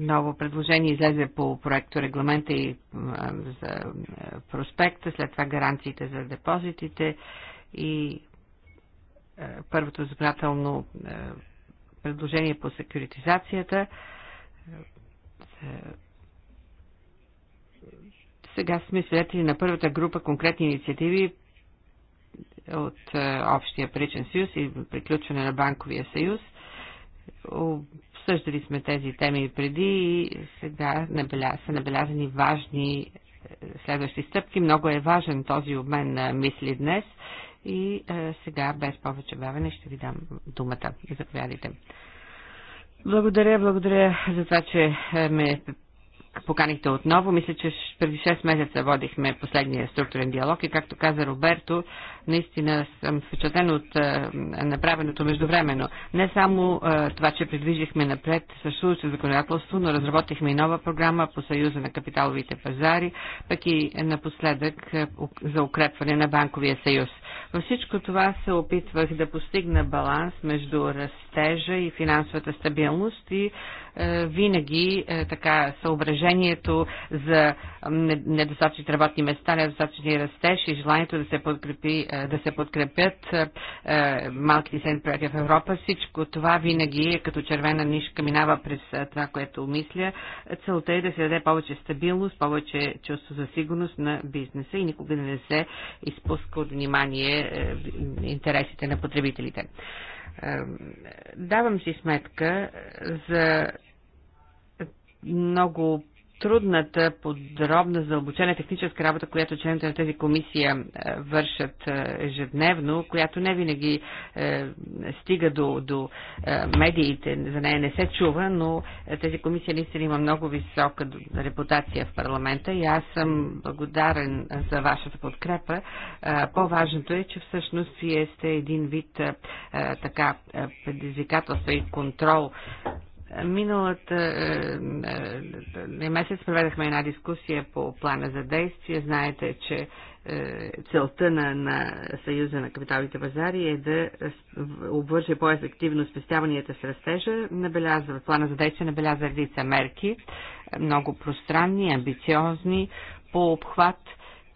ново предложение излезе по проекто регламента и за проспекта, след това гаранциите за депозитите и първото избирателно предложение по секюритизацията. Сега сме свидетели на първата група конкретни инициативи от Общия паричен съюз и приключване на банковия съюз Обсъждали сме тези теми преди и сега са набелязани важни е, следващи стъпки. Много е важен този обмен на мисли днес и е, сега без повече бавене ще ви дам думата. Заповядайте. Благодаря, благодаря за това, че е, ме поканихте отново. Мисля, че преди 6 месеца водихме последния структурен диалог и както каза Роберто, наистина съм впечатлен от е, направеното междувременно. Не само е, това, че придвижихме напред същото законодателство, но разработихме и нова програма по Съюза на капиталовите пазари, пък и напоследък е, за укрепване на банковия съюз. Във всичко това се опитвах да постигна баланс между растежа и финансовата стабилност и е, винаги е, така съображението за недостатъчни работни места, недостатъчни растеж и желанието да се, подкрепи, е, да се подкрепят малките и средни проекти в Европа, всичко това винаги като червена нишка минава през това, което мисля. Целта е да се даде повече стабилност, повече чувство за сигурност на бизнеса и никога не се изпуска от внимание интересите на потребителите. Давам си сметка за много трудната, подробна, задълбочена техническа работа, която членовете на тази комисия е, вършат е, ежедневно, която не винаги е, стига до, до е, медиите, за нея не се чува, но е, тази комисия наистина има много висока репутация в парламента и аз съм благодарен за вашата подкрепа. По-важното е, че всъщност вие сте един вид е, така предизвикателство и контрол Миналата е, е, е, месец проведахме една дискусия по плана за действие. Знаете, че е, целта на, на Съюза на капиталните пазари е да обвърже по-ефективно спестяванията с растежа. Набелязва, плана за действие набелязва редица мерки, много пространни, амбициозни по обхват –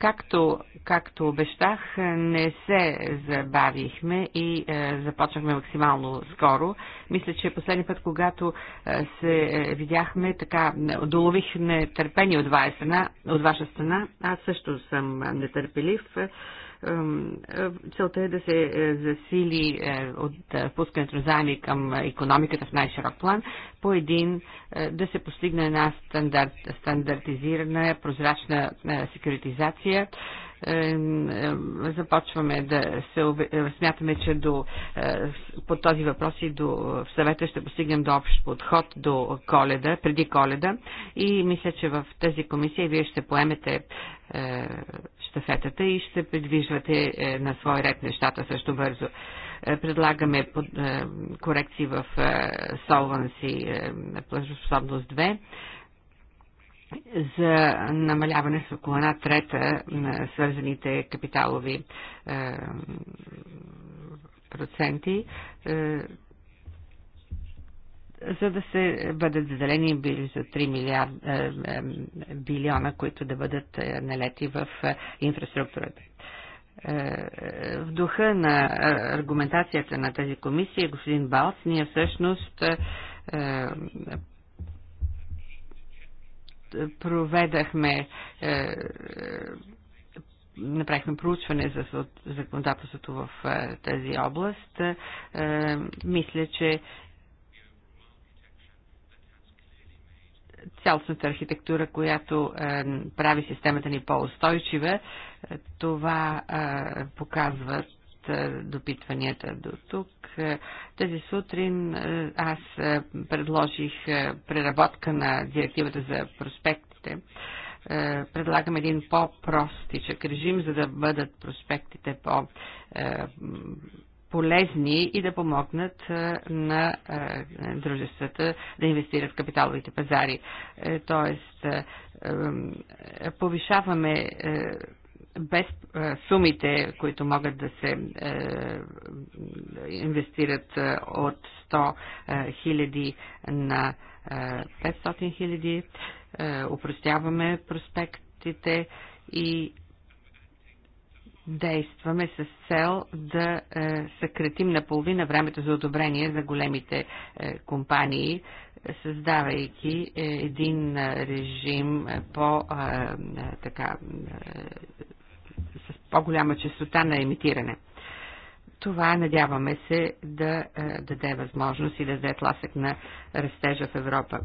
Както, както обещах, не се забавихме и е, започнахме максимално скоро. Мисля, че последния път, когато е, се е, видяхме, така долових нетърпение от, от ваша страна. Аз също съм нетърпелив. Е, Целта е да се е, засили е, от е, пускането на заеми към економиката в най-широк план, по един да се постигне една стандарт, стандартизирана, прозрачна секюритизация започваме да се смятаме, че до, е, по този въпрос и до в съвета ще постигнем до общ подход до коледа, преди коледа и мисля, че в тази комисия вие ще поемете штафетата е, и ще предвиждате е, на свой ред нещата също бързо. Предлагаме корекции в Solvency плъжоспособност 2 за намаляване с около една трета на свързаните капиталови е, проценти, е, за да се бъдат заделени за 3 милиард, е, билиона, които да бъдат налети в инфраструктурата в духа на аргументацията на тази комисия, господин Балц, ние всъщност проведахме е, направихме проучване за законодателството в е, тази област. Е, мисля, че цялостната архитектура, която прави системата ни по-устойчива, това показват е, допитванията до тук. Е, Тази сутрин е, аз предложих преработка на директивата за проспектите. Предлагам един по-простичък режим, за да бъдат проспектите по полезни и да помогнат на дружествата да инвестират в капиталовите пазари. Тоест, повишаваме без е, сумите, които могат да се е, инвестират е, от 100 хиляди на 500 хиляди, упростяваме проспектите и действаме с цел да съкратим наполовина времето за одобрение за големите компании, създавайки един режим по така с по-голяма частота на емитиране. Това надяваме се да е, даде възможност и да даде тласък на растежа в Европа.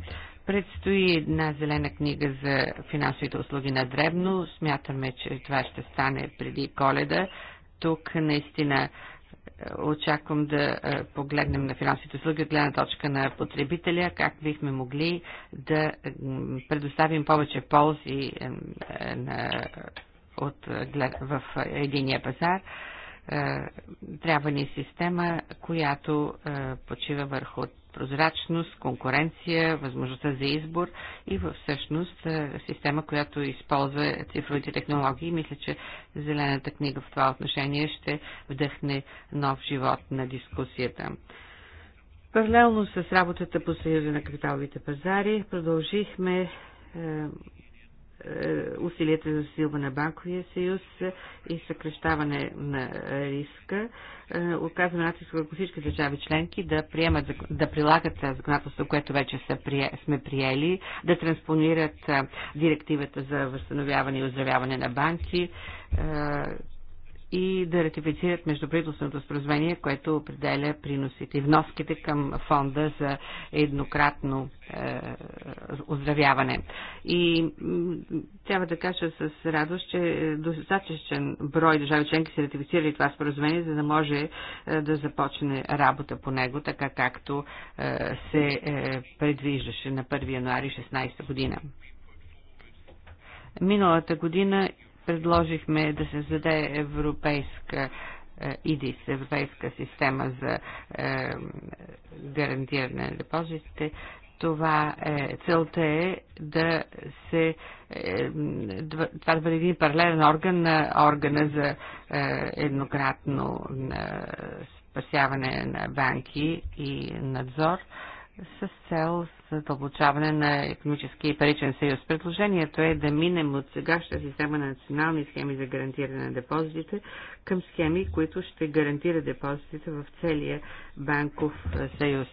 Предстои една зелена книга за финансовите услуги на Дребно. Смятаме, че това ще стане преди коледа. Тук наистина е, очаквам да е, погледнем на финансовите услуги от гледна точка на потребителя, как бихме могли да предоставим повече ползи на от, е, в е, единия пазар. Е, трябва ни система, която почива върху прозрачност, конкуренция, възможността за избор и всъщност система, която използва цифровите технологии. Мисля, че Зелената книга в това отношение ще вдъхне нов живот на дискусията. Паралелно с работата по Съюза на капиталовите пазари продължихме е, усилията за засилване на банковия съюз и съкрещаване на риска. Е, Оказваме натиск върху всички държави членки да, приемат, да прилагат законодателство, което вече са, сме приели, да транспонират е, директивата за възстановяване и оздравяване на банки, и да ратифицират междуправителственото споразумение, което определя приносите и вноските към фонда за еднократно е, оздравяване. И трябва да кажа с радост, че достатъчен брой държави членки са ратифицирали това споразумение, за да може е, да започне работа по него, така както е, се е, предвиждаше на 1 януари 16 година. Миналата година предложихме да се заде европейска е, ИДИС, европейска система за е, гарантиране на депозитите. Това е, целта е да се е, това да бъде един паралелен орган на органа за еднократно спасяване на банки и надзор с цел задълбочаване на економически и паричен съюз. Предложението е да минем от сегашната система на национални схеми за гарантиране на депозитите към схеми, които ще гарантира депозитите в целия банков съюз.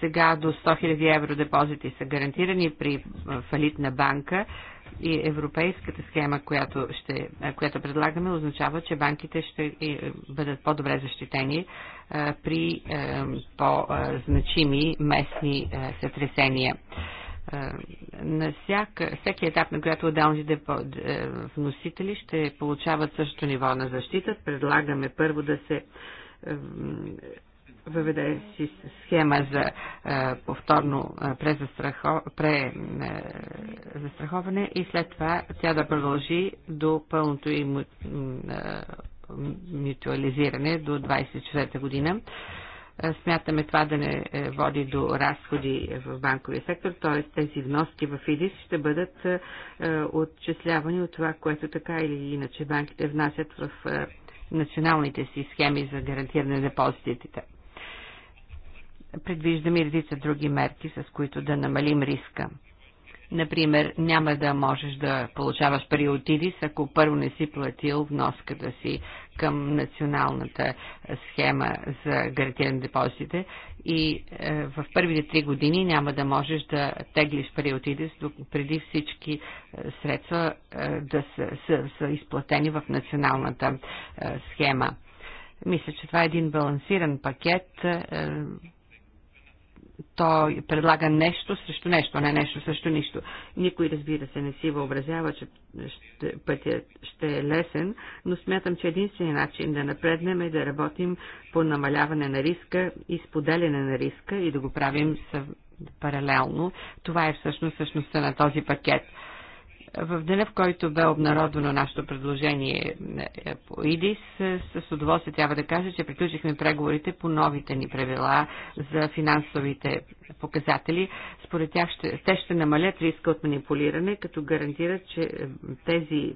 Сега до 100 000 евро депозити са гарантирани при фалит на банка и европейската схема, която, ще, е, която предлагаме, означава, че банките ще е, бъдат по-добре защитени е, при по-значими местни сътресения на всяка, всеки етап, на която отделните вносители ще получават същото ниво на защита. Предлагаме първо да се въведе си схема за е, повторно презастраховане и след това тя да продължи до пълното им мутуализиране до 24 та година. Смятаме това да не е, води до разходи в банковия сектор, т.е. тези вноски в ИДИС ще бъдат отчислявани от това, което така или иначе банките внасят в националните си схеми за гарантиране на депозитите предвиждаме и редица други мерки, с които да намалим риска. Например, няма да можеш да получаваш пари от ИДИС, ако първо не си платил вноската си към националната схема за гарантиране депозитите и е, в първите три години няма да можеш да теглиш пари от ИДИС, преди всички е, средства е, да са, са, са изплатени в националната е, схема. Мисля, че това е един балансиран пакет. Е, той предлага нещо срещу нещо, не нещо срещу нищо. Никой, разбира се, не си въобразява, че ще, пътят ще е лесен, но смятам, че единственият начин да напреднем е да работим по намаляване на риска и споделяне на риска и да го правим съв... паралелно. Това е всъщност същността на този пакет. В деня, в който бе обнародвано нашето предложение е, е, по ИДИС, е, с удоволствие трябва да кажа, че приключихме преговорите по новите ни правила за финансовите показатели. Според тях ще, те ще намалят риска от манипулиране, като гарантират, че тези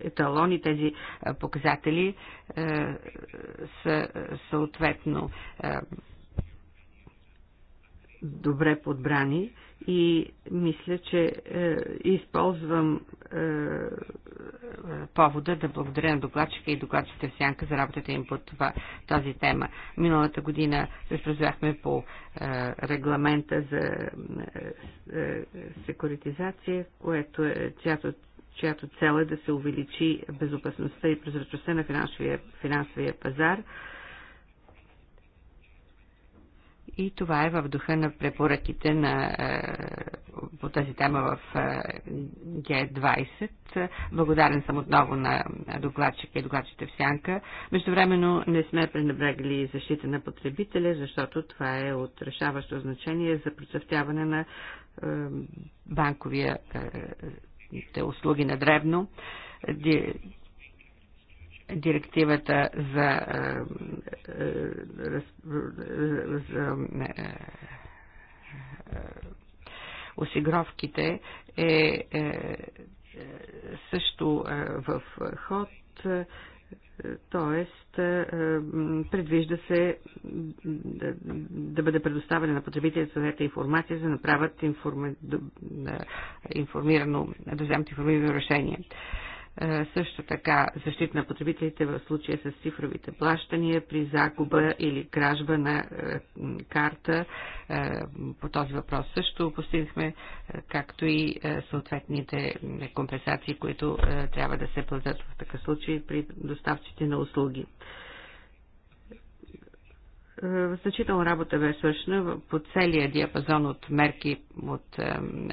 еталони, тези показатели са съответно добре подбрани и мисля, че е, използвам е, повода да благодаря на докладчика и докладчите в Сянка за работата им по това, тази тема. Миналата година разпозвахме по е, регламента за е, е, секуритизация, което е, чиято, чиято цел е да се увеличи безопасността и прозрачността на финансовия, финансовия пазар и това е в духа на препоръките на, е, по тази тема в е, Г20. Благодарен съм отново на докладчика и докладчите в Сянка. Междувременно не сме пренебрегли защита на потребителя, защото това е от решаващо значение за процъфтяване на е, банковия услуги на дребно директивата за, за, а, осигровките е, е също в ход, т.е. предвижда се да бъде предоставена на потребителите съвета информация, за да направят информи... информирано, да вземат информирано решение. Е, също така защита на потребителите в случая с цифровите плащания при загуба или кражба на е, карта. Е, по този въпрос също постигнахме, както и съответните компенсации, които трябва да се платят в такъв случай при доставчите на услуги. Е, значителна работа бе свършена по целия диапазон от мерки от е,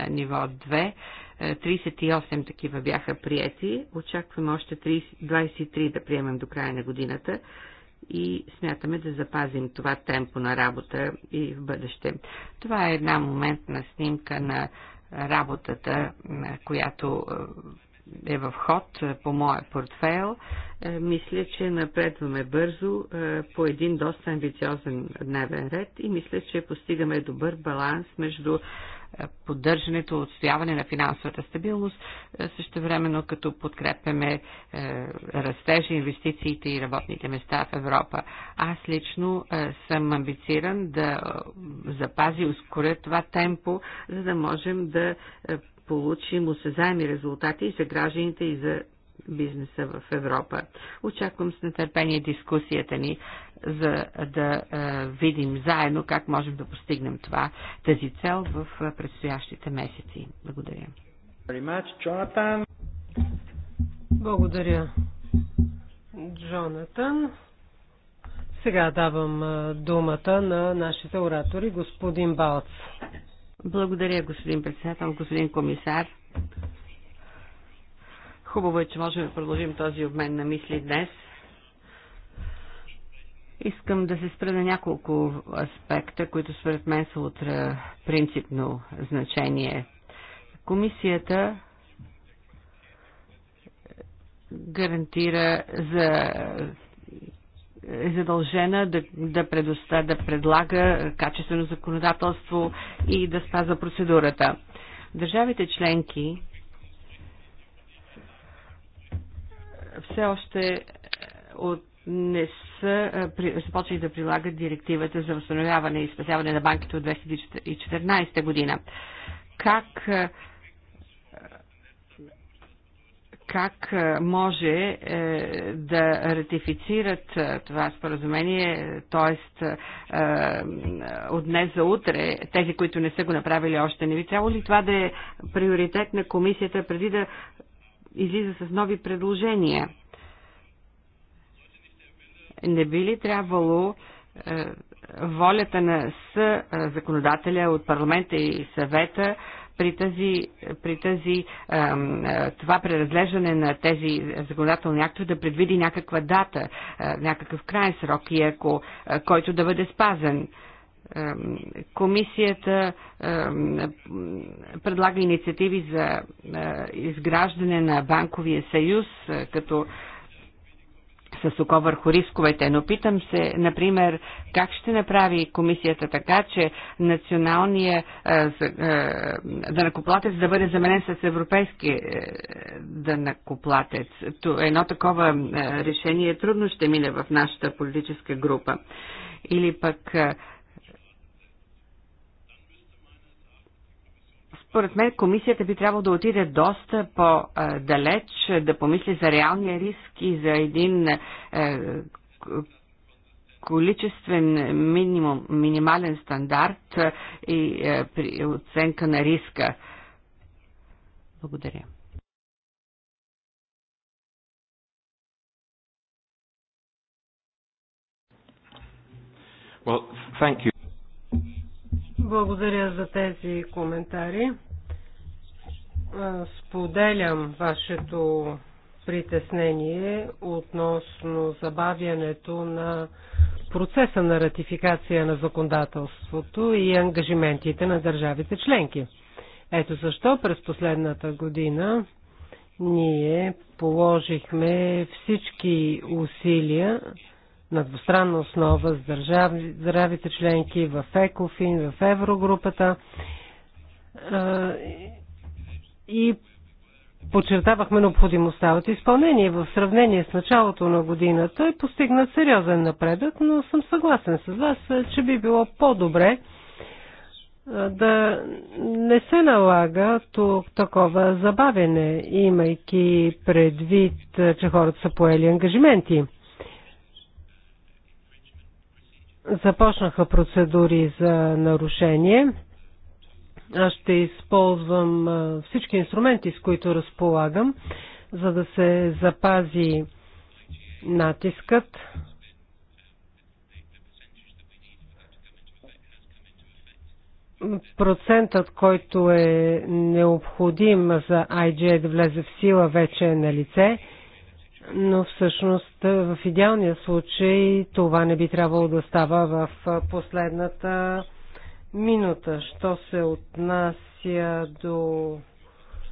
ниво 2. 38 е, такива бяха приети. Очакваме още 30, 23 да приемем до края на годината и смятаме да запазим това темпо на работа и в бъдеще. Това е една моментна снимка на работата, която е в ход е, по моя портфейл. Е, мисля, че напредваме бързо е, по един доста амбициозен дневен ред и мисля, че постигаме добър баланс между поддържането, отстояване на финансовата стабилност, също времено като подкрепяме растежа, инвестициите и работните места в Европа. Аз лично съм амбициран да запази, ускоря това темпо, за да можем да получим осезаеми резултати и за гражданите, и за бизнеса в Европа. Очаквам с нетърпение дискусията ни, за да е, видим заедно как можем да постигнем това, тази цел в предстоящите месеци. Благодаря. Благодаря, Джонатан. Сега давам е, думата на нашите оратори, господин Балц. Благодаря, господин председател, господин комисар. Хубаво е, че можем да продължим този обмен на мисли днес. Искам да се спра на няколко аспекта, които според мен са от принципно значение. Комисията гарантира за е задължена да, да, предоста, да предлага качествено законодателство и да спазва процедурата. Държавите членки все още е, от не са е, започнали да прилагат директивата за възстановяване и спасяване на банките от 2014 година. Как е, как е, може е, да ратифицират е, това споразумение, т.е. от днес за утре, тези, които не са го направили още, не ви трябва ли това да е приоритет на комисията преди да излиза с нови предложения? Не би ли трябвало волята на с законодателя от парламента и съвета при, тази, при тази, това преразглеждане на тези законодателни актове да предвиди някаква дата, някакъв крайен срок и ако, който да бъде спазен. Комисията предлага инициативи за изграждане на банковия съюз, като с око върху рисковете, но питам се, например, как ще направи комисията така, че националния дънакоплатец да бъде заменен с европейски е, дънакоплатец. Едно такова е, решение трудно ще мине в нашата политическа група. Или пък е, Според мен комисията би трябвало да отиде доста по-далеч, е, да помисли за реалния риск и за един е, количествен минимум, минимален стандарт е, и при оценка на риска. Благодаря. Well, thank you. Благодаря за тези коментари. Споделям вашето притеснение относно забавянето на процеса на ратификация на законодателството и ангажиментите на държавите членки. Ето защо през последната година ние положихме всички усилия на двустранна основа с държавите членки в ЕКОФИН, в Еврогрупата и подчертавахме необходимостта от изпълнение. В сравнение с началото на годината и постигнат сериозен напредък, но съм съгласен с вас, че би било по-добре да не се налага тук такова забавене, имайки предвид, че хората са поели ангажименти започнаха процедури за нарушение. Аз ще използвам всички инструменти, с които разполагам, за да се запази натискът. Процентът, който е необходим за IGA да влезе в сила, вече е на лице но всъщност е, в идеалния случай това не би трябвало да става в е, последната минута. Що се отнася до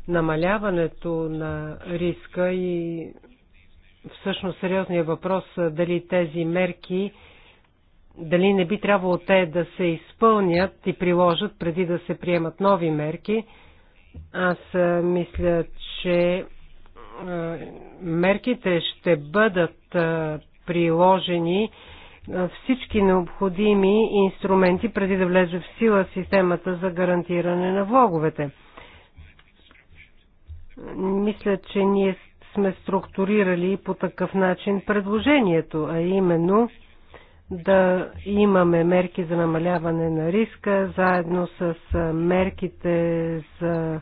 намаляването на риска и всъщност сериозният въпрос е, дали тези мерки дали не би трябвало те да се изпълнят и приложат преди да се приемат нови мерки. Аз мисля, че е, мерките ще бъдат е, приложени е, всички необходими инструменти преди да влезе в сила системата за гарантиране на влоговете. Мисля, че ние сме структурирали по такъв начин предложението, а именно да имаме мерки за намаляване на риска, заедно с мерките за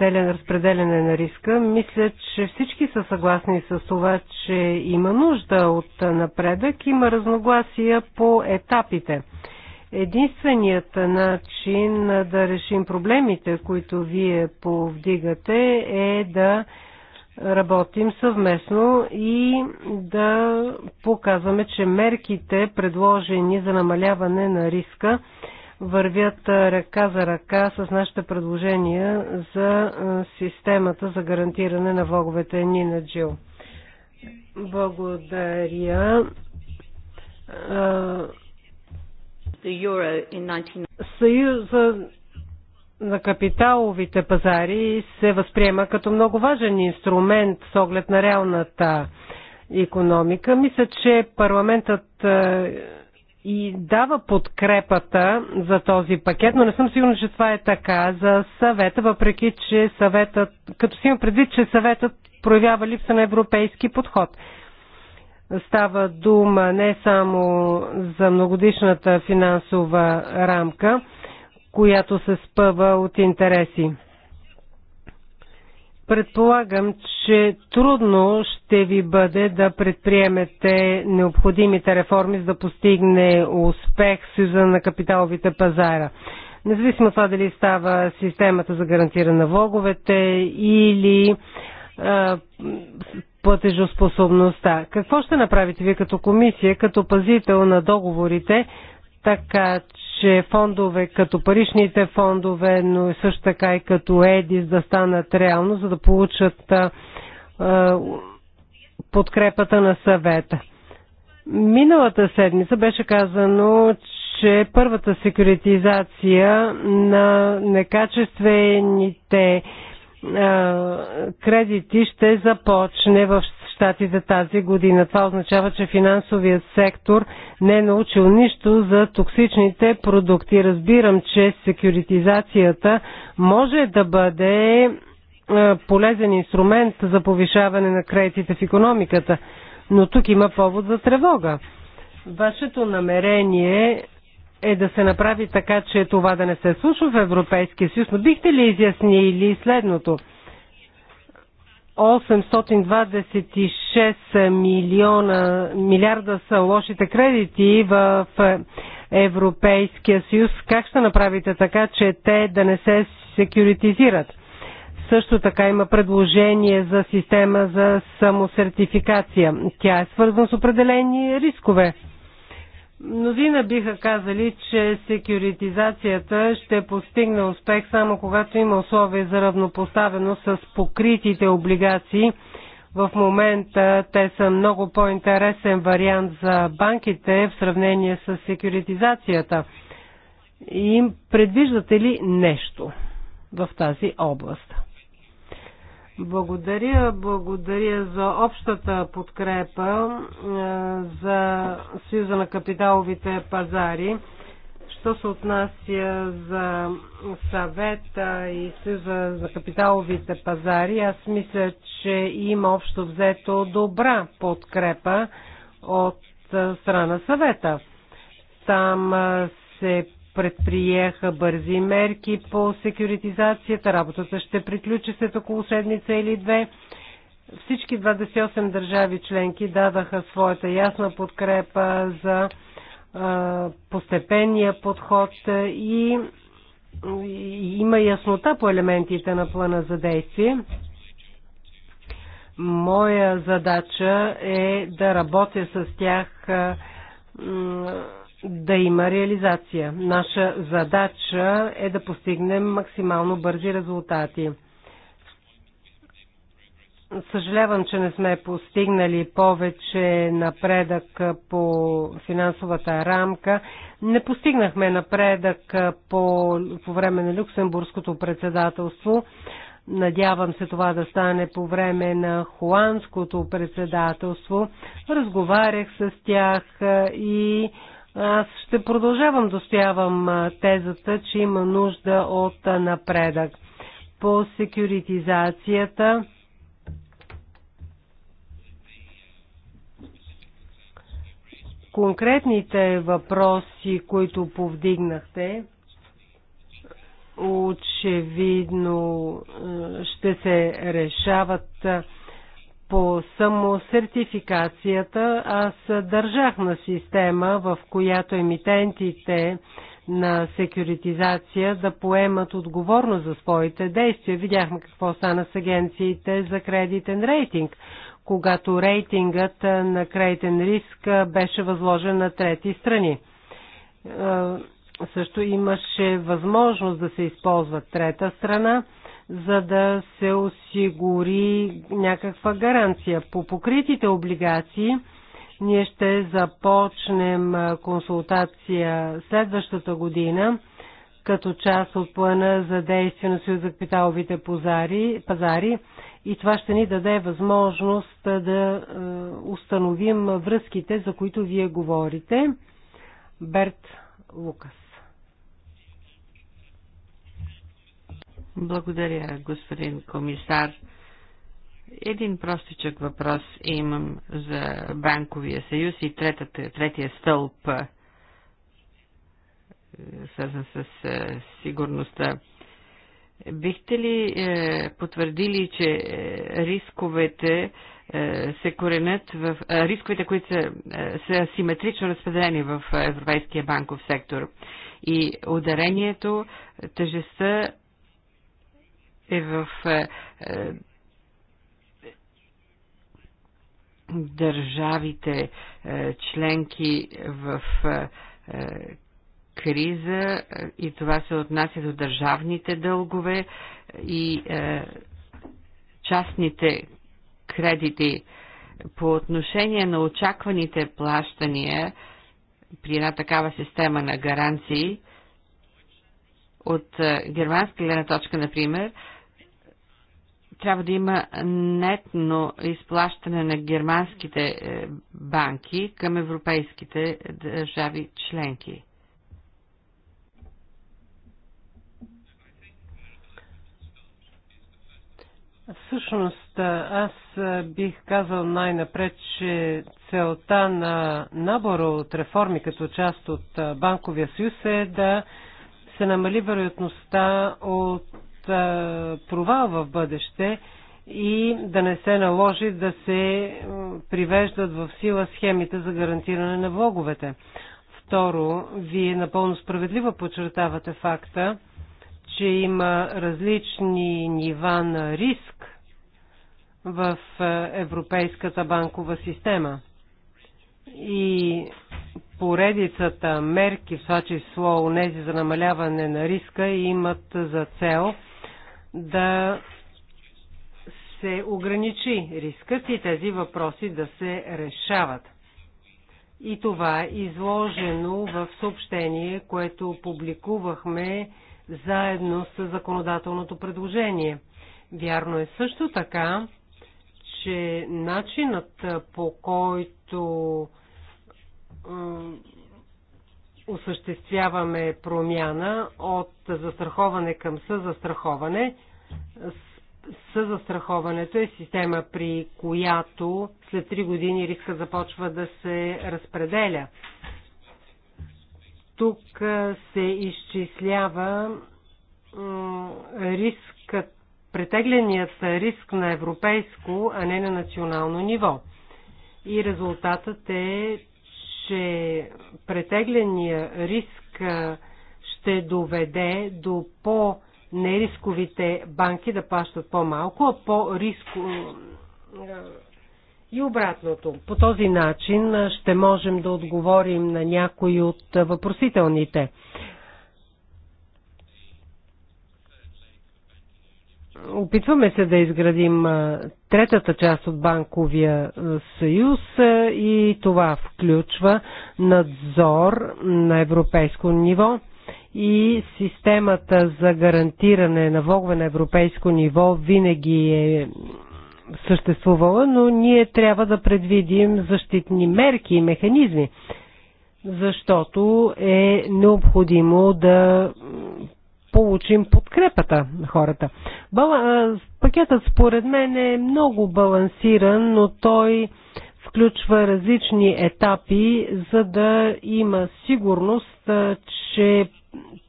разпределяне на риска, мисля, че всички са съгласни с това, че има нужда от напредък, има разногласия по етапите. Единственият начин да решим проблемите, които вие повдигате, е да работим съвместно и да показваме, че мерките, предложени за намаляване на риска, вървят ръка за ръка с нашите предложения за системата за гарантиране на влоговете ни на Джил. Благодаря. Съюза на капиталовите пазари се възприема като много важен инструмент с оглед на реалната економика. Мисля, че парламентът и дава подкрепата за този пакет, но не съм сигурна, че това е така за съвета, въпреки че съветът, като си има предвид, че съветът проявява липса на европейски подход. Става дума не само за многодишната финансова рамка, която се спъва от интереси. Предполагам, че трудно ще ви бъде да предприемете необходимите реформи, за да постигне успех Съюза на капиталовите пазара. Независимо това дали става системата за гарантиране на влоговете или а, платежоспособността. Какво ще направите вие като комисия, като пазител на договорите, така че фондове като паричните фондове, но и също така и като ЕДИС да станат реално, за да получат подкрепата на съвета. Миналата седмица беше казано, че първата секретизация на некачествените кредити ще започне в за тази година. Това означава, че финансовият сектор не е научил нищо за токсичните продукти. Разбирам, че секюритизацията може да бъде полезен инструмент за повишаване на кредитите в економиката, но тук има повод за тревога. Вашето намерение е да се направи така, че това да не се случва в Европейския съюз, но бихте ли изяснили следното? 826 милиона, милиарда са лошите кредити в Европейския съюз. Как ще направите така, че те да не се секюритизират? Също така има предложение за система за самосертификация. Тя е свързана с определени рискове. Мнозина биха казали, че секюритизацията ще постигне успех само когато има условия за равнопоставено с покритите облигации. В момента те са много по-интересен вариант за банките в сравнение с секюритизацията. И им предвиждате ли нещо в тази област? Благодаря, благодаря за общата подкрепа е, за Съюза на капиталовите пазари. Що се отнася за съвета и Съюза за капиталовите пазари, аз мисля, че има общо взето добра подкрепа от е, страна съвета. Там е, се предприеха бързи мерки по секюритизацията. Работата ще приключи след около седмица или две. Всички 28 държави членки дадаха своята ясна подкрепа за постепенния подход и има яснота по елементите на плана за действие. Моя задача е да работя с тях да има реализация. Наша задача е да постигнем максимално бързи резултати. Съжалявам, че не сме постигнали повече напредък по финансовата рамка. Не постигнахме напредък по, по време на Люксембургското председателство. Надявам се това да стане по време на Хуанското председателство. Разговарях с тях и аз ще продължавам да стоявам тезата, че има нужда от напредък. По секюритизацията конкретните въпроси, които повдигнахте, очевидно ще се решават по самосертификацията аз държах на система, в която емитентите на секюритизация да поемат отговорност за своите действия. Видяхме какво стана с агенциите за кредитен рейтинг, когато рейтингът на кредитен риск беше възложен на трети страни. Е, също имаше възможност да се използва трета страна за да се осигури някаква гаранция. По покритите облигации ние ще започнем консултация следващата година като част от плана за действие на Съюз за капиталовите пазари, пазари и това ще ни даде възможност да установим връзките, за които вие говорите. Берт Лукас. Благодаря, господин комисар. Един простичък въпрос имам за Банковия съюз и третата, третия стълб, е, свързан с е, сигурността. Бихте ли е, потвърдили, че е, рисковете е, се коренят в е, рисковете, които са, е, са симетрично разпределени в Европейския банков сектор и ударението, тежестта е в е, е, държавите е, членки в криза и това се отнася до държавните дългове и частните кредити. По отношение на очакваните плащания при една такава система на гаранции, от германска гледна точка, например, трябва да има нетно изплащане на германските е, банки към европейските е, държави членки. Всъщност, аз бих казал най-напред, че целта на набора от реформи като част от Банковия съюз е да се намали вероятността от провал в бъдеще и да не се наложи да се привеждат в сила схемите за гарантиране на влоговете. Второ, вие напълно справедливо подчертавате факта, че има различни нива на риск в Европейската банкова система. И поредицата мерки, в това число унези за намаляване на риска, имат за цел – да се ограничи рискът и тези въпроси да се решават. И това е изложено в съобщение, което публикувахме заедно с законодателното предложение. Вярно е също така, че начинът по който осъществяваме промяна от застраховане към съзастраховане. Съзастраховането е система, при която след 3 години риска започва да се разпределя. Тук се изчислява рискът, претегленият риск на европейско, а не на национално ниво. И резултатът е, че претегления риск ще доведе до по-нерисковите банки да плащат по-малко, а по-риско и обратното. По този начин ще можем да отговорим на някои от въпросителните. Опитваме се да изградим третата част от банковия съюз и това включва надзор на европейско ниво и системата за гарантиране на влогове на европейско ниво винаги е съществувала, но ние трябва да предвидим защитни мерки и механизми, защото е необходимо да получим подкрепата на хората. Пакетът според мен е много балансиран, но той включва различни етапи, за да има сигурност, че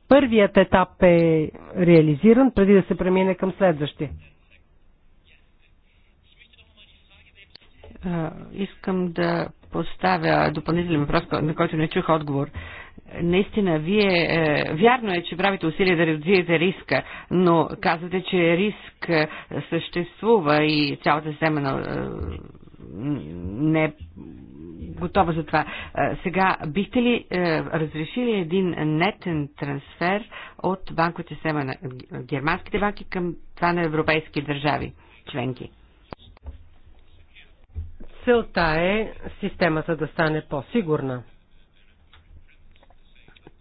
първият етап е реализиран преди да се премине към следващия. Искам да поставя допълнителен въпрос, на който не чух отговор наистина, вие, е, вярно е, че правите усилия да редуцирате риска, но казвате, че риск е, съществува и цялата система на, е, не е готова за това. Е, сега, бихте ли е, разрешили един нетен трансфер от банковите система на германските банки към това на европейски държави членки? Целта е системата да стане по-сигурна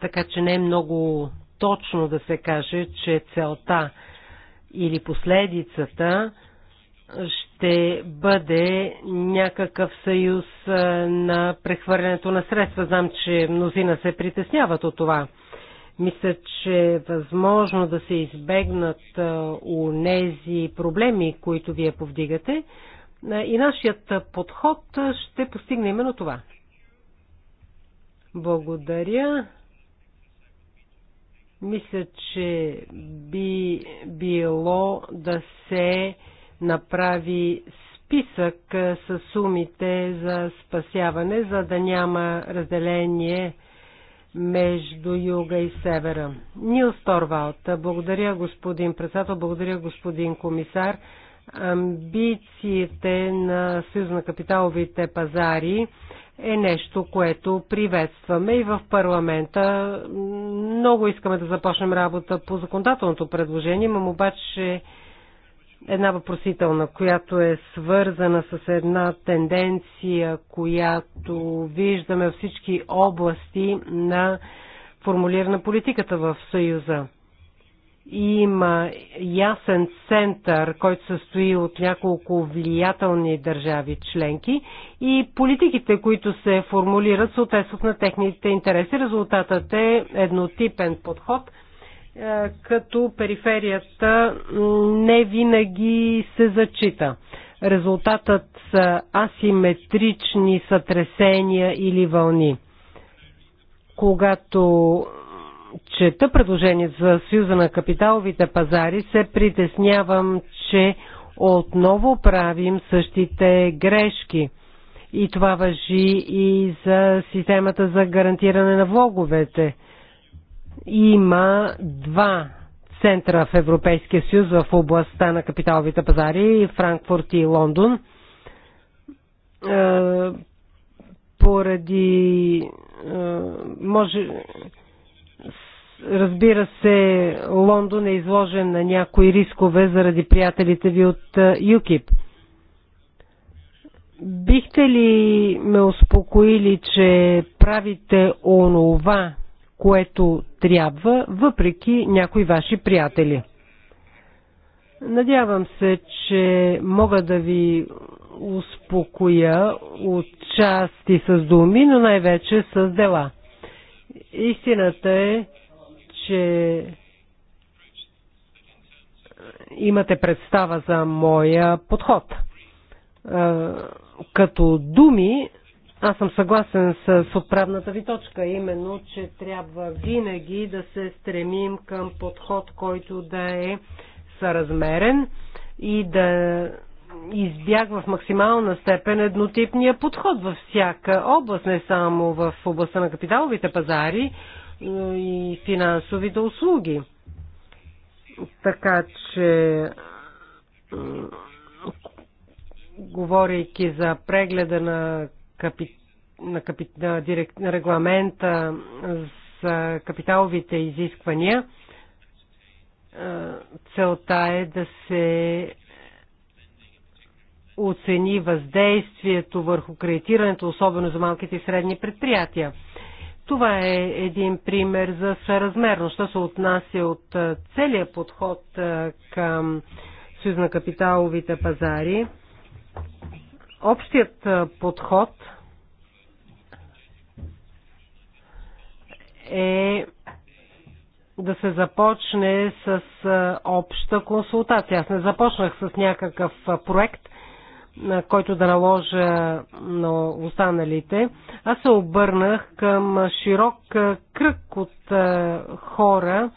така че не е много точно да се каже, че целта или последицата ще бъде някакъв съюз на прехвърлянето на средства. Знам, че мнозина се притесняват от това. Мисля, че е възможно да се избегнат у нези проблеми, които вие повдигате. И нашият подход ще постигне именно това. Благодаря. Мисля, че би било да се направи списък с сумите за спасяване, за да няма разделение между юга и севера. Нил Сторвалт, благодаря господин председател, благодаря господин комисар. Амбициите на Съюз на капиталовите пазари е нещо, което приветстваме и в парламента. Много искаме да започнем работа по законодателното предложение. Имам обаче една въпросителна, която е свързана с една тенденция, която виждаме всички области на формулирана политиката в Съюза има ясен център, който състои от няколко влиятелни държави членки и политиките, които се формулират, съответстват на техните интереси. Резултатът е еднотипен подход, е, като периферията не винаги се зачита. Резултатът са асиметрични сътресения или вълни. Когато чета предложение за Съюза на капиталовите пазари, се притеснявам, че отново правим същите грешки. И това въжи и за системата за гарантиране на влоговете. Има два центъра в Европейския съюз в областта на капиталовите пазари, Франкфурт и Лондон. Е, поради е, може, Разбира се, Лондон е изложен на някои рискове заради приятелите ви от ЮКИП. Бихте ли ме успокоили, че правите онова, което трябва, въпреки някои ваши приятели? Надявам се, че мога да ви успокоя от части с думи, но най-вече с дела. Истината е, че е, имате представа за моя подход. Е, като думи, аз съм съгласен с отправната ви точка, именно, че трябва винаги да се стремим към подход, който да е съразмерен и да избягва в максимална степен еднотипния подход във всяка област, не само в областта на капиталовите пазари, и финансовите услуги. Така че, говорейки за прегледа на, капи, на, капи, на, директ, на регламента за капиталовите изисквания, целта е да се оцени въздействието върху кредитирането, особено за малките и средни предприятия. Това е един пример за съразмерно, що се отнася от целия подход към съюзна капиталовите пазари. Общият подход е да се започне с обща консултация. Аз не започнах с някакъв проект – който да наложа на останалите, аз се обърнах към широк кръг от хора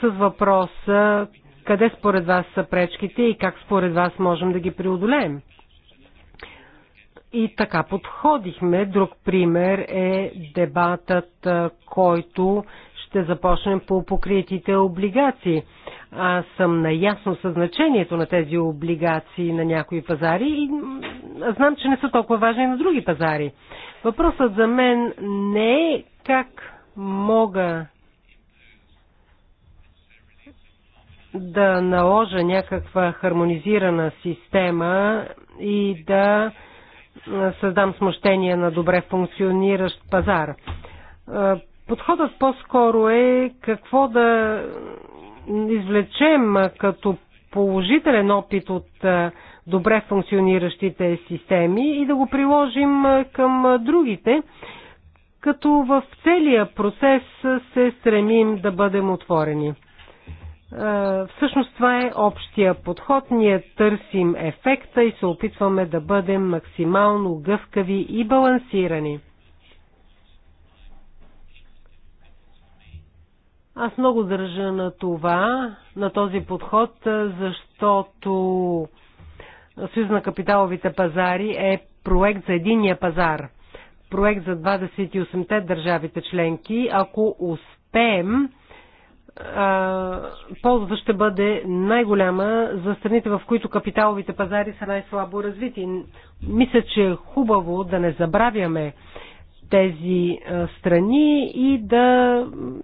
с въпроса къде според вас са пречките и как според вас можем да ги преодолеем. И така подходихме. Друг пример е дебатът, който ще започнем по покритите облигации – аз съм наясно със значението на тези облигации на някои пазари и знам, че не са толкова важни на други пазари. Въпросът за мен не е как мога да наложа някаква хармонизирана система и да създам смущение на добре функциониращ пазар. Е, подходът по-скоро е какво да извлечем като положителен опит от добре функциониращите системи и да го приложим към другите, като в целия процес се стремим да бъдем отворени. Всъщност това е общия подход. Ние търсим ефекта и се опитваме да бъдем максимално гъвкави и балансирани. Аз много държа на това, на този подход, защото Съюз на капиталовите пазари е проект за единия пазар. Проект за 28-те държавите членки. Ако успеем, полза ще бъде най-голяма за страните, в които капиталовите пазари са най-слабо развити. Мисля, че е хубаво да не забравяме, тези страни и да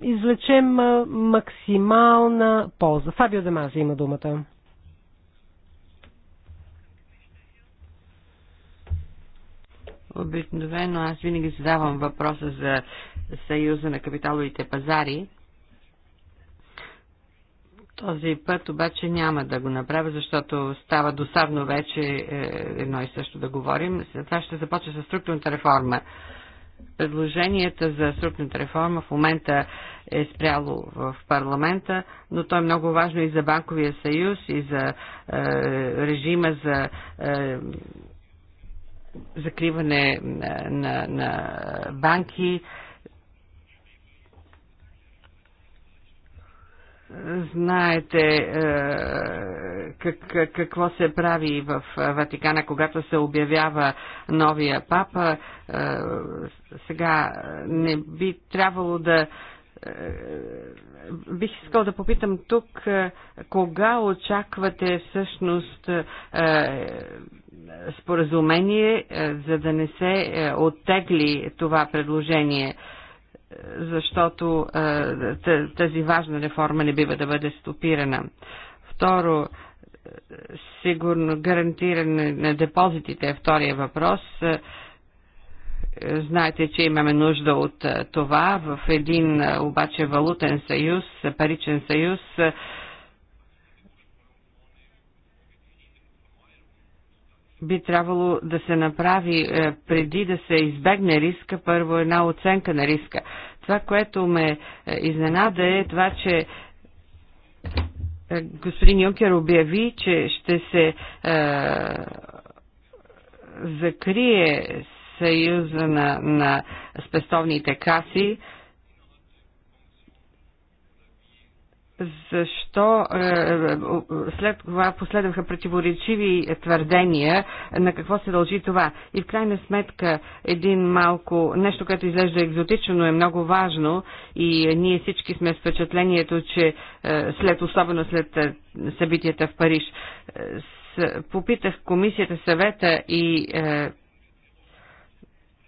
извлечем максимална полза. Фабио Демази има думата. Обикновено аз винаги задавам въпроса за Съюза на капиталовите пазари. Този път обаче няма да го направя, защото става досадно вече е, едно и също да говорим. Това ще започне с структурната реформа предложенията за структурната реформа в момента е спряло в парламента, но то е много важно и за Банковия съюз, и за е, режима за е, закриване на, е, на, на банки. Е, знаете е, как, какво се прави в Ватикана, когато се обявява новия папа. Е, сега не би трябвало да. Е, бих искал да попитам тук, кога очаквате всъщност споразумение, за да не се оттегли това предложение? защото е, тази важна реформа не бива да бъде стопирана. Второ, е, сигурно гарантиране на депозитите е втория въпрос. Е, знаете, че имаме нужда от това. В един обаче валутен съюз, паричен съюз, би трябвало да се направи е, преди да се избегне риска, първо една оценка на риска. Това, което ме е, изненада е това, че е, господин Юнкер обяви, че ще се е, закрие съюза на, на спестовните каси, защо е, е, е, след това последваха противоречиви твърдения на какво се дължи това. И в крайна сметка един малко нещо, което изглежда екзотично, но е много важно и ние всички сме с впечатлението, че след, особено след събитията в Париж, попитах комисията, съвета и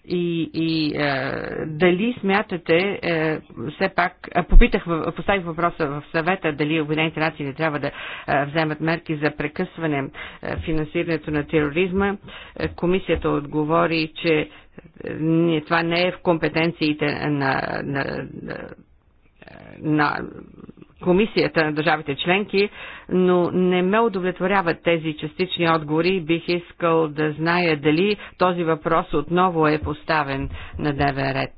и, и е, дали смятате, е, все пак, попитах, поставих въпроса в съвета, дали Обединените нации не трябва да е, вземат мерки за прекъсване е, финансирането на тероризма. Е, комисията отговори, че е, това не е в компетенциите на, на, на на комисията на държавите членки, но не ме удовлетворяват тези частични отговори. Бих искал да зная дали този въпрос отново е поставен на дневен ред.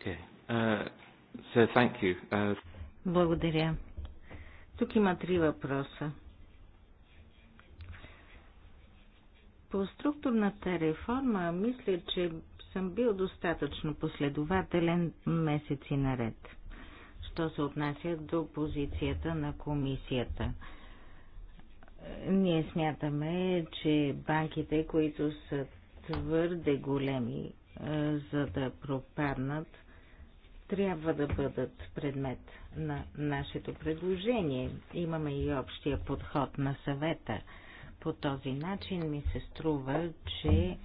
Okay. Uh, so thank you. Uh... Благодаря. Тук има три въпроса. По структурната реформа мисля, че съм бил достатъчно последователен месеци наред, що се отнася до позицията на комисията. Ние смятаме, че банките, които са твърде големи, е, за да пропаднат, трябва да бъдат предмет на нашето предложение. Имаме и общия подход на съвета. По този начин ми се струва, че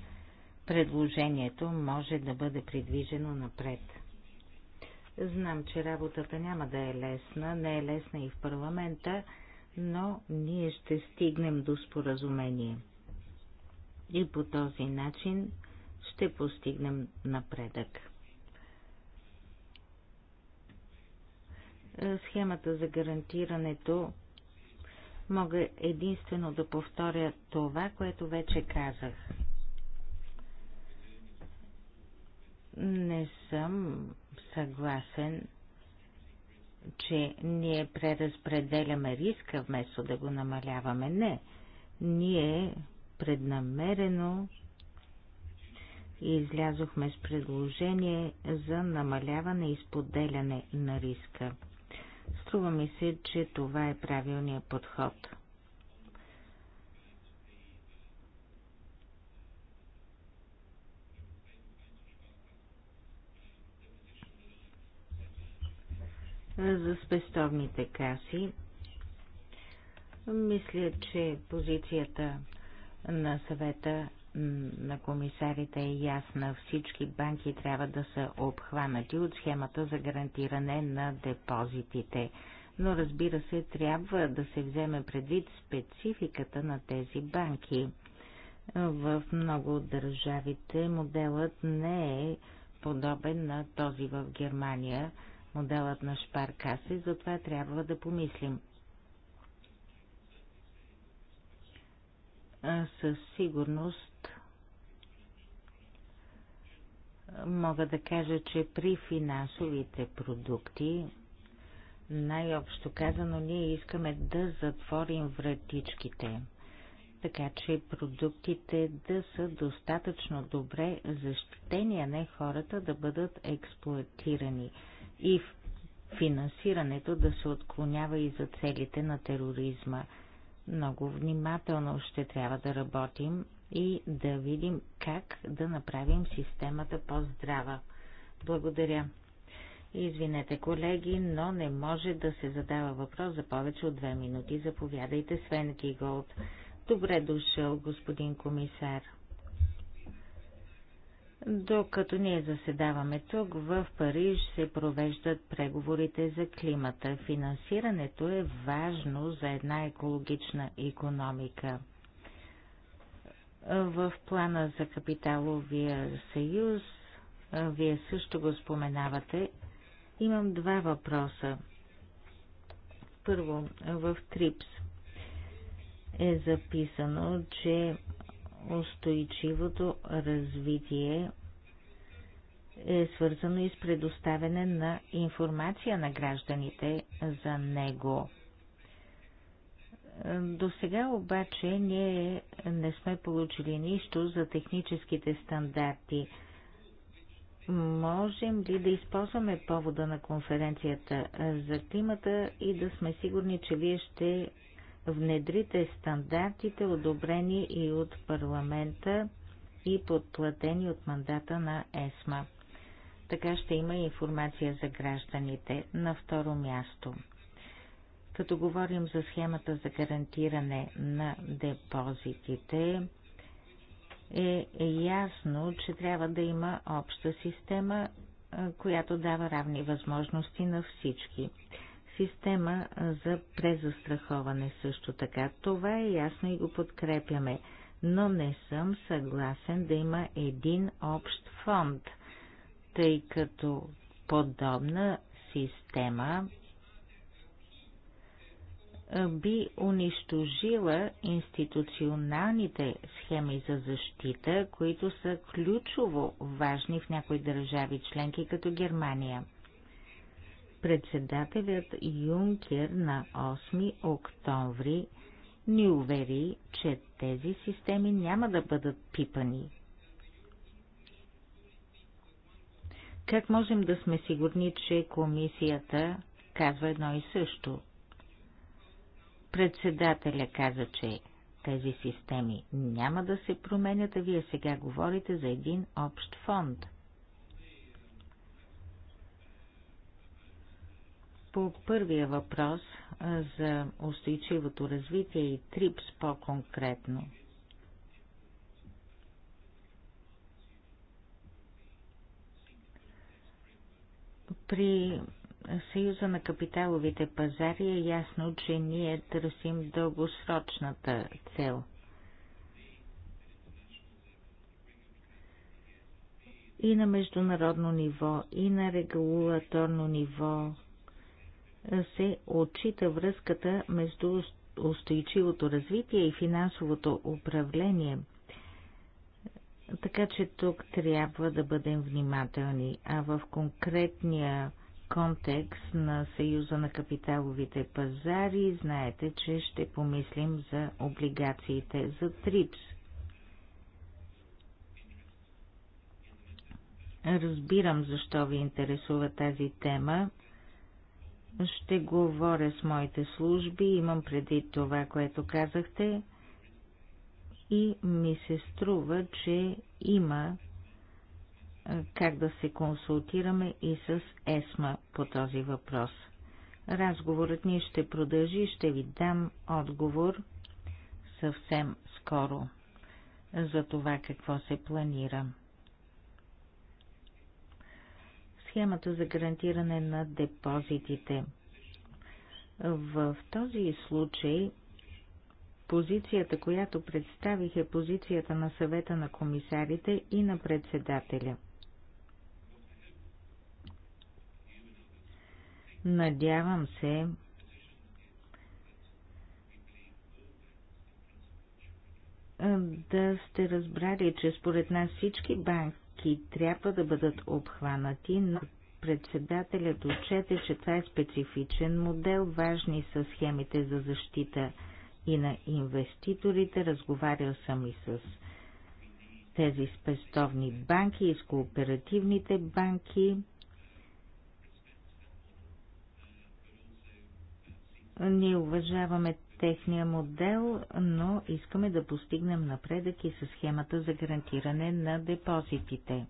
предложението може да бъде придвижено напред. Знам, че работата няма да е лесна, не е лесна и в парламента, но ние ще стигнем до споразумение. И по този начин ще постигнем напредък. Схемата за гарантирането мога единствено да повторя това, което вече казах. не съм съгласен, че ние преразпределяме риска вместо да го намаляваме. Не. Ние преднамерено излязохме с предложение за намаляване и споделяне на риска. Струва ми се, че това е правилният подход. за спестовните каси. Мисля, че позицията на съвета на комисарите е ясна. Всички банки трябва да са обхванати от схемата за гарантиране на депозитите. Но разбира се, трябва да се вземе предвид спецификата на тези банки. В много от държавите моделът не е подобен на този в Германия – моделът на Шпаркаса и затова трябва да помислим. Със сигурност мога да кажа, че при финансовите продукти най-общо казано, ние искаме да затворим вратичките, така че продуктите да са достатъчно добре защитени, а не хората да бъдат експлуатирани и финансирането да се отклонява и за целите на тероризма. Много внимателно ще трябва да работим и да видим как да направим системата по-здрава. Благодаря. Извинете, колеги, но не може да се задава въпрос за повече от две минути. Заповядайте, Свенки Голд. Добре дошъл, господин комисар. Докато ние заседаваме тук, в Париж се провеждат преговорите за климата. Финансирането е важно за една екологична економика. В плана за капиталовия съюз, вие също го споменавате, имам два въпроса. Първо, в ТРИПС е записано, че устойчивото развитие е свързано и с предоставяне на информация на гражданите за него. До сега обаче ние не сме получили нищо за техническите стандарти. Можем ли да използваме повода на конференцията за климата и да сме сигурни, че вие ще внедрите стандартите, одобрени и от парламента и подплатени от мандата на ЕСМА. Така ще има информация за гражданите. На второ място. Като говорим за схемата за гарантиране на депозитите, е ясно, че трябва да има обща система, която дава равни възможности на всички система за презастраховане също така. Това е ясно и го подкрепяме, но не съм съгласен да има един общ фонд, тъй като подобна система би унищожила институционалните схеми за защита, които са ключово важни в някои държави членки, като Германия – Председателят Юнкер на 8 октомври ни увери, че тези системи няма да бъдат пипани. Как можем да сме сигурни, че комисията казва едно и също? Председателя каза, че тези системи няма да се променят, а вие сега говорите за един общ фонд – По първия въпрос за устойчивото развитие и ТРИПС по-конкретно. При Съюза на капиталовите пазари е ясно, че ние търсим дългосрочната цел. И на международно ниво, и на регулаторно ниво се отчита връзката между устойчивото развитие и финансовото управление. Така че тук трябва да бъдем внимателни, а в конкретния контекст на Съюза на капиталовите пазари, знаете, че ще помислим за облигациите за ТРИПС. Разбирам защо ви интересува тази тема. Ще говоря с моите служби, имам преди това, което казахте и ми се струва, че има как да се консултираме и с ЕСМА по този въпрос. Разговорът ни ще продължи и ще ви дам отговор съвсем скоро за това какво се планира. схемата за гарантиране на депозитите. В този случай позицията, която представих е позицията на съвета на комисарите и на председателя. Надявам се, да сте разбрали, че според нас всички банки мерки трябва да бъдат обхванати, но председателят отчете, че това е специфичен модел, важни са схемите за защита и на инвеститорите. Разговарял съм и с тези спестовни банки и с кооперативните банки. Ние уважаваме техния модел, но искаме да постигнем напредък и със схемата за гарантиране на депозитите.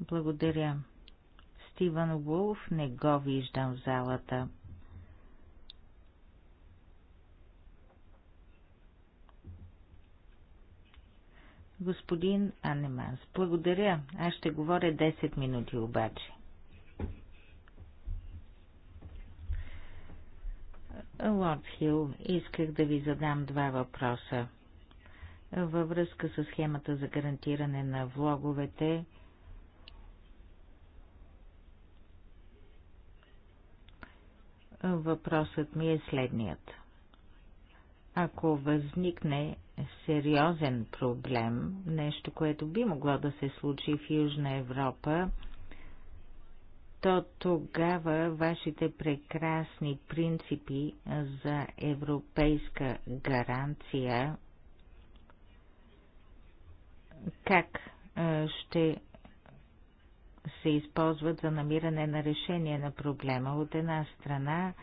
Благодаря. Стивън Вулф не го виждам в залата. Господин Анеманс, благодаря. Аз ще говоря 10 минути обаче. Лорд Хил, исках да ви задам два въпроса. Във връзка с схемата за гарантиране на влоговете, въпросът ми е следният. Ако възникне сериозен проблем, нещо, което би могло да се случи в Южна Европа, то тогава вашите прекрасни принципи за европейска гаранция как ще се използват за намиране на решение на проблема. От една страна,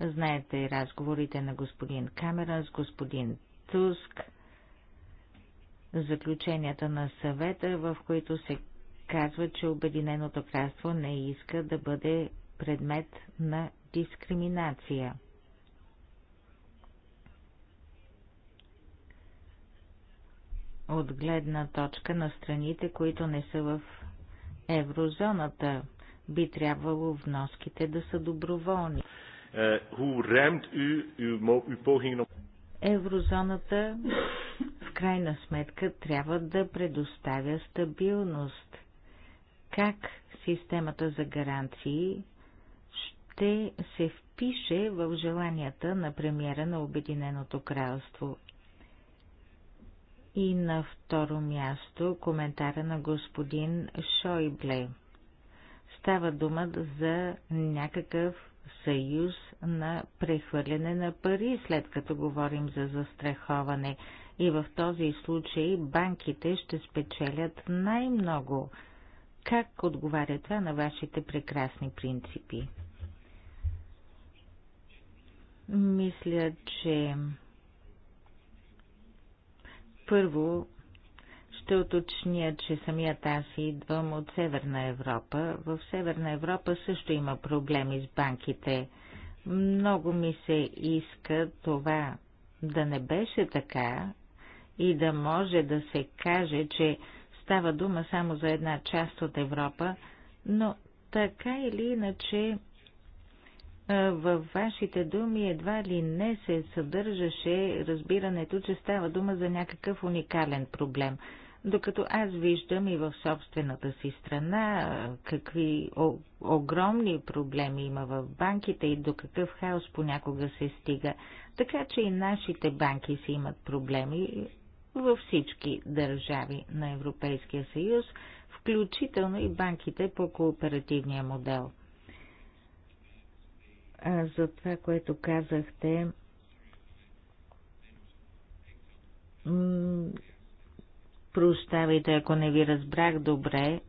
знаете разговорите на господин Камерън с господин Туск, заключенията на съвета, в които се казва, че Обединеното кралство не иска да бъде предмет на дискриминация. От гледна точка на страните, които не са в еврозоната, би трябвало вноските да са доброволни. Е, еврозоната в крайна сметка трябва да предоставя стабилност – как системата за гаранции ще се впише в желанията на премиера на Обединеното кралство. И на второ място коментара на господин Шойбле. Става дума за някакъв съюз на прехвърляне на пари, след като говорим за застраховане. И в този случай банките ще спечелят най-много как отговаря това на вашите прекрасни принципи? Мисля, че първо ще уточня, че самият аз идвам от Северна Европа. В Северна Европа също има проблеми с банките. Много ми се иска това да не беше така и да може да се каже, че Става дума само за една част от Европа, но така или иначе във вашите думи едва ли не се съдържаше разбирането, че става дума за някакъв уникален проблем. Докато аз виждам и в собствената си страна какви о, огромни проблеми има в банките и до какъв хаос понякога се стига. Така че и нашите банки си имат проблеми във всички държави на Европейския съюз, включително и банките по кооперативния модел. А за това, което казахте, прощавайте, ако не ви разбрах добре,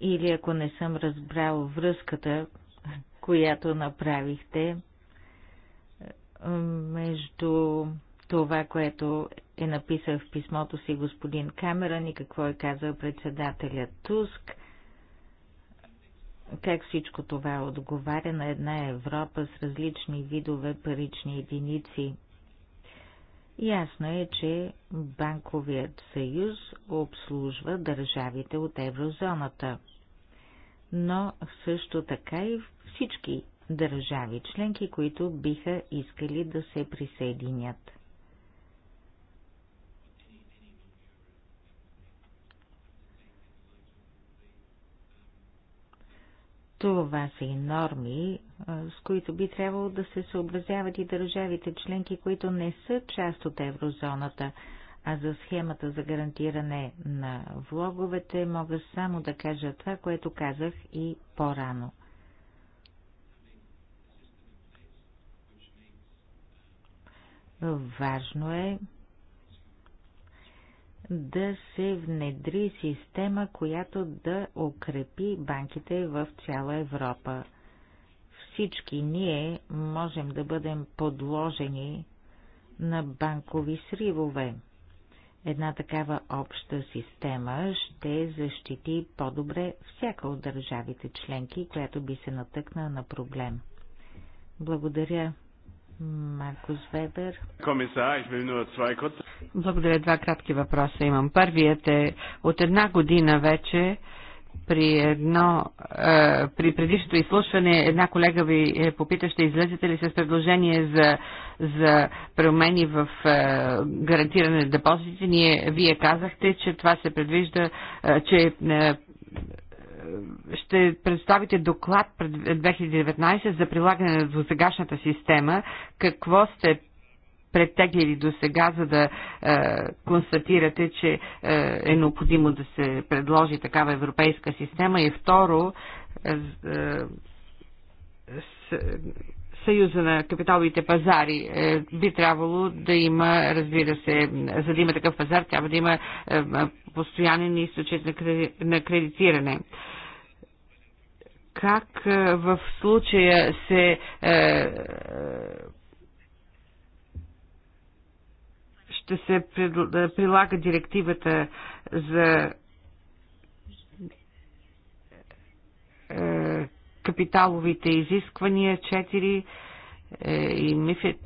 или ако не съм разбрал връзката, която направихте, между това, което е написал в писмото си господин Камерън и какво е казал председателя Туск. Как всичко това отговаря на една Европа с различни видове парични единици? Ясно е, че Банковият съюз обслужва държавите от еврозоната, но също така и всички държави членки, които биха искали да се присъединят. Това са и норми, с които би трябвало да се съобразяват и държавите членки, които не са част от еврозоната, а за схемата за гарантиране на влоговете мога само да кажа това, което казах и по-рано – Важно е да се внедри система, която да укрепи банките в цяла Европа. Всички ние можем да бъдем подложени на банкови сривове. Една такава обща система ще защити по-добре всяка от държавите членки, която би се натъкна на проблем. Благодаря, Маркус Вебер. Комисар, ich will nur zwei kurze... Благодаря. Два кратки въпроса имам. Първият е от една година вече при едно, е, при предишното изслушване една колега ви е попита, ще излезете ли с предложение за, за промени в е, гарантиране на депозитите. Ние, вие казахте, че това се предвижда, е, че е, ще представите доклад пред 2019 за прилагане на досегашната система. Какво сте претеглили до сега, за да е, констатирате, че е, е необходимо да се предложи такава европейска система? И второ, е, е, Съюза на капиталовите пазари е, би трябвало да има, разбира се, за да има такъв пазар, трябва да има е, е, постоянен източник на кредитиране как е, в случая се е, е, ще се прилага директивата за капиталовите изисквания 4 и МИФИЦ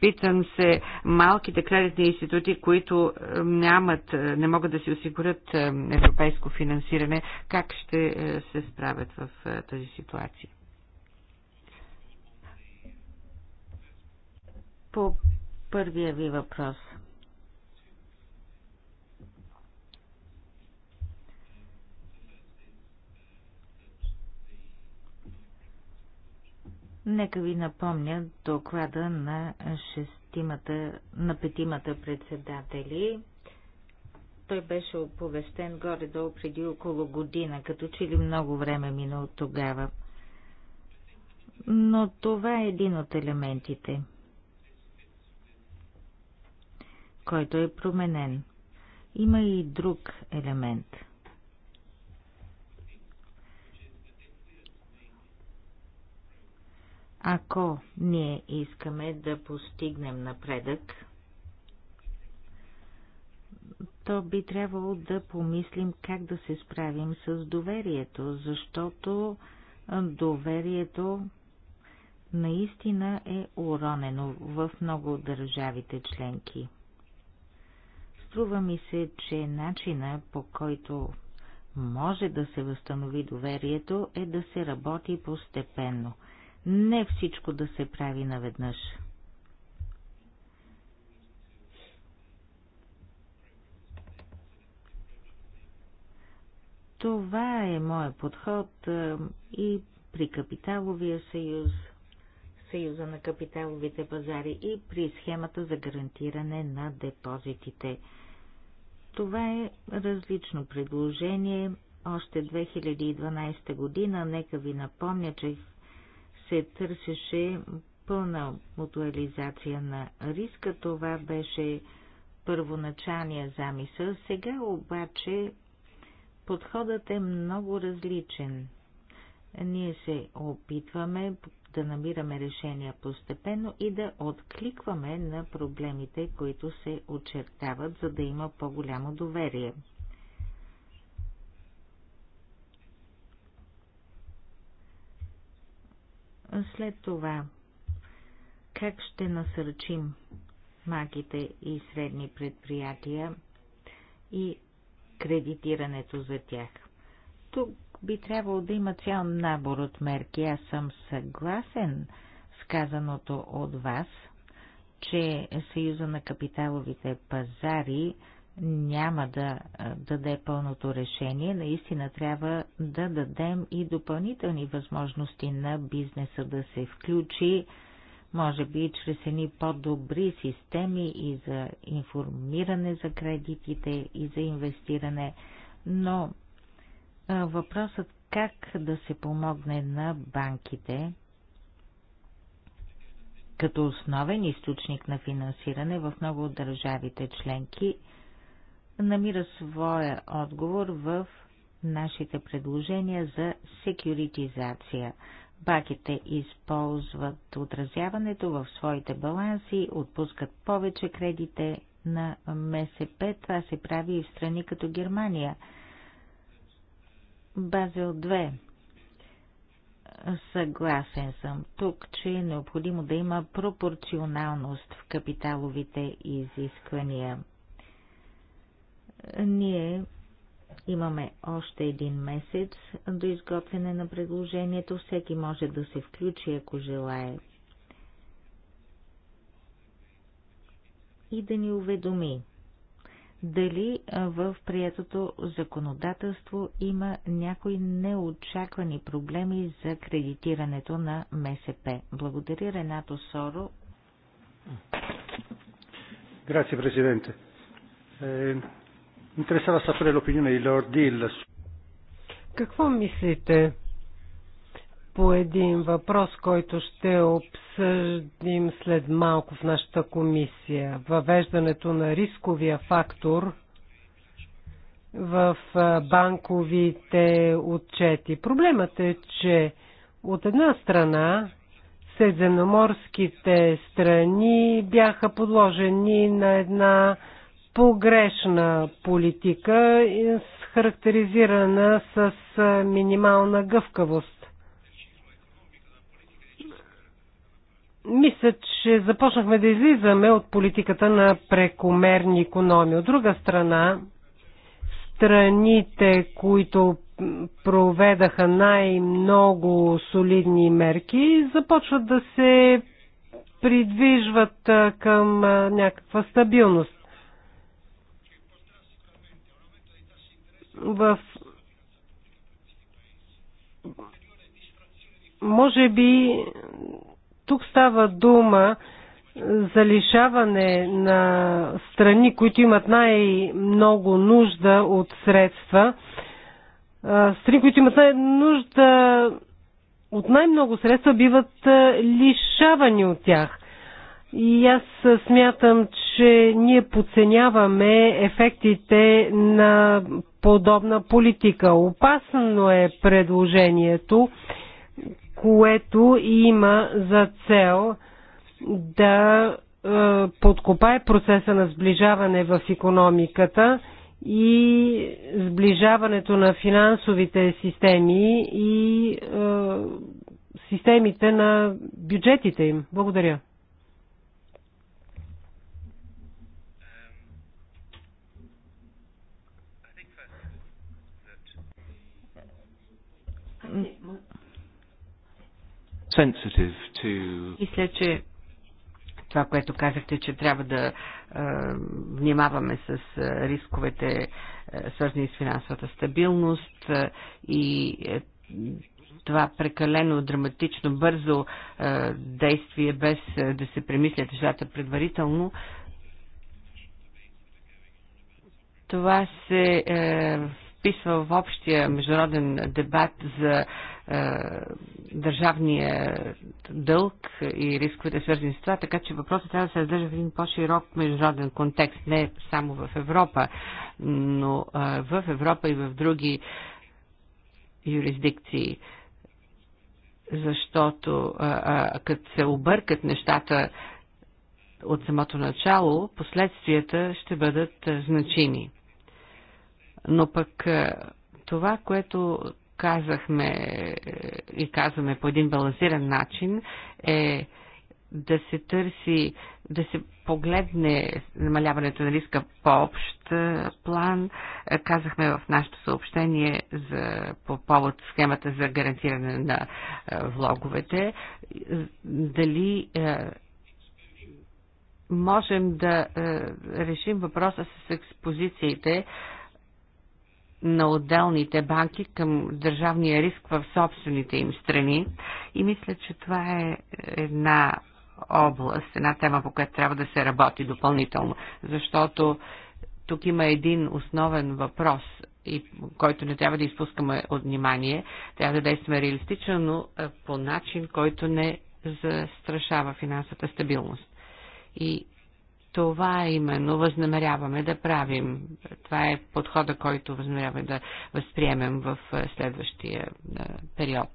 Питам се, малките кредитни институти, които е, нямат, е, не могат да си осигурят е, европейско финансиране, как ще се справят в тази ситуация? По първия ви въпрос – Нека ви напомня доклада на шестимата, на петимата председатели. Той беше оповестен горе-долу преди около година, като че ли много време мина от тогава. Но това е един от елементите, който е променен. Има и друг елемент – Ако ние искаме да постигнем напредък, то би трябвало да помислим как да се справим с доверието, защото доверието наистина е уронено в много от държавите членки. Струва ми се, че начина по който може да се възстанови доверието е да се работи постепенно – не всичко да се прави наведнъж. Това е моят подход и при капиталовия съюз, съюза на капиталовите пазари и при схемата за гарантиране на депозитите. Това е различно предложение. Още 2012 година, нека ви напомня, че се търсеше пълна мутуализация на риска. Това беше първоначалния замисъл. Сега обаче подходът е много различен. Ние се опитваме да намираме решения постепенно и да откликваме на проблемите, които се очертават, за да има по-голямо доверие. След това, как ще насърчим малките и средни предприятия и кредитирането за тях? Тук би трябвало да има цял набор от мерки. Аз съм съгласен с казаното от вас, че Съюза на капиталовите пазари – няма да даде пълното решение. Наистина трябва да дадем и допълнителни възможности на бизнеса да се включи, може би чрез едни по-добри системи и за информиране за кредитите и за инвестиране, но въпросът как да се помогне на банките като основен източник на финансиране в много от държавите членки намира своя отговор в нашите предложения за секюритизация. Баките използват отразяването в своите баланси, отпускат повече кредите на МСП. Това се прави и в страни като Германия. Базел 2. Съгласен съм тук, че е необходимо да има пропорционалност в капиталовите изисквания. Ние имаме още един месец до изготвяне на предложението. Всеки може да се включи, ако желае. И да ни уведоми дали в приятото законодателство има някои неочаквани проблеми за кредитирането на МСП. Благодаря, Ренато Соро. Grazie Presidente. Eh, Интересава сапре лопинина и лорд Дил. Какво мислите по един въпрос, който ще обсъдим след малко в нашата комисия? Въвеждането на рисковия фактор в банковите отчети. Проблемът е, че от една страна средземноморските страни бяха подложени на една погрешна политика, характеризирана с минимална гъвкавост. Мисля, че започнахме да излизаме от политиката на прекомерни економи. От друга страна, страните, които проведаха най-много солидни мерки, започват да се придвижват към някаква стабилност. в може би тук става дума за лишаване на страни, които имат най-много нужда от средства, страни, които имат най- нужда от най-много средства, биват лишавани от тях. И аз смятам, че ние подценяваме ефектите на подобна политика. Опасно е предложението, което има за цел да е, подкопае процеса на сближаване в економиката и сближаването на финансовите системи и е, системите на бюджетите им. Благодаря. sensitive to... Мисля, че това, което казахте, че трябва да е, внимаваме с е, рисковете, е, свързани с финансовата стабилност е, и е, това прекалено драматично, бързо е, действие, без е, да се премислят нещата предварително, това се е, вписва в общия международен дебат за е, е, държавния дълг и рисковете свързани с това, така че въпросът трябва да се разглежда в един по-широк международен контекст, не само в Европа, но е, в Европа и в други юрисдикции защото е, като се объркат нещата от самото начало, последствията ще бъдат значими. Но пък това, което казахме е, и казваме по един балансиран начин, е да се търси, да се погледне намаляването на риска по-общ е, план. Е, казахме в нашето съобщение за, по повод схемата за гарантиране на влоговете, дали можем да решим въпроса с експозициите, на отделните банки към държавния риск в собствените им страни. И мисля, че това е една област, една тема, по която трябва да се работи допълнително, защото тук има един основен въпрос, и, който не трябва да изпускаме от внимание. Трябва да действаме реалистично, но е, по начин, който не застрашава финансовата стабилност. И това именно възнамеряваме да правим. Това е подхода, който възнамеряваме да възприемем в е, следващия е, период.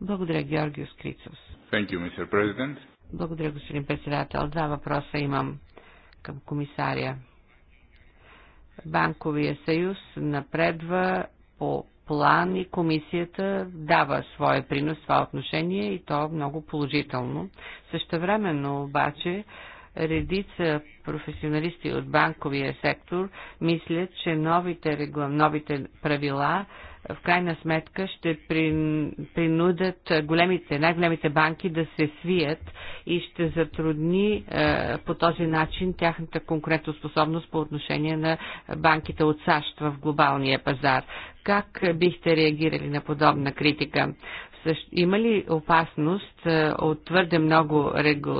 Благодаря, Георгиос Крицос. Thank you, Mr. President. Благодаря, господин председател. Два въпроса имам към комисаря. Банковия съюз напредва по план и комисията дава своя принос в това отношение и то е много положително. Същевременно обаче редица професионалисти от банковия сектор мислят, че новите, регла... новите правила в крайна сметка ще принудят големите, най-големите банки да се свият и ще затрудни е, по този начин тяхната конкурентоспособност по отношение на банките от САЩ в глобалния пазар. Как бихте реагирали на подобна критика? има ли опасност е, от твърде много регу...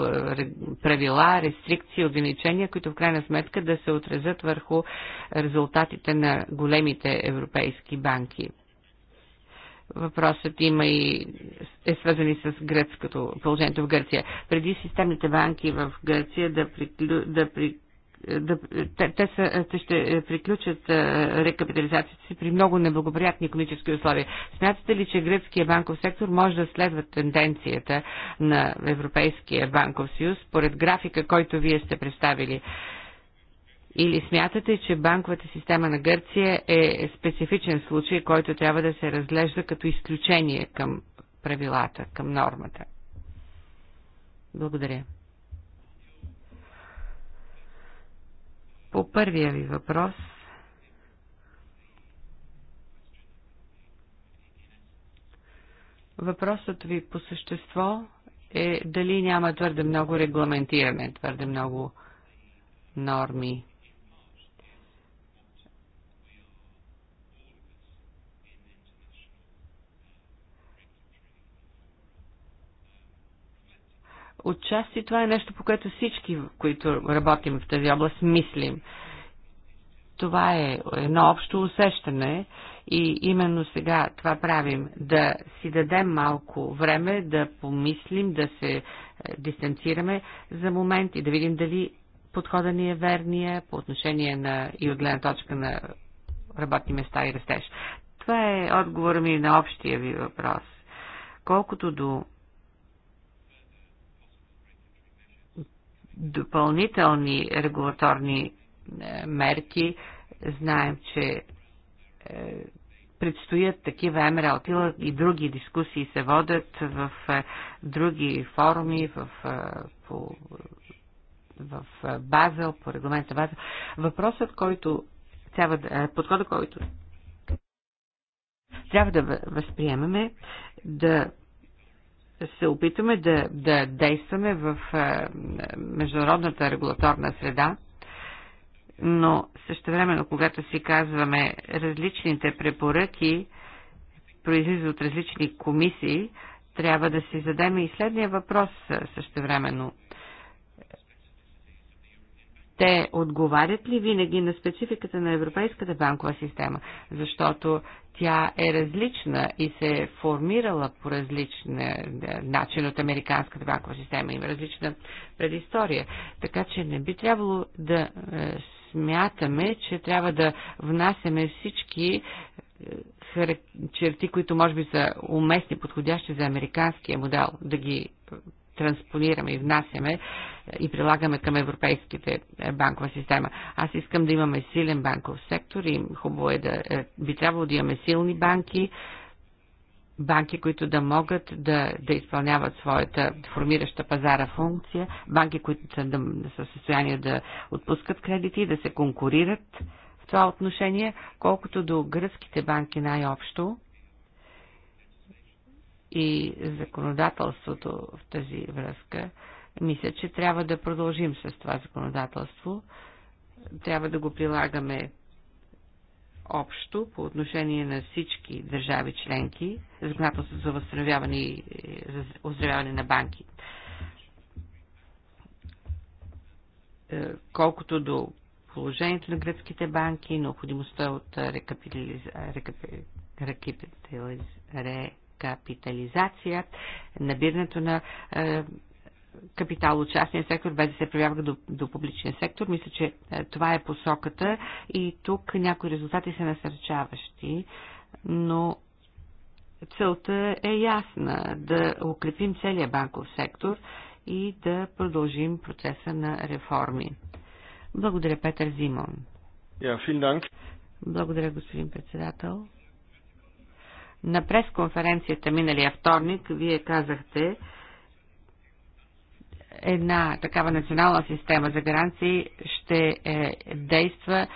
правила, рестрикции, ограничения, които в крайна сметка да се отразят върху резултатите на големите европейски банки? въпросът има и е свързан и с гръцкото положението в Гърция. Преди системните банки в Гърция да, приклю, да приклю да, те, те, са, те ще приключат рекапитализацията си при много неблагоприятни економически условия. Смятате ли, че гръцкия банков сектор може да следва тенденцията на Европейския банков съюз според графика, който вие сте представили? Или смятате, че банковата система на Гърция е специфичен случай, който трябва да се разглежда като изключение към правилата, към нормата? Благодаря. По първия ви въпрос, въпросът ви по същество е дали няма твърде много регламентиране, твърде много норми. Отчасти това е нещо, по което всички, които работим в тази област, мислим. Това е едно общо усещане и именно сега това правим. Да си дадем малко време, да помислим, да се е, дистанцираме за момент и да видим дали подхода ни е верния по отношение на и от гледна точка на работни места и растеж. Това е отговор ми на общия ви въпрос. Колкото до допълнителни регулаторни е, мерки. Знаем, че е, предстоят такива МРЛ и други дискусии се водят в е, други форуми, в, по, в Базел, по регламента Базел. Въпросът, който трябва да, подходът, който трябва да възприемаме, да се опитваме да, да действаме в е, международната регулаторна среда, но същевременно, когато си казваме различните препоръки, произлиза от различни комисии, трябва да си задаме и следния въпрос е, същевременно те отговарят ли винаги на спецификата на Европейската банкова система, защото тя е различна и се е формирала по различен е, начин от Американската банкова система, има различна предистория. Така че не би трябвало да е, смятаме, че трябва да внасяме всички е, черти, които може би са уместни, подходящи за американския модел, да ги транспонираме и внасяме е, и прилагаме към европейските е, банкова система. Аз искам да имаме силен банков сектор и хубаво е да е, би трябвало да имаме силни банки, банки, които да могат да, да изпълняват своята формираща пазара функция, банки, които са, да, са в състояние да отпускат кредити и да се конкурират в това отношение, колкото до гръцките банки най-общо и законодателството в тази връзка. Мисля, че трябва да продължим с това законодателство. Трябва да го прилагаме общо по отношение на всички държави членки, законодателство за възстановяване и за оздравяване на банки. Е, колкото до положението на гръцките банки, необходимостта от рекапитализация, рекапитализ... рекапитализ капитализация, набирането на е, капитал от частния сектор, без да се проявява до, до публичния сектор. Мисля, че е, това е посоката и тук някои резултати са насърчаващи, но целта е ясна да укрепим целия банков сектор и да продължим процеса на реформи. Благодаря, Петър Зимон. Yeah, Благодаря, господин председател. На пресконференцията миналия вторник вие казахте, една такава национална система за гаранции ще е, действа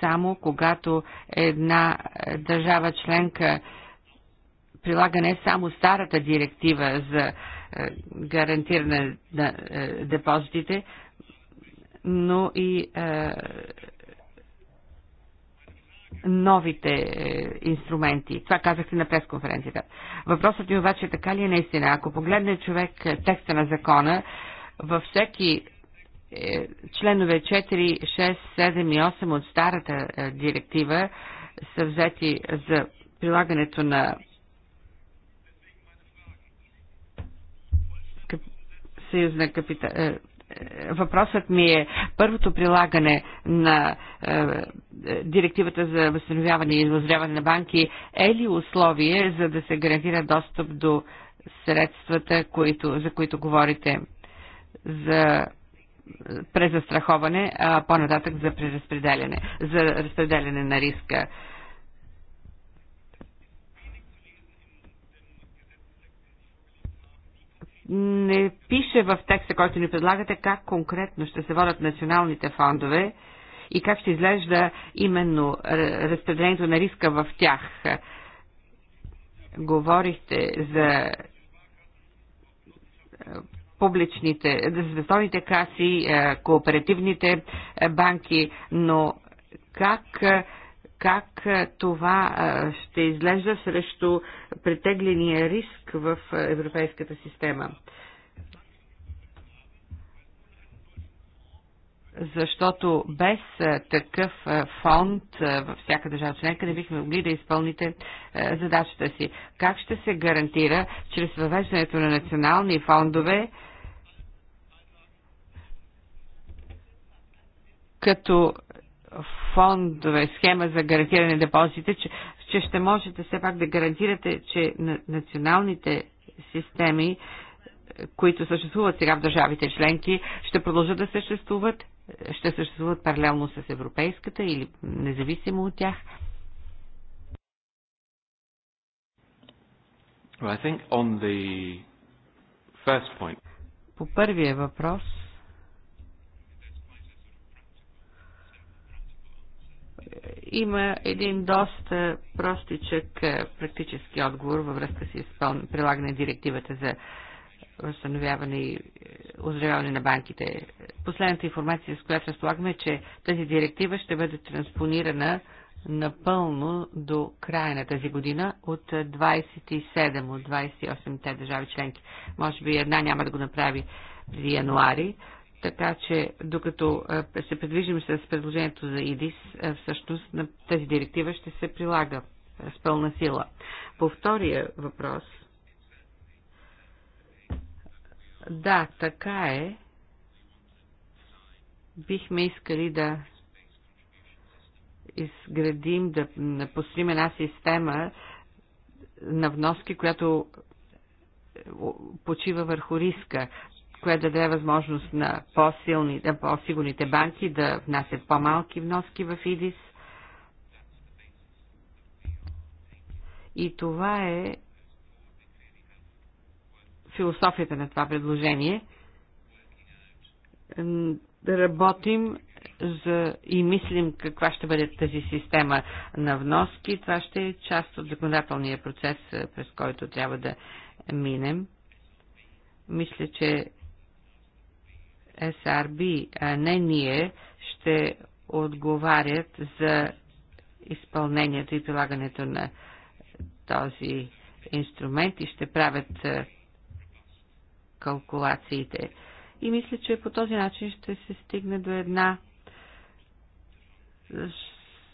само когато една е, държава членка прилага не само старата директива за е, гарантиране на е, депозитите, но и е, новите е, инструменти. Това казахте на пресконференцията. Въпросът ми обаче е така ли е наистина? Ако погледне човек е, текста на закона, във всеки членове 4, 6, 7 и 8 от старата директива са взети за прилагането на Съюзна капитал въпросът ми е първото прилагане на е, е директивата за възстановяване и възряване на банки е ли условие за да се гарантира достъп до средствата, които, за които говорите за презастраховане, а по-нататък за преразпределяне, за разпределяне на риска. не пише в текста, който ни предлагате, как конкретно ще се водят националните фондове и как ще изглежда именно разпределението на риска в тях. Говорихте за е, публичните, за световните каси, е, кооперативните е, банки, но как как това ще изглежда срещу притегления риск в европейската система. Защото без такъв фонд във всяка държава членка не бихме могли да изпълните задачата си. Как ще се гарантира чрез въвеждането на национални фондове като фондове, схема за гарантиране на депозите, че, че ще можете все пак да гарантирате, че националните системи, е, които съществуват сега в държавите членки, ще продължат да съществуват, е, ще съществуват паралелно с европейската или независимо от тях? Well, I think on the first point. По първия въпрос – има един доста простичък е, практически отговор във връзка с прилагане на директивата за възстановяване и е, оздравяване на банките. Последната информация, с която разполагаме, е, че тази директива ще бъде транспонирана напълно до края на тази година от 27 е, от 28-те държави членки. Може би една няма да го направи преди януари, така че докато се предвижим с предложението за ИДИС, всъщност на тази директива ще се прилага с пълна сила. По втория въпрос. Да, така е. Бихме искали да изградим, да построим една система на вноски, която е, почива върху риска което да даде възможност на по-силни, на по-сигурните банки да внасят по-малки вноски в ИДИС. И това е философията на това предложение. Да работим за и мислим каква ще бъде тази система на вноски. Това ще е част от законодателния процес, през който трябва да минем. Мисля, че SRB, а не ние, ще отговарят за изпълнението и прилагането на този инструмент и ще правят калкулациите. И мисля, че по този начин ще се стигне до една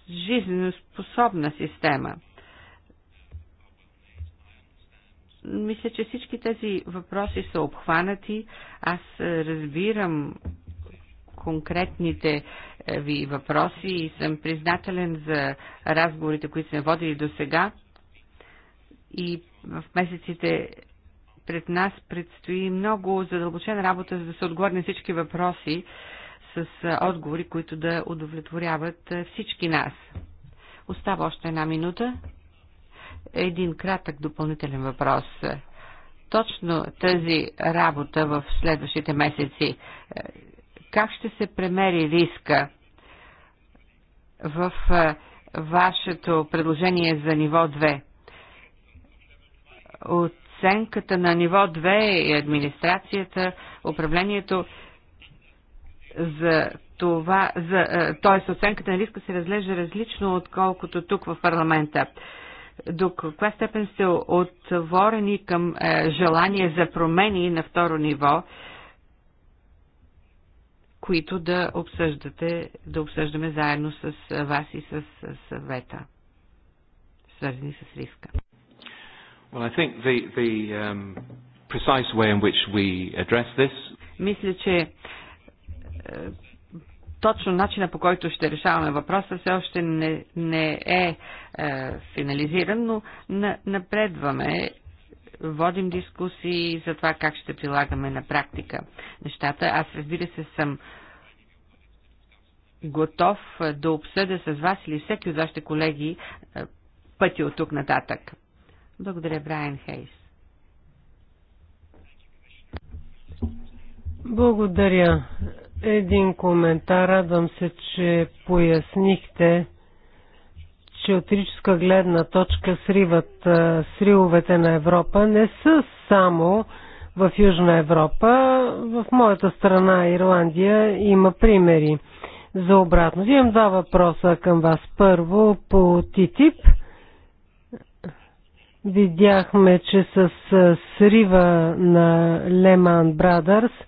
жизнеспособна система – мисля, че всички тези въпроси са обхванати. Аз е, разбирам конкретните е, ви въпроси и съм признателен за разговорите, които сме водили до сега. И в месеците пред нас предстои много задълбочена работа, за да се отговори на всички въпроси с е, отговори, които да удовлетворяват всички нас. Остава още една минута един кратък допълнителен въпрос. Точно тази работа в следващите месеци, е, как ще се премери риска в е, вашето предложение за ниво 2? Оценката на ниво 2 и администрацията, управлението за това, е, т.е. оценката на риска се разглежда различно, отколкото тук в парламента до каква степен сте отворени към е, желание за промени на второ ниво, които да обсъждате, да обсъждаме заедно с е, вас и с съвета, свързани с риска. Well, I think the, the um, precise way in which we address this. Мисля, че е, точно начина по който ще решаваме въпроса все още не, не е, е финализиран, но на, напредваме водим дискусии за това как ще прилагаме на практика нещата. Аз разбира се съм готов да обсъдя с вас или всеки от вашите колеги е, пъти от тук нататък. Благодаря, Брайан Хейс. Благодаря, един коментар. Радвам се, че пояснихте, че от рическа гледна точка сриват, сриловете на Европа не са само в Южна Европа. В моята страна, Ирландия, има примери за обратно. Имам два въпроса към вас. Първо, по ТИТИП видяхме, че с срива на Леман Брадърс –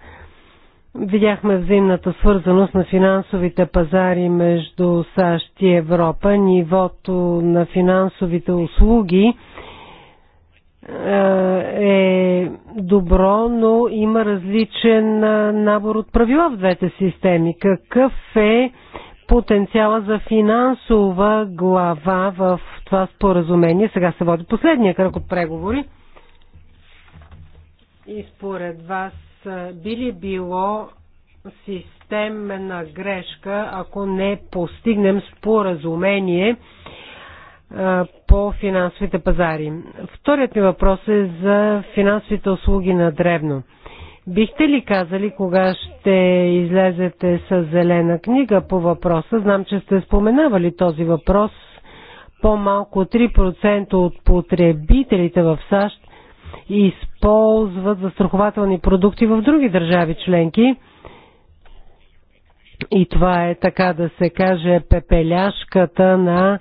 Видяхме взаимната свързаност на финансовите пазари между САЩ и Европа. Нивото на финансовите услуги е, е добро, но има различен е, набор от правила в двете системи. Какъв е потенциала за финансова глава в това споразумение? Сега се води последния кръг от преговори. И според вас би ли било системна грешка, ако не постигнем споразумение по финансовите пазари? Вторият ми въпрос е за финансовите услуги на Древно. Бихте ли казали кога ще излезете с зелена книга по въпроса? Знам, че сте споменавали този въпрос. По-малко 3% от потребителите в САЩ използват застрахователни продукти в други държави членки. И това е така да се каже пепеляшката на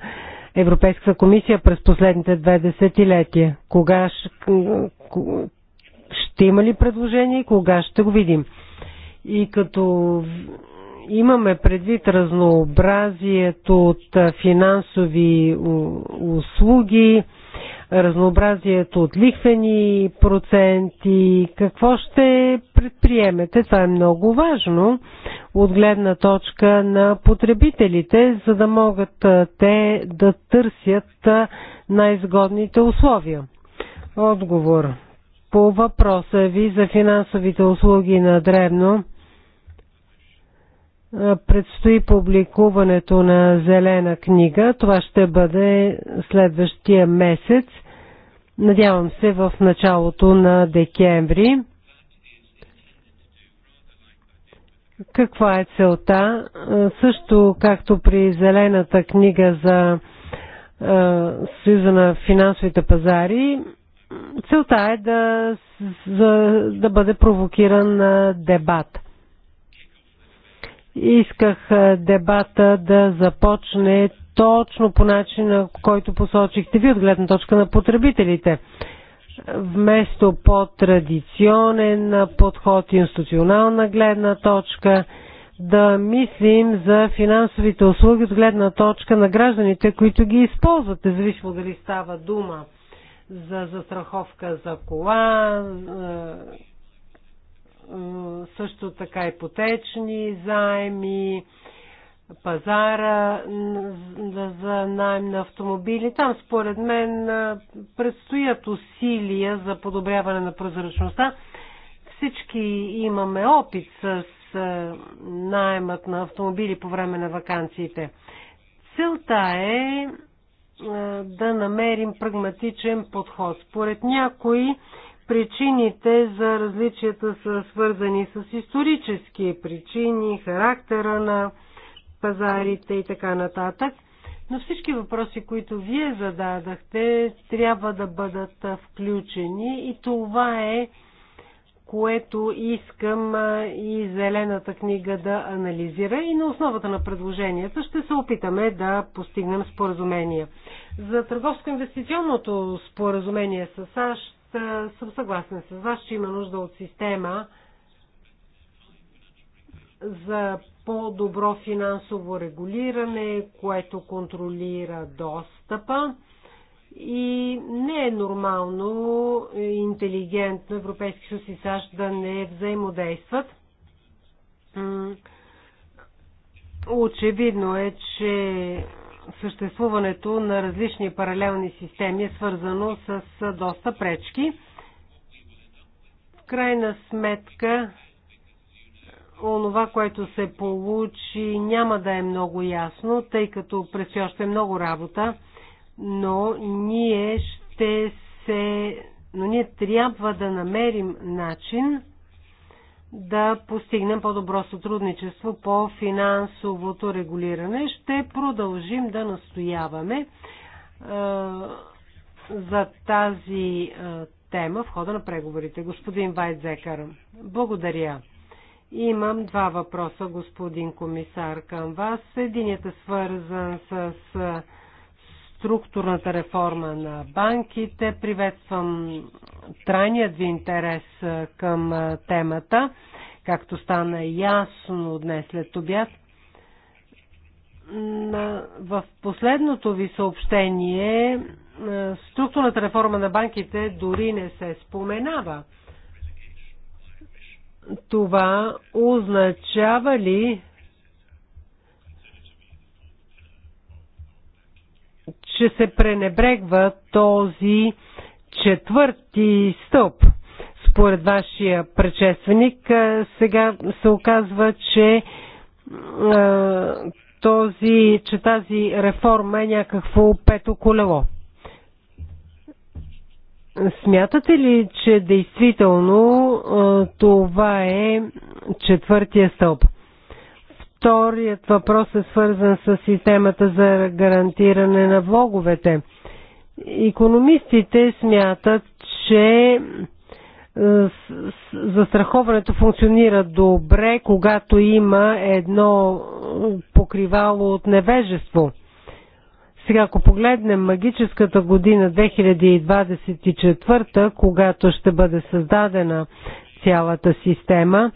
Европейската комисия през последните две десетилетия. Кога ще има ли предложение и кога ще го видим? И като имаме предвид разнообразието от финансови услуги, разнообразието от лихвени проценти, какво ще предприемете. Това е много важно от гледна точка на потребителите, за да могат те да търсят най-изгодните условия. Отговор. По въпроса ви за финансовите услуги на Дребно, предстои публикуването на зелена книга. Това ще бъде следващия месец. Надявам се в началото на декември. Каква е целта? Също както при зелената книга за Съюза на финансовите пазари, целта е да, за, да бъде провокиран дебат – Исках дебата да започне точно по начина, който посочихте ви от гледна точка на потребителите. Вместо по-традиционен подход, институционална гледна точка, да мислим за финансовите услуги от гледна точка на гражданите, които ги използват, независимо дали става дума за застраховка за кола, е, също така ипотечни заеми, пазара за найем на автомобили. Там според мен е, предстоят усилия за подобряване на прозрачността. Всички имаме опит с е, наймат на автомобили по време на вакансиите. Целта е да намерим прагматичен подход. Според някои Причините за различията са свързани с исторически причини, характера на пазарите и така нататък. Но всички въпроси, които вие зададахте, трябва да бъдат включени и това е което искам и Зелената книга да анализира и на основата на предложенията ще се опитаме да постигнем споразумения. За търговско-инвестиционното споразумение с САЩ е, съм съгласна с вас, че има нужда от система за по-добро финансово регулиране, което контролира достъпа. И не е нормално интелигентно Европейски съюз и САЩ да не взаимодействат. Очевидно е, че съществуването на различни паралелни системи е свързано с доста пречки. В крайна сметка, онова, което се получи, няма да е много ясно, тъй като предстои още много работа, но ние ще се. Но ние трябва да намерим начин да постигнем по-добро сътрудничество по финансовото регулиране. Ще продължим да настояваме е, за тази е, тема в хода на преговорите. Господин Вайдзекър, благодаря. Имам два въпроса, господин комисар, към вас. Единият е свързан с е, структурната реформа на банките. Приветствам трайният ви интерес към темата, както стана ясно днес след обяд. В последното ви съобщение структурната реформа на банките дори не се споменава. Това означава ли, че се пренебрегва този четвърти стълб. Според вашия предшественик сега се оказва, че този, че тази реформа е някакво пето колело. Смятате ли, че действително това е четвъртия стълб? Вторият въпрос е свързан с системата за гарантиране на влоговете. Економистите смятат, че е, застраховането функционира добре, когато има едно покривало от невежество. Сега, ако погледнем магическата година 2024, когато ще бъде създадена цялата система,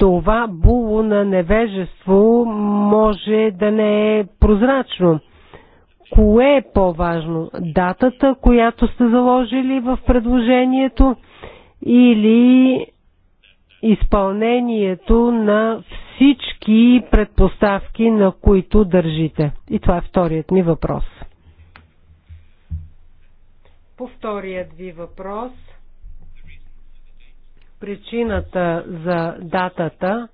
това було на невежество може да не е прозрачно. Кое е по-важно? Датата, която сте заложили в предложението или изпълнението на всички предпоставки, на които държите? И това е вторият ми въпрос. По вторият ви въпрос – Причината за датата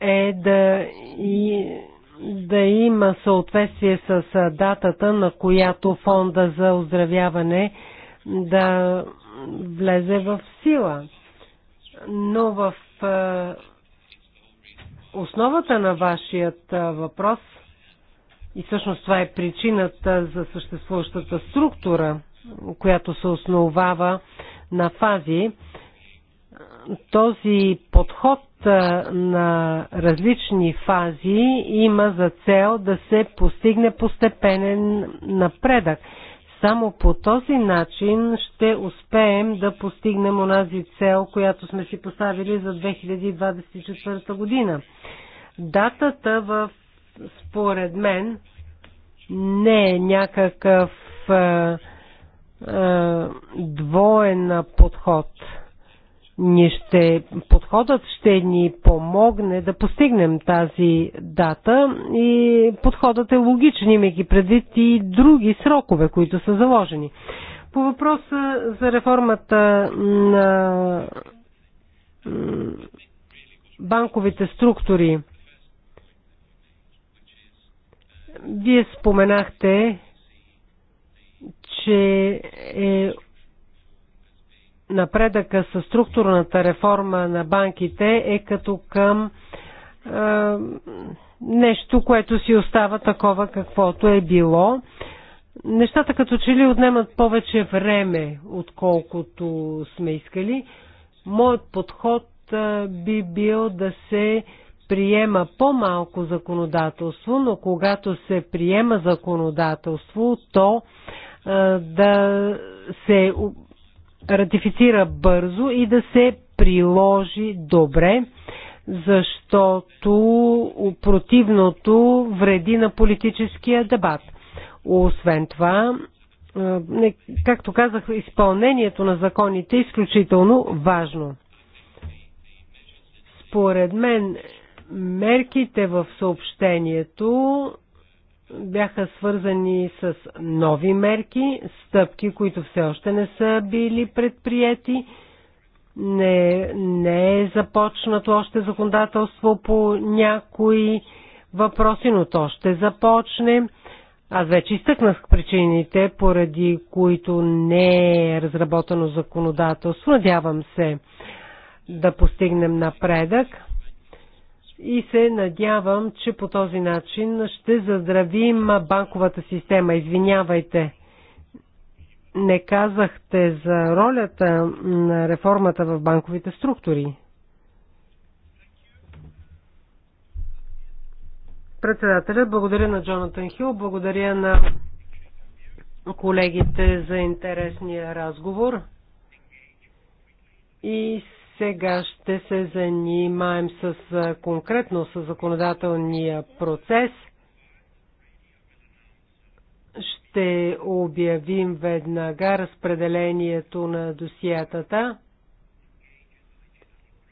е да, и, да има съответствие с датата, на която фонда за оздравяване да влезе в сила. Но в основата на вашият въпрос, и всъщност това е причината за съществуващата структура, която се основава на фази. Този подход на различни фази има за цел да се постигне постепенен напредък. Само по този начин ще успеем да постигнем онази цел, която сме си поставили за 2024 година. Датата в, според мен, не е някакъв е, двоен подход. Ни ще, подходът ще ни помогне да постигнем тази дата и подходът е логичен, имайки предвид и други срокове, които са заложени. По въпроса за реформата на банковите структури, вие споменахте че е напредъка с структурната реформа на банките е като към е, нещо, което си остава такова каквото е било. Нещата като че ли отнемат повече време, отколкото сме искали. Моят подход би бил да се приема по-малко законодателство, но когато се приема законодателство, то да се ратифицира бързо и да се приложи добре, защото противното вреди на политическия дебат. Освен това, както казах, изпълнението на законите е изключително важно. Според мен, мерките в съобщението бяха свързани с нови мерки, стъпки, които все още не са били предприяти. Не, не е започнато още законодателство по някои въпроси, но то ще започне. Аз вече изтъкнах причините, поради които не е разработено законодателство. Надявам се да постигнем напредък и се надявам, че по този начин ще заздравим банковата система. Извинявайте, не казахте за ролята на реформата в банковите структури. Председателят, благодаря на Джонатан Хил, благодаря на колегите за интересния разговор и сега ще се занимаем с конкретно с законодателния процес. Ще обявим веднага разпределението на досиятата.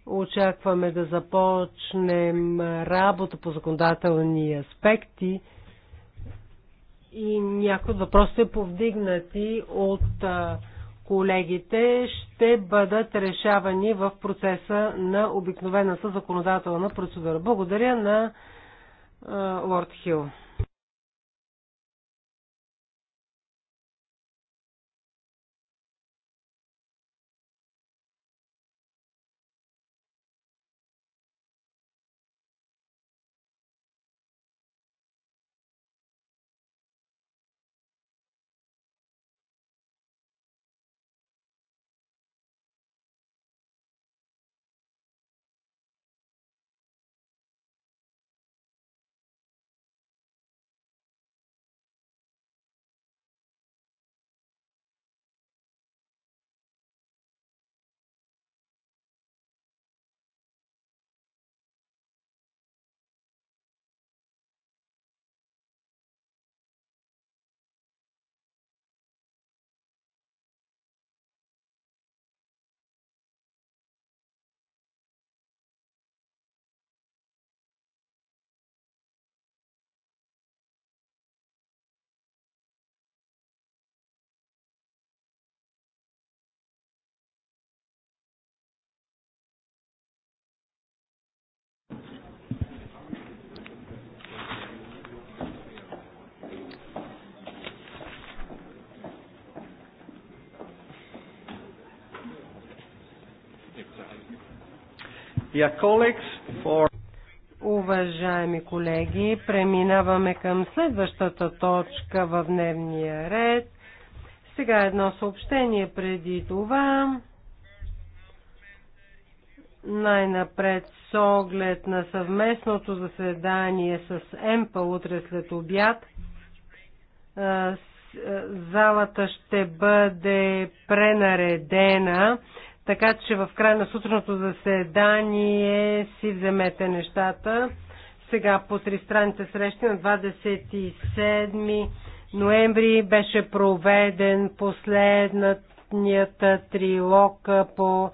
Очакваме да започнем работа по законодателни аспекти и някои въпроси повдигнати от колегите ще бъдат решавани в процеса на обикновената законодателна процедура. Благодаря на Лорд Хил. Уважаеми колеги, преминаваме към следващата точка в дневния ред. Сега едно съобщение преди това. Най-напред с оглед на съвместното заседание с МПА утре след обяд, залата ще бъде пренаредена така че в края на сутрното заседание си вземете нещата. Сега по тристранните срещи на 27 ноември беше проведен последният трилог по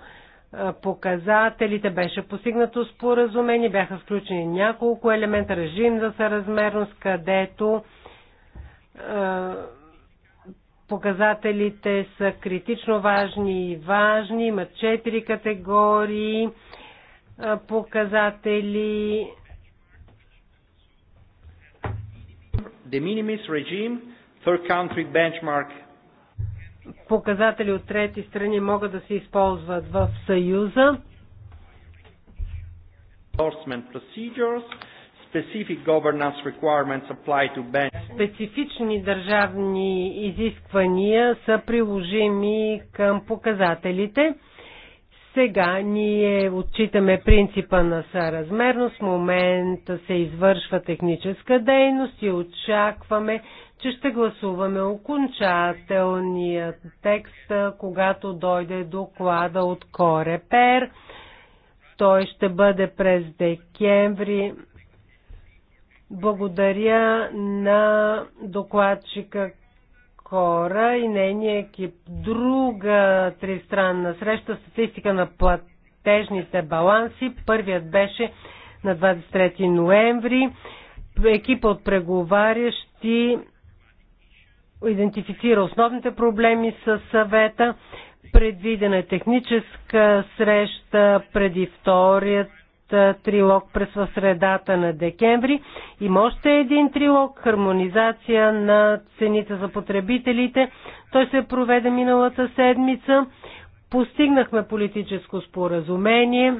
показателите. Беше постигнато споразумение, бяха включени няколко елемента, режим за съразмерност, където Показателите са критично важни и важни. Има четири категории показатели. The minimis regime, third country benchmark. Показатели от трети страни могат да се използват в Съюза. Endorsement procedures, Специфични държавни изисквания са приложими към показателите. Сега ние отчитаме принципа на съразмерност. В момента се извършва техническа дейност и очакваме, че ще гласуваме окончателния текст, когато дойде доклада от Корепер. Той ще бъде през декември благодаря на докладчика Кора и нейния екип. Друга тристранна среща статистика на платежните баланси. Първият беше на 23 ноември. Екипа от преговарящи идентифицира основните проблеми с съвета. Предвидена е техническа среща преди вторият трилог през средата на декември. Има още един трилог, хармонизация на цените за потребителите. Той се проведе миналата седмица. Постигнахме политическо споразумение.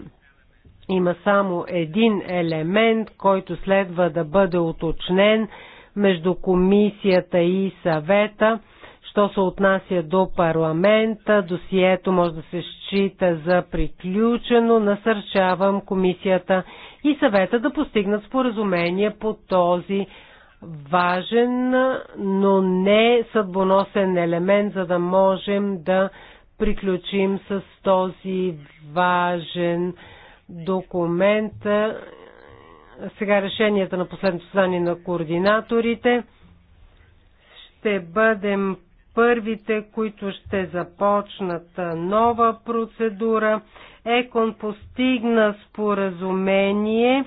Има само един елемент, който следва да бъде уточнен между комисията и съвета – Що се отнася до парламента, досието може да се счита за приключено. Насърчавам комисията и съвета да постигнат споразумение по този важен, но не съдбоносен елемент, за да можем да приключим с този важен документ. Сега решенията на последното съзнание на координаторите. Ще бъдем първите, които ще започнат нова процедура. ЕКОН постигна споразумение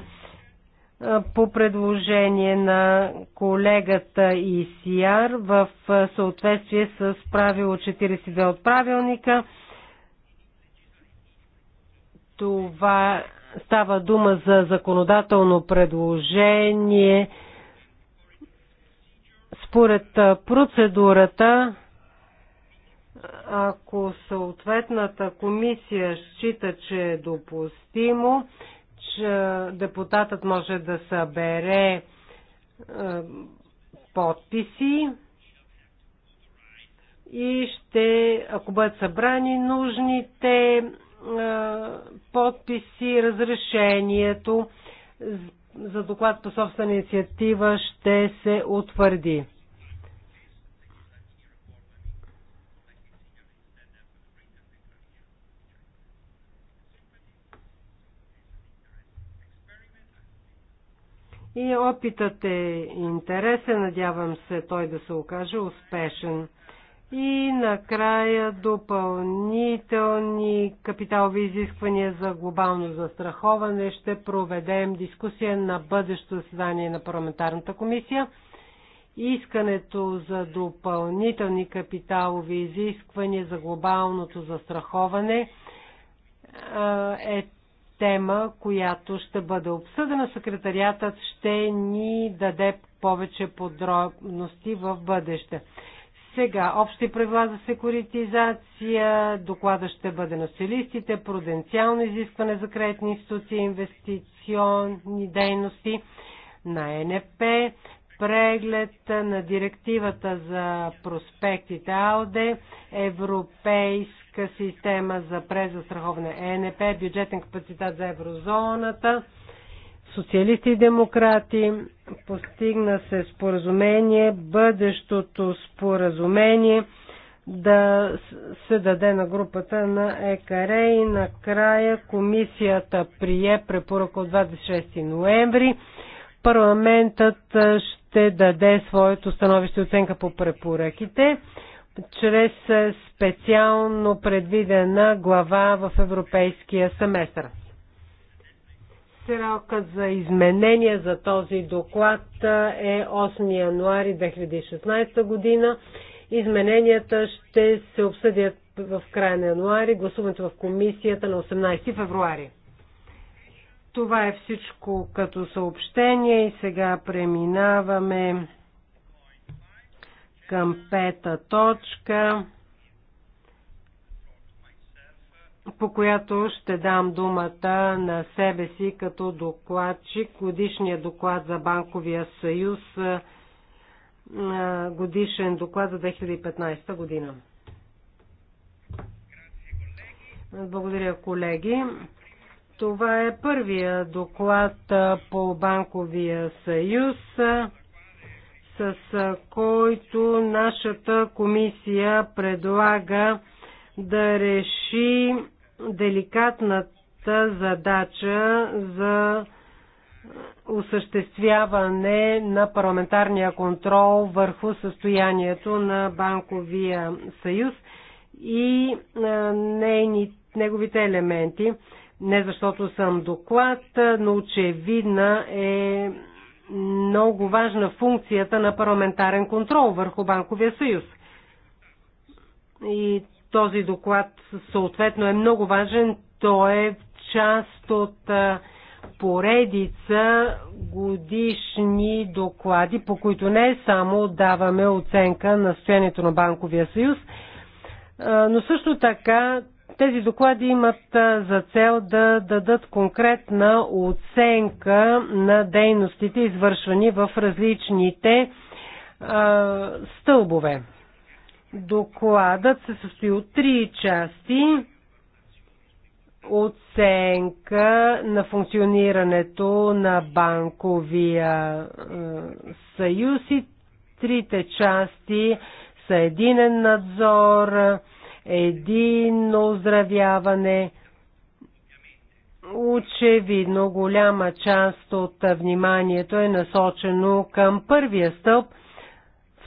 по предложение на колегата ИСИАР в съответствие с правило 42 от правилника. Това става дума за законодателно предложение според процедурата ако съответната комисия счита, че е допустимо, че депутатът може да събере е, подписи и ще, ако бъдат събрани нужните е, подписи, разрешението за доклад по собствена инициатива ще се утвърди. И опитът е интересен, надявам се той да се окаже успешен. И накрая допълнителни капиталови изисквания за глобално застраховане. Ще проведем дискусия на бъдещо заседание на парламентарната комисия. Искането за допълнителни капиталови изисквания за глобалното застраховане е тема, която ще бъде обсъдена. Секретариатът ще ни даде повече подробности в бъдеще. Сега, общи правила за секуритизация, доклада ще бъде на селистите, пруденциално изискване за кредитни институции, инвестиционни дейности на НФП, преглед на директивата за проспектите АОД, европейски европейска система за презастраховане ЕНП, бюджетен капацитет за еврозоната, социалисти и демократи. Постигна се споразумение, бъдещото споразумение да се даде на групата на ЕКАРЕ и накрая комисията прие препоръка от 26 ноември. Парламентът ще даде своето становище оценка по препоръките чрез специално предвидена глава в Европейския семестър. Срокът за изменение за този доклад е 8 януари 2016 година. Измененията ще се обсъдят в края на януари, гласуването в комисията на 18 февруари. Това е всичко като съобщение и сега преминаваме към пета точка, по която ще дам думата на себе си като докладчик. Годишния доклад за Банковия съюз, годишен доклад за 2015 година. Благодаря, колеги. Това е първия доклад по Банковия съюз с който нашата комисия предлага да реши деликатната задача за осъществяване на парламентарния контрол върху състоянието на банковия съюз и нейни, неговите елементи. Не защото съм доклад, но очевидна е много важна функцията на парламентарен контрол върху Банковия съюз. И този доклад съответно е много важен. Той е част от поредица годишни доклади, по които не само даваме оценка на състоянието на Банковия съюз, но също така тези доклади имат за цел да дадат конкретна оценка на дейностите, извършвани в различните а, стълбове. Докладът се състои от три части. Оценка на функционирането на банковия съюз и трите части са единен надзор, Едино оздравяване. Очевидно голяма част от вниманието е насочено към първия стълб,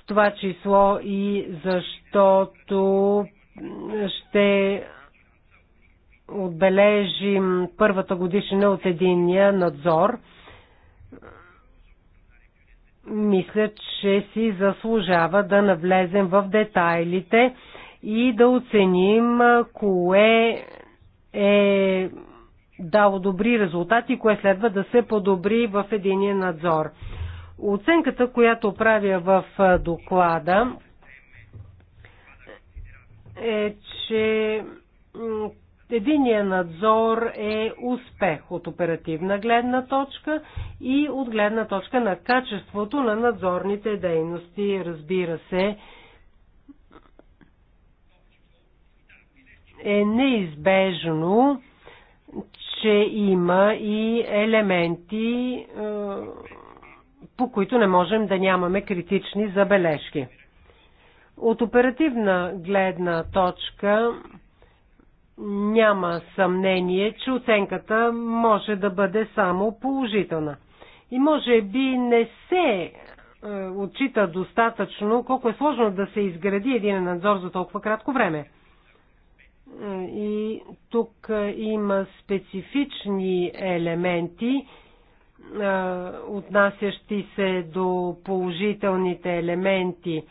в това число и защото ще отбележим първата годишна от единния надзор. Мисля, че си заслужава да навлезем в детайлите и да оценим кое е дало добри резултати, кое следва да се подобри в единия надзор. Оценката, която правя в доклада, е, че единия надзор е успех от оперативна гледна точка и от гледна точка на качеството на надзорните дейности. Разбира се, е неизбежно, че има и елементи, е, по които не можем да нямаме критични забележки. От оперативна гледна точка няма съмнение, че оценката може да бъде само положителна. И може би не се е, отчита достатъчно колко е сложно да се изгради един надзор за толкова кратко време. И тук има специфични елементи, отнасящи се до положителните елементи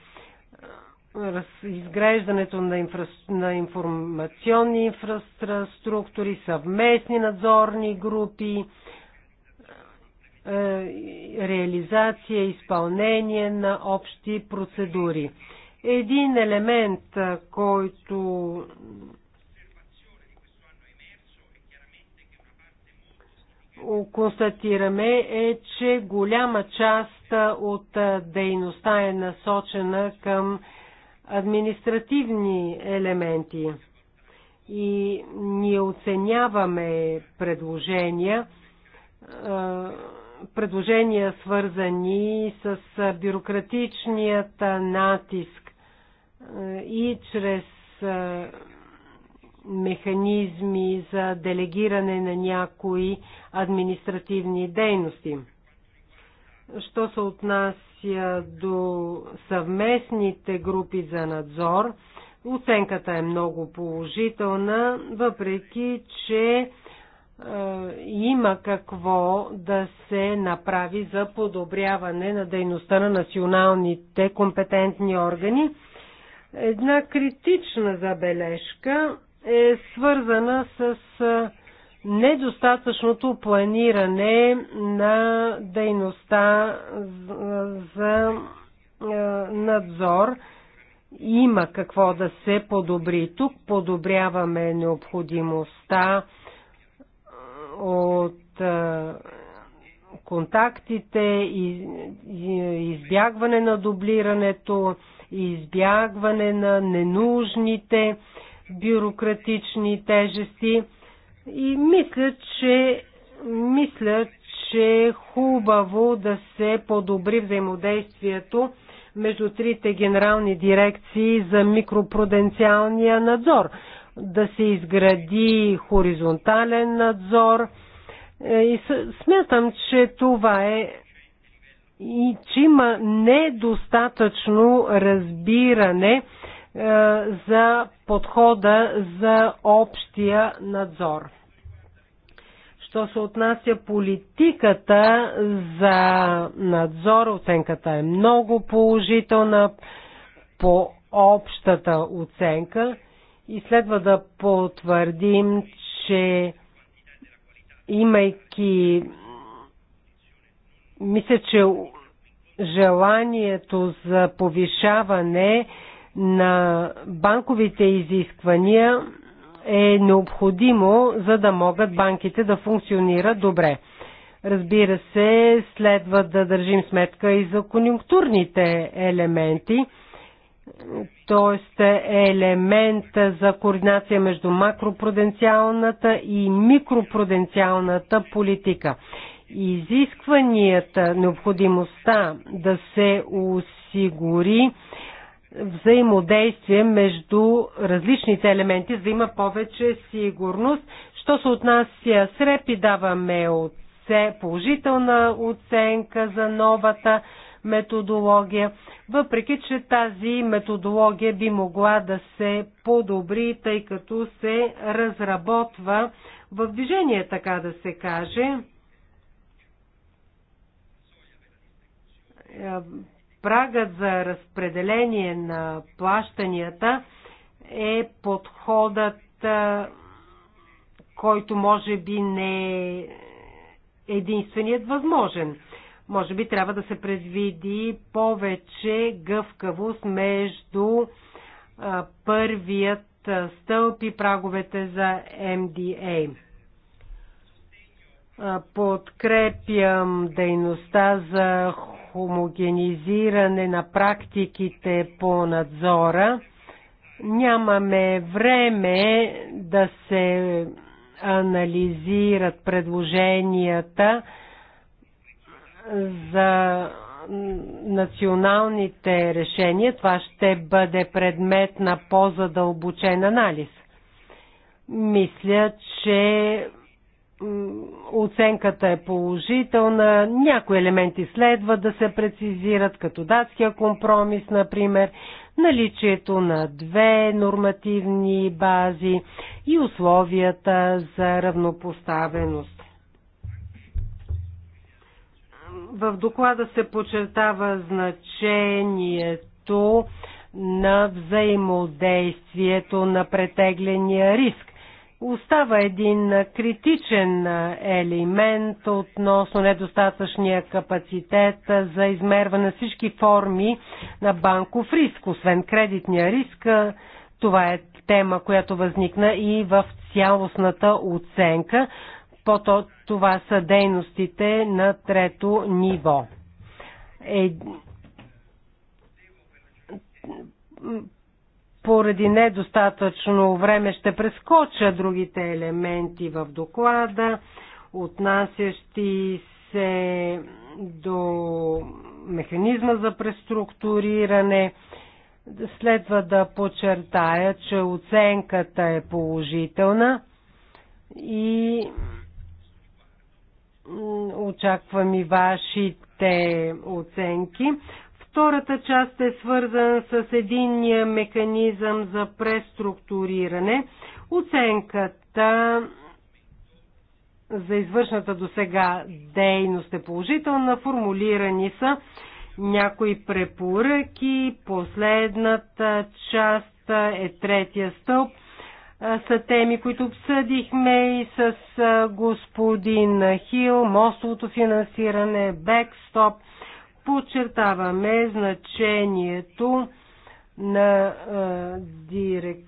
изграждането на, инфра... на информационни инфраструктури, съвместни надзорни групи, реализация, изпълнение на общи процедури. Един елемент, който констатираме е, че голяма част от дейността е насочена към административни елементи. И ние оценяваме предложения, предложения свързани с бюрократичният натиск и чрез механизми за делегиране на някои административни дейности. Що се отнася до съвместните групи за надзор, оценката е много положителна, въпреки че е, има какво да се направи за подобряване на дейността на националните компетентни органи. Една критична забележка е свързана с недостатъчното планиране на дейността за надзор. Има какво да се подобри. Тук подобряваме необходимостта от контактите избягване на дублирането, избягване на ненужните бюрократични тежести. И мисля, че, мисля, че е хубаво да се подобри взаимодействието между трите генерални дирекции за микропруденциалния надзор. Да се изгради хоризонтален надзор. Е, и смятам, че това е и че има недостатъчно разбиране е, за подхода за общия надзор. Що се отнася политиката за надзор, оценката е много положителна по общата оценка и следва да потвърдим, че имайки мисля, че желанието за повишаване на банковите изисквания е необходимо, за да могат банките да функционират добре. Разбира се, следва да държим сметка и за конюнктурните елементи, т.е. елемент за координация между макропруденциалната и микропруденциалната политика. Изискванията, необходимостта да се осигури взаимодействие между различните елементи, за да има повече сигурност. Що се отнася с РЕПИ, даваме оце, положителна оценка за новата методология, въпреки че тази методология би могла да се подобри, тъй като се разработва в движение, така да се каже прагът за разпределение на плащанията е подходът, който може би не е единственият възможен. Може би трябва да се предвиди повече гъвкавост между първият стълб и праговете за МДА. Подкрепям дейността за хомогенизиране на практиките по надзора. Нямаме време да се анализират предложенията за националните решения. Това ще бъде предмет на по-задълбочен анализ. Мисля, че оценката е положителна, някои елементи следва да се прецизират, като датския компромис, например, наличието на две нормативни бази и условията за равнопоставеност. В доклада се подчертава значението на взаимодействието на претегления риск Остава един критичен елемент относно недостатъчния капацитет за измерване на всички форми на банков риск, освен кредитния риск. Това е тема, която възникна и в цялостната оценка. По-то, това са дейностите на трето ниво. Е поради недостатъчно време ще прескоча другите елементи в доклада, отнасящи се до механизма за преструктуриране. Следва да подчертая, че оценката е положителна и очаквам и вашите оценки. Втората част е свързана с единния механизъм за преструктуриране. Оценката за извършната до сега дейност е положителна. Формулирани са някои препоръки. Последната част е третия стълб. Са теми, които обсъдихме и с господин Хил, мостовото финансиране, бекстоп – Подчертаваме значението на, а, директ,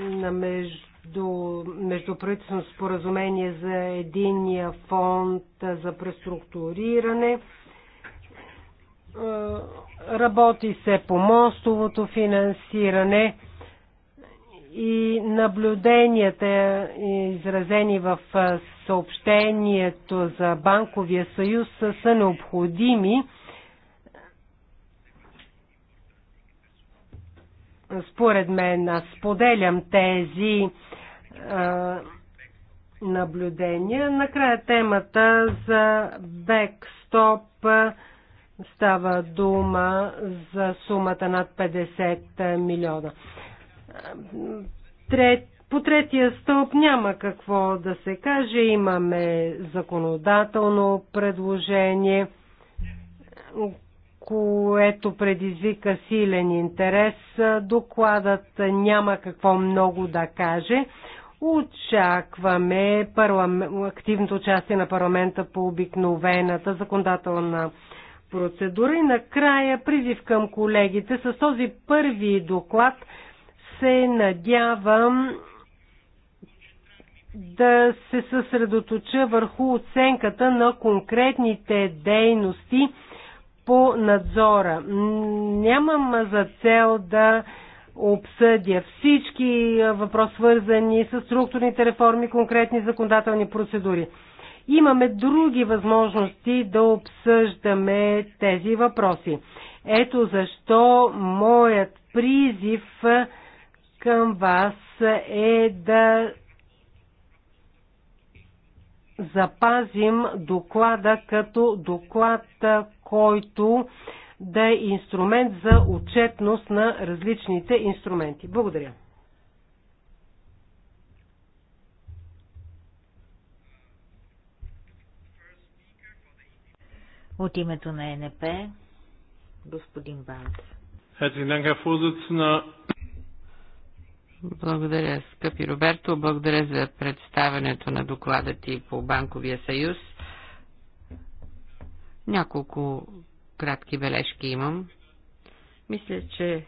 на между, междуправителствено споразумение за единия фонд за преструктуриране. работи се по мостовото финансиране и наблюденията, изразени в съобщението за Банковия съюз, са необходими според мен, аз споделям тези а, наблюдения. Накрая темата за бекстоп става дума за сумата над 50 милиона. Трет, по третия стълб няма какво да се каже. Имаме законодателно предложение, което предизвика силен интерес. Докладът няма какво много да каже. Очакваме активното участие на парламента по обикновената законодателна процедура. И накрая призив към колегите с този първи доклад се надявам да се съсредоточа върху оценката на конкретните дейности, по надзора. Нямам за цел да обсъдя всички въпроси, свързани с структурните реформи, конкретни законодателни процедури. Имаме други възможности да обсъждаме тези въпроси. Ето защо моят призив към вас е да запазим доклада като доклад, който да е инструмент за отчетност на различните инструменти. Благодаря. От името на НП, господин Банд. Благодаря, скъпи Роберто. Благодаря за представенето на доклада ти по Банковия съюз. Няколко кратки бележки имам. Мисля, че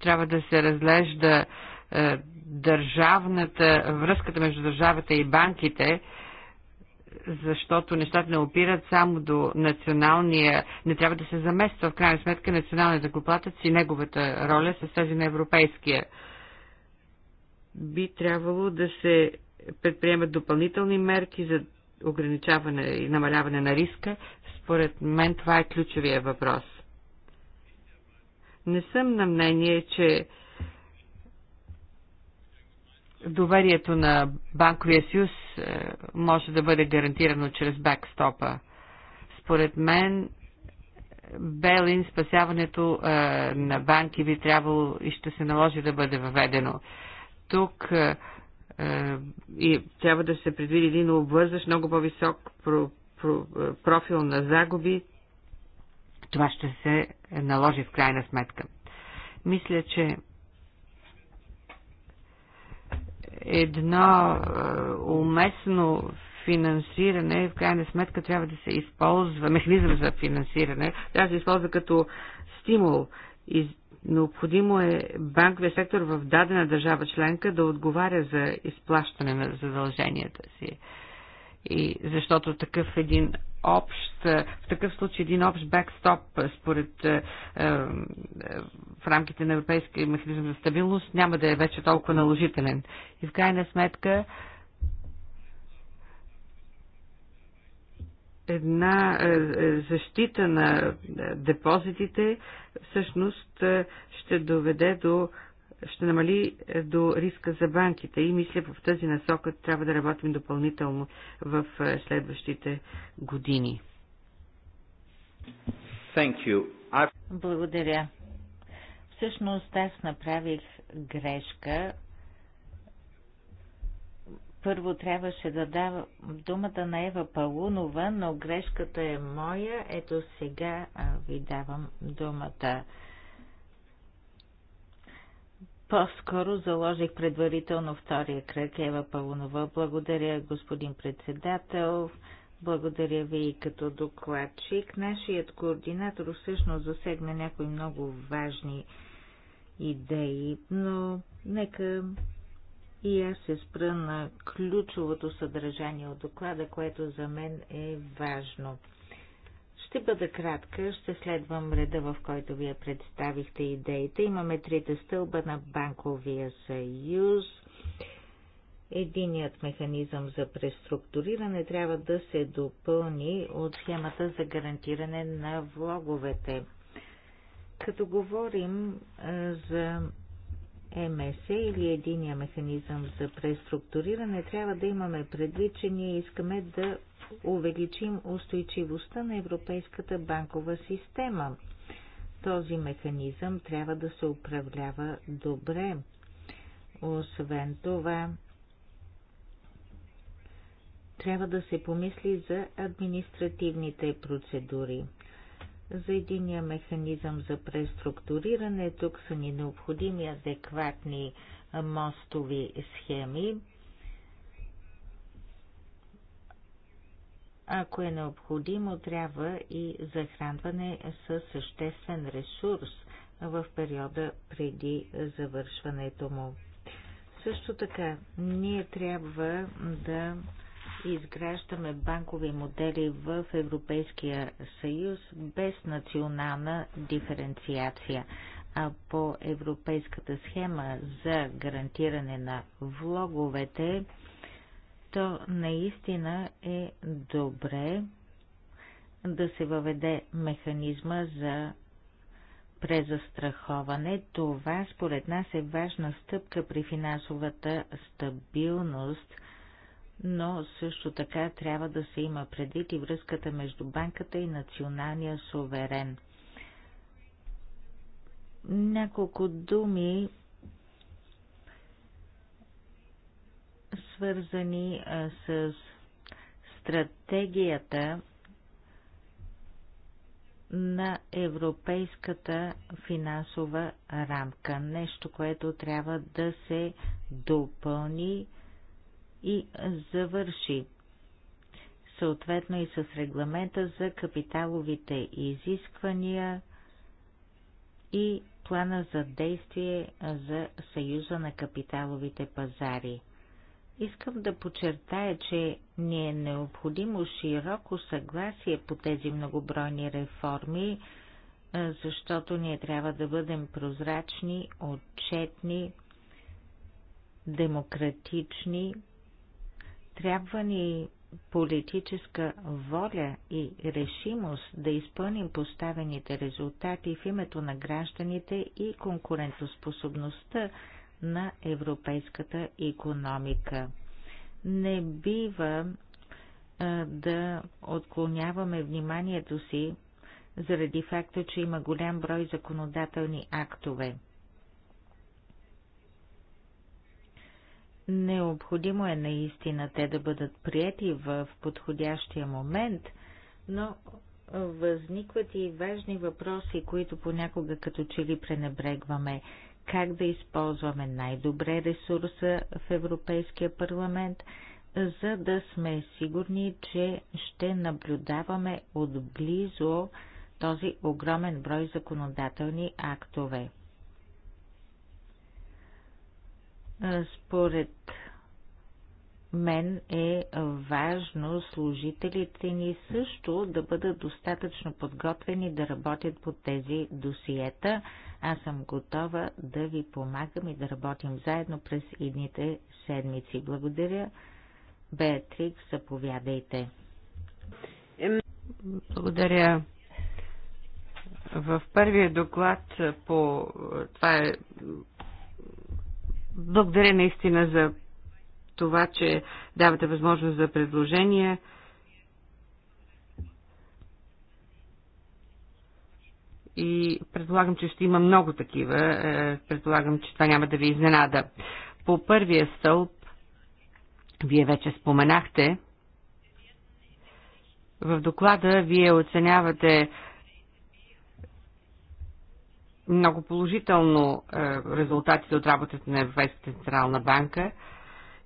трябва да се разглежда е, държавната, връзката между държавата и банките, защото нещата не опират само до националния, не трябва да се замества в крайна сметка националния закуплатец и неговата роля с тази на европейския. Би трябвало да се предприемат допълнителни мерки за ограничаване и намаляване на риска, според мен това е ключовия въпрос. Не съм на мнение, че доверието на банковия съюз е, може да бъде гарантирано чрез бекстопа. Според мен, Белин спасяването е, на банки би трябвало и ще се наложи да бъде въведено. Тук е, е, и трябва да се предвиди един обвързащ много по-висок е, профил на загуби, това ще се наложи в крайна сметка. Мисля, че едно е, уместно финансиране, в крайна сметка трябва да се използва, механизъм за финансиране, трябва да се използва като стимул. Необходимо е банковия сектор в дадена държава членка да отговаря за изплащане на задълженията си. И защото такъв един общ, в такъв случай един общ бекстоп е, според е, е, в рамките на Европейския механизъм за стабилност няма да е вече толкова наложителен. И в крайна сметка една е, е, защита на е, депозитите всъщност ще доведе до ще намали до риска за банките и мисля в тази насока трябва да работим допълнително в следващите години. Thank you. I... Благодаря. Всъщност аз направих грешка първо трябваше да дам думата на Ева Палунова, но грешката е моя. Ето сега ви давам думата. По-скоро заложих предварително втория кръг Ева Палунова. Благодаря, господин председател. Благодаря ви и като докладчик. Нашият координатор всъщност засегна някои много важни идеи, но нека и аз се спра на ключовото съдържание от доклада, което за мен е важно. Ще бъда кратка, ще следвам реда, в който вие представихте идеите. Имаме трите стълба на Банковия съюз. Единият механизъм за преструктуриране трябва да се допълни от схемата за гарантиране на влоговете. Като говорим за МС или единия механизъм за преструктуриране, трябва да имаме предвид, че ние искаме да увеличим устойчивостта на европейската банкова система. Този механизъм трябва да се управлява добре. Освен това, трябва да се помисли за административните процедури за единия механизъм за преструктуриране. Тук са ни необходими адекватни мостови схеми. Ако е необходимо, трябва и захранване със съществен ресурс в периода преди завършването му. Също така, ние трябва да изграждаме банкови модели в Европейския съюз без национална диференциация. А по европейската схема за гарантиране на влоговете, то наистина е добре да се въведе механизма за презастраховане. Това според нас е важна стъпка при финансовата стабилност – но също така трябва да се има предвид и връзката между банката и националния суверен. Няколко думи свързани с стратегията на европейската финансова рамка. Нещо, което трябва да се допълни и завърши. Съответно и с регламента за капиталовите изисквания и плана за действие за Съюза на капиталовите пазари. Искам да подчертая, че ни е необходимо широко съгласие по тези многобройни реформи, защото ние трябва да бъдем прозрачни, отчетни, демократични трябва ни политическа воля и решимост да изпълним поставените резултати в името на гражданите и конкурентоспособността на европейската економика. Не бива а, да отклоняваме вниманието си заради факта, че има голям брой законодателни актове. Необходимо е наистина те да бъдат прияти в подходящия момент, но възникват и важни въпроси, които понякога като че ли пренебрегваме. Как да използваме най-добре ресурса в Европейския парламент, за да сме сигурни, че ще наблюдаваме отблизо този огромен брой законодателни актове. Според мен е важно служителите ни също да бъдат достатъчно подготвени да работят по тези досиета. Аз съм готова да ви помагам и да работим заедно през идните седмици. Благодаря. Беатрик, заповядайте. Благодаря. В първия доклад по това е благодаря наистина за това, че давате възможност за предложения. И предполагам, че ще има много такива. Е, предполагам, че това няма да ви изненада. По първия стълб, вие вече споменахте, в доклада вие оценявате много положително е, резултатите от работата на Европейската централна банка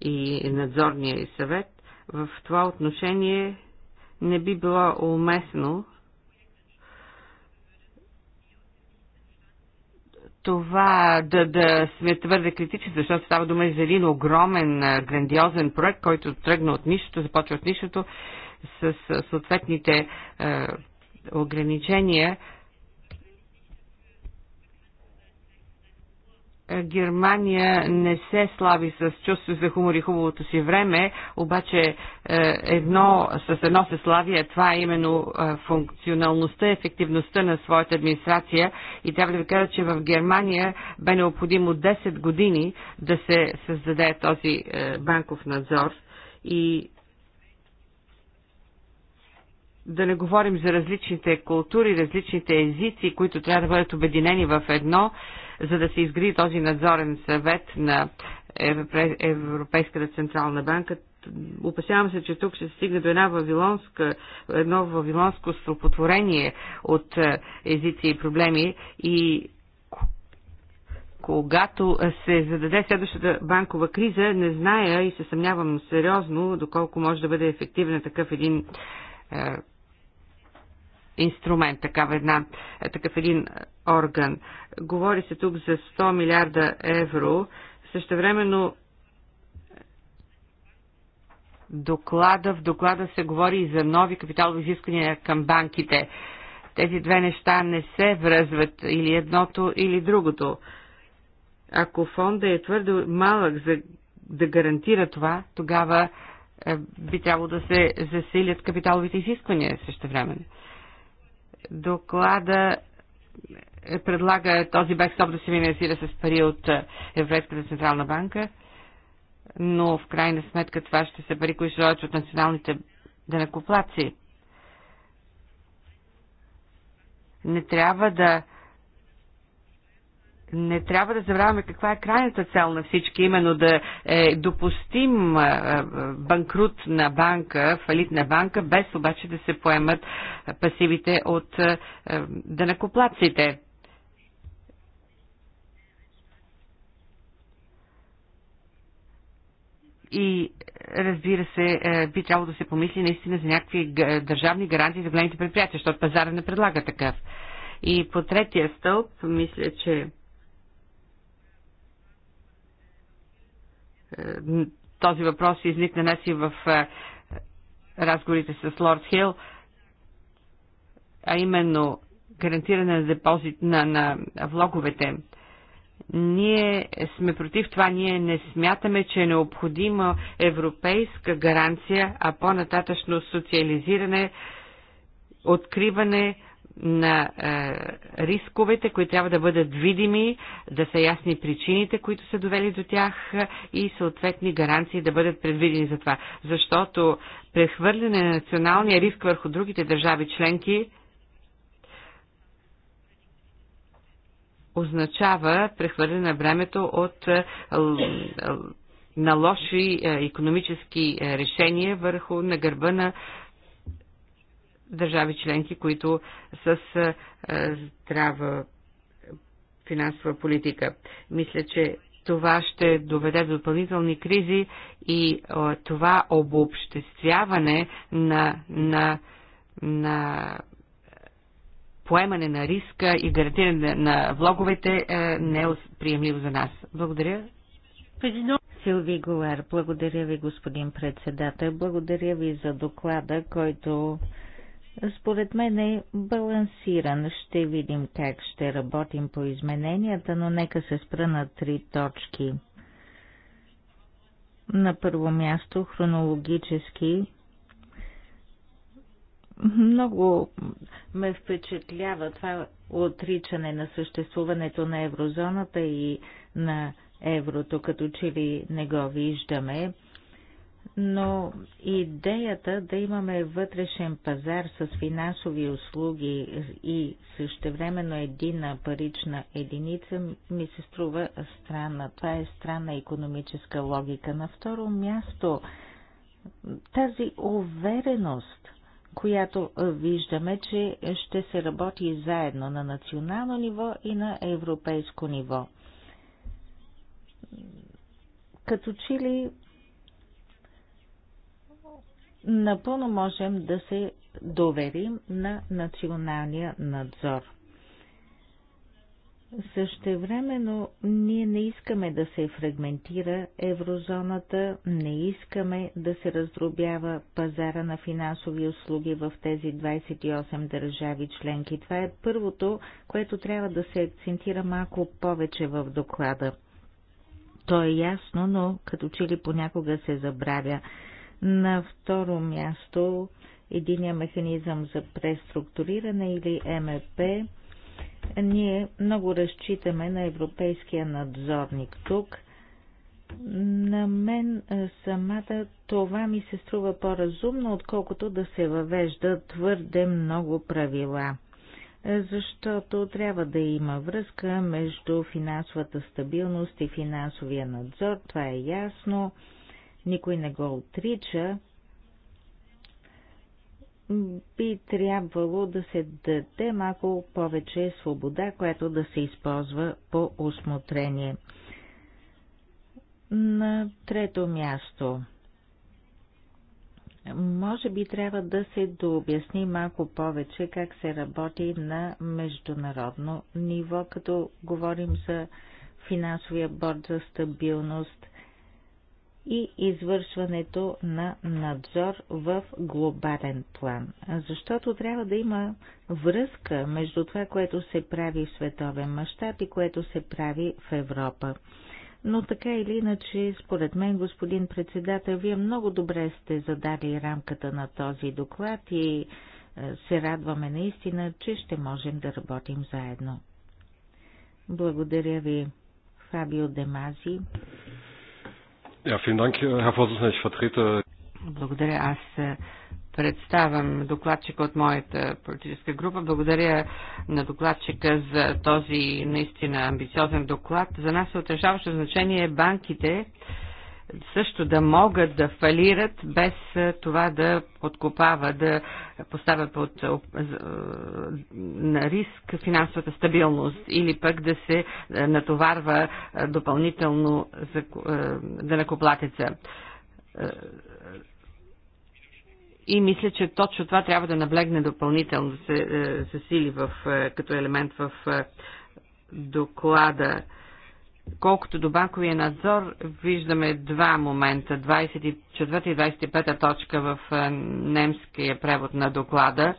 и надзорния и съвет. В това отношение не би било уместно това да, да сме твърде критични, защото става дума за един огромен, е, грандиозен проект, който тръгна от нищото, започва от нищото, с съответните е, ограничения. Германия не се слави с чувство за хумор и хубавото си време, обаче е, едно, с едно се слави, а това е именно е, функционалността, ефективността на своята администрация. И трябва да ви кажа, че в Германия бе необходимо 10 години да се създаде този е, банков надзор. И да не говорим за различните култури, различните езици, които трябва да бъдат обединени в едно за да се изгради този надзорен съвет на Европейската централна банка, опасявам се, че тук ще стигне до една вавилонска, едно вавилонско стропотворение от е, езици и проблеми и когато се зададе следващата банкова криза, не зная и се съмнявам сериозно доколко може да бъде ефективен такъв един е, инструмент, такава една, такъв един орган. Говори се тук за 100 милиарда евро. Същевременно доклада, в доклада се говори и за нови капиталови изисквания към банките. Тези две неща не се връзват или едното, или другото. Ако фонда е твърде малък за да гарантира това, тогава е, би трябвало да се засилят капиталовите изисквания също времено. Доклада е, предлага този бекстоп да се финансира с пари от е, Европейската централна банка, но в крайна сметка това ще са пари, които ще от националните денакоплаци. Не трябва да не трябва да забравяме каква е крайната цел на всички, именно да е допустим банкрут на банка, фалит на банка, без обаче да се поемат пасивите от денакоплаците. И разбира се, би трябвало да се помисли наистина за някакви държавни гарантии за големите предприятия, защото пазара не предлага такъв. И по третия стълб, мисля, че този въпрос изникна днес и в е, разговорите с Лорд Хил, а именно гарантиране на депозит на, на влоговете. Ние сме против това, ние не смятаме, че е необходима европейска гаранция, а по-нататъчно социализиране, откриване, на е, рисковете, които трябва да бъдат видими, да са ясни причините, които са довели до тях е, и съответни гаранции да бъдат предвидени за това. Защото прехвърляне на националния риск върху другите държави членки означава прехвърляне на времето от е, е, на лоши економически решения върху на гърба на държави членки, които с здрава финансова политика. Мисля, че това ще доведе до допълнителни кризи и това обобществяване на, на, на поемане на риска и гарантиране на влоговете е, не е приемливо за нас. Благодаря. Силви Голар, благодаря ви, господин председател. Благодаря ви за доклада, който според мен е балансиран. Ще видим как ще работим по измененията, но нека се спра на три точки. На първо място, хронологически, много ме впечатлява това отричане на съществуването на еврозоната и на еврото, като че ли не го виждаме но идеята да имаме вътрешен пазар с финансови услуги и същевременно едина парична единица ми се струва странна. Това е странна економическа логика. На второ място тази увереност, която виждаме, че ще се работи заедно на национално ниво и на европейско ниво. Като че ли напълно можем да се доверим на националния надзор. Същевременно ние не искаме да се фрагментира еврозоната, не искаме да се раздробява пазара на финансови услуги в тези 28 държави членки. Това е първото, което трябва да се акцентира малко повече в доклада. То е ясно, но като че ли понякога се забравя. На второ място единия механизъм за преструктуриране или МЕП. Ние много разчитаме на европейския надзорник тук. На мен самата това ми се струва по-разумно, отколкото да се въвежда твърде много правила защото трябва да има връзка между финансовата стабилност и финансовия надзор, това е ясно никой не го отрича, би трябвало да се даде малко повече свобода, която да се използва по осмотрение. На трето място. Може би трябва да се дообясни малко повече как се работи на международно ниво, като говорим за финансовия борд за стабилност – и извършването на надзор в глобален план, защото трябва да има връзка между това, което се прави в световен мащаб и което се прави в Европа. Но така или иначе, според мен, господин председател, вие много добре сте задали рамката на този доклад и е, се радваме наистина, че ще можем да работим заедно. Благодаря ви, Фабио Демази. Ja, vielen Dank, äh, Herr Vorsitzender. Ich vertrete... Благодаря. Аз е, представям докладчика от моята политическа група. Благодаря на докладчика за този наистина амбициозен доклад. За нас е отрешаващо значение банките, също да могат да фалират без това да подкопава, да поставя под на риск финансовата стабилност или пък да се натоварва допълнително за данакоплатеца. И мисля, че точно това трябва да наблегне допълнително, да се засили в, като елемент в доклада. Колкото до банковия надзор, виждаме два момента, 24 и 25 точка в е, немския превод на доклада.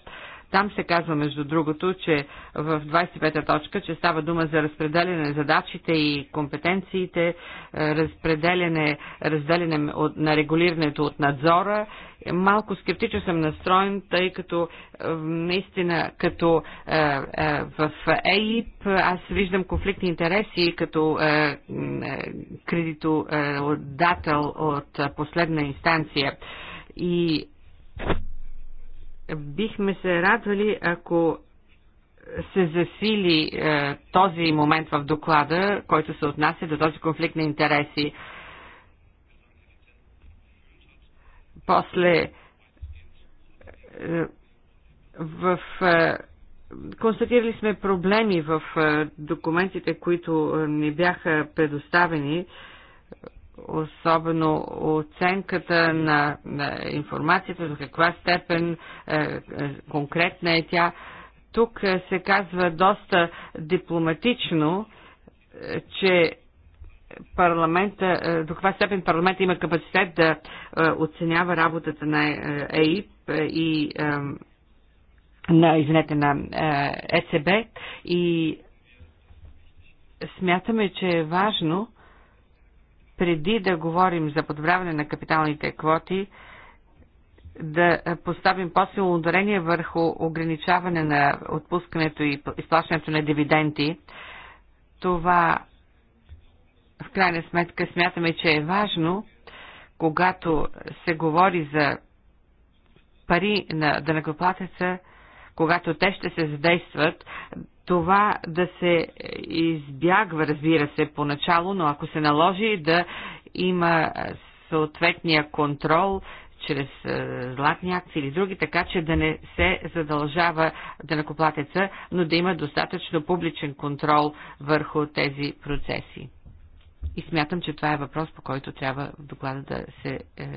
Там се казва, между другото, че в 25-та точка, че става дума за разпределяне на задачите и компетенциите, е, разпределяне, разделяне от, на регулирането от надзора. Малко скептично съм настроен, тъй като е, наистина като е, е, в ЕИП аз виждам конфликтни интереси като е, е, кредитодател от последна инстанция. И бихме се радвали, ако се засили е, този момент в доклада, който се отнася до този конфликт на интереси. После е, в е, констатирали сме проблеми в е, документите, които е, ни бяха предоставени. Е, особено оценката на, на информацията, до каква степен е, е конкретна е тя. Тук се казва доста дипломатично, е, че парламента, е, до каква степен парламента има капацитет да оценява работата на ЕИП и на, извинете, на ЕЦБ и смятаме, че е важно преди да говорим за подобряване на капиталните квоти, да поставим по-силно ударение върху ограничаване на отпускането и изплащането на дивиденти. Това в крайна сметка смятаме, че е важно, когато се говори за пари на дънакоплатеца, когато те ще се задействат, това да се избягва, разбира се, поначало, но ако се наложи да има съответния контрол чрез е, златни акции или други, така че да не се задължава да накоплатеца, но да има достатъчно публичен контрол върху тези процеси. И смятам, че това е въпрос, по който трябва в доклада да се е,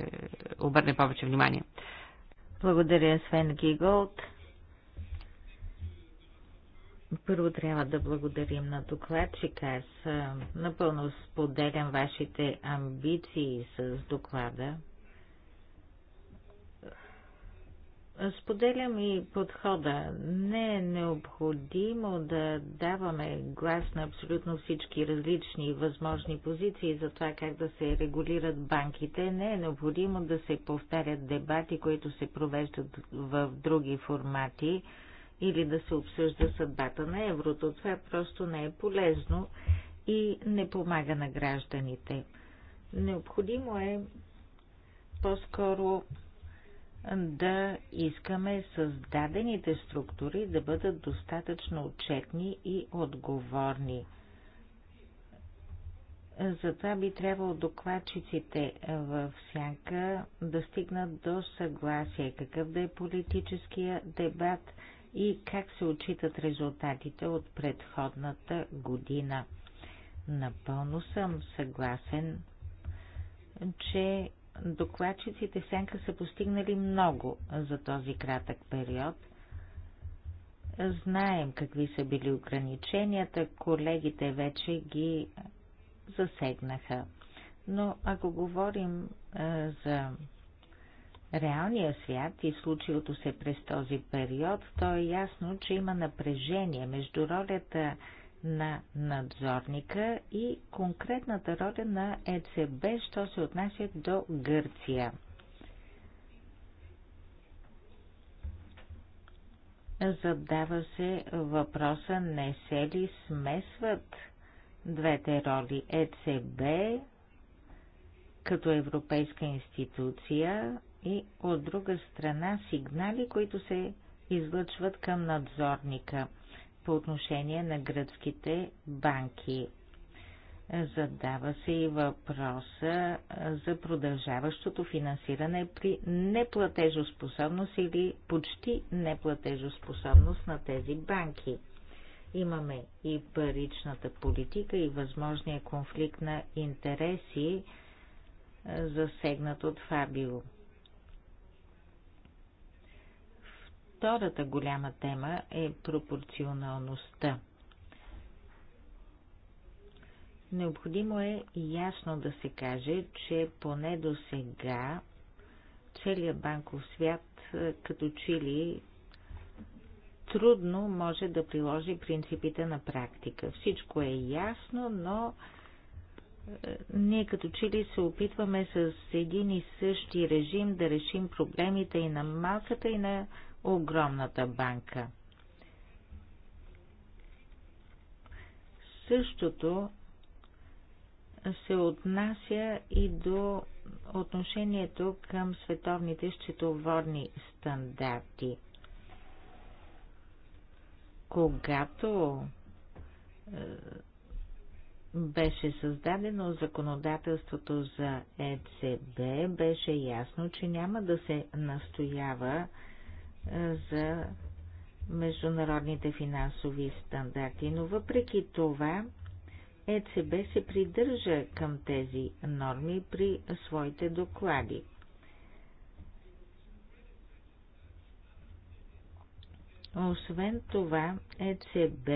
обърне повече внимание. Благодаря, Свен Гиголд. Първо трябва да благодарим на докладчика. Аз напълно споделям вашите амбиции с доклада. Споделям и подхода. Не е необходимо да даваме глас на абсолютно всички различни възможни позиции за това как да се регулират банките. Не е необходимо да се повтарят дебати, които се провеждат в други формати или да се обсъжда съдбата на еврото. Това просто не е полезно и не помага на гражданите. Необходимо е по-скоро да искаме създадените структури да бъдат достатъчно отчетни и отговорни. Затова би трябвало докладчиците в сянка да стигнат до съгласие, какъв да е политическия дебат, и как се отчитат резултатите от предходната година. Напълно съм съгласен, че докладчиците Сенка са постигнали много за този кратък период. Знаем какви са били ограниченията, колегите вече ги засегнаха. Но ако говорим за реалния свят и случилото се през този период, то е ясно, че има напрежение между ролята на надзорника и конкретната роля на ЕЦБ, що се отнася до Гърция. Задава се въпроса, не се ли смесват двете роли ЕЦБ като европейска институция и от друга страна сигнали, които се излъчват към надзорника по отношение на гръцките банки. Задава се и въпроса за продължаващото финансиране при неплатежоспособност или почти неплатежоспособност на тези банки. Имаме и паричната политика и възможния конфликт на интереси, засегнат от Фабио. Втората голяма тема е пропорционалността. Необходимо е ясно да се каже, че поне до сега целият банков свят е, като чили трудно може да приложи принципите на практика. Всичко е ясно, но е, ние като чили се опитваме с един и същи режим да решим проблемите и на малката и на огромната банка. Същото се отнася и до отношението към световните счетоводни стандарти. Когато е, беше създадено законодателството за ЕЦБ, беше ясно, че няма да се настоява за международните финансови стандарти, но въпреки това ЕЦБ се придържа към тези норми при своите доклади. Освен това, ЕЦБ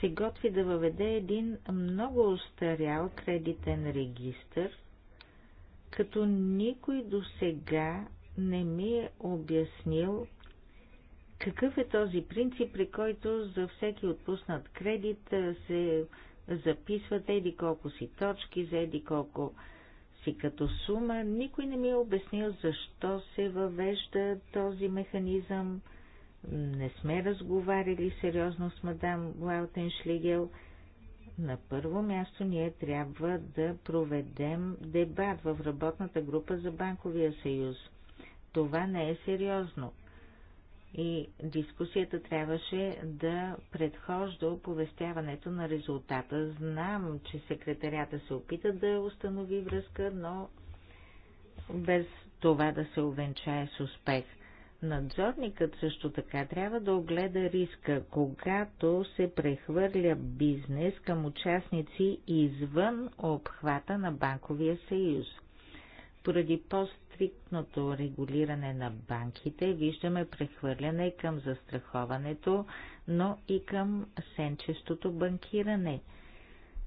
се готви да въведе един много устарял кредитен регистр, като никой до сега не ми е обяснил какъв е този принцип, при който за всеки отпуснат кредит се записват еди колко си точки, за еди колко си като сума. Никой не ми е обяснил защо се въвежда този механизъм. Не сме разговаряли сериозно с мадам Лаутеншлигел. На първо място ние трябва да проведем дебат в работната група за Банковия съюз – това не е сериозно. И дискусията трябваше да предхожда оповестяването на резултата. Знам, че секретарята се опита да установи връзка, но без това да се увенчае с успех. Надзорникът също така трябва да огледа риска, когато се прехвърля бизнес към участници извън обхвата на Банковия съюз. Поради пост стриктното регулиране на банките виждаме прехвърляне към застраховането, но и към сенчестото банкиране.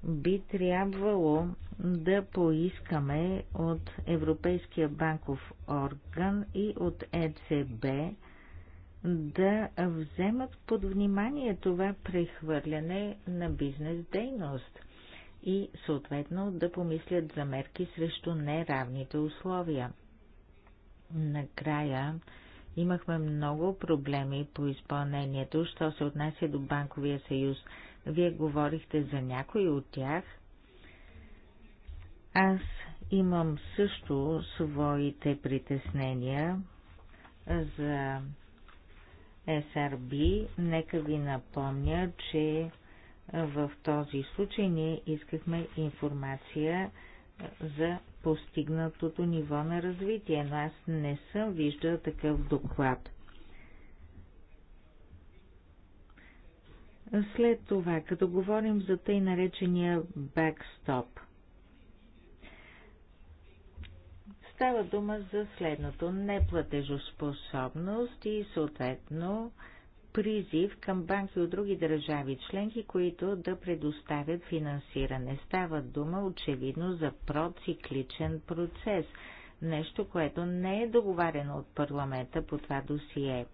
Би трябвало да поискаме от Европейския банков орган и от ЕЦБ да вземат под внимание това прехвърляне на бизнес дейност и съответно да помислят за мерки срещу неравните условия. Накрая имахме много проблеми по изпълнението, що се отнася до Банковия съюз. Вие говорихте за някои от тях. Аз имам също своите притеснения за СРБ. Нека ви напомня, че в този случай ние искахме информация за постигнатото ниво на развитие, но аз не съм виждал такъв доклад. След това, като говорим за тъй наречения бекстоп, става дума за следното неплатежоспособност и съответно призив към банки от други държави членки, които да предоставят финансиране. Става дума очевидно за процикличен процес, нещо, което не е договарено от парламента по това досие.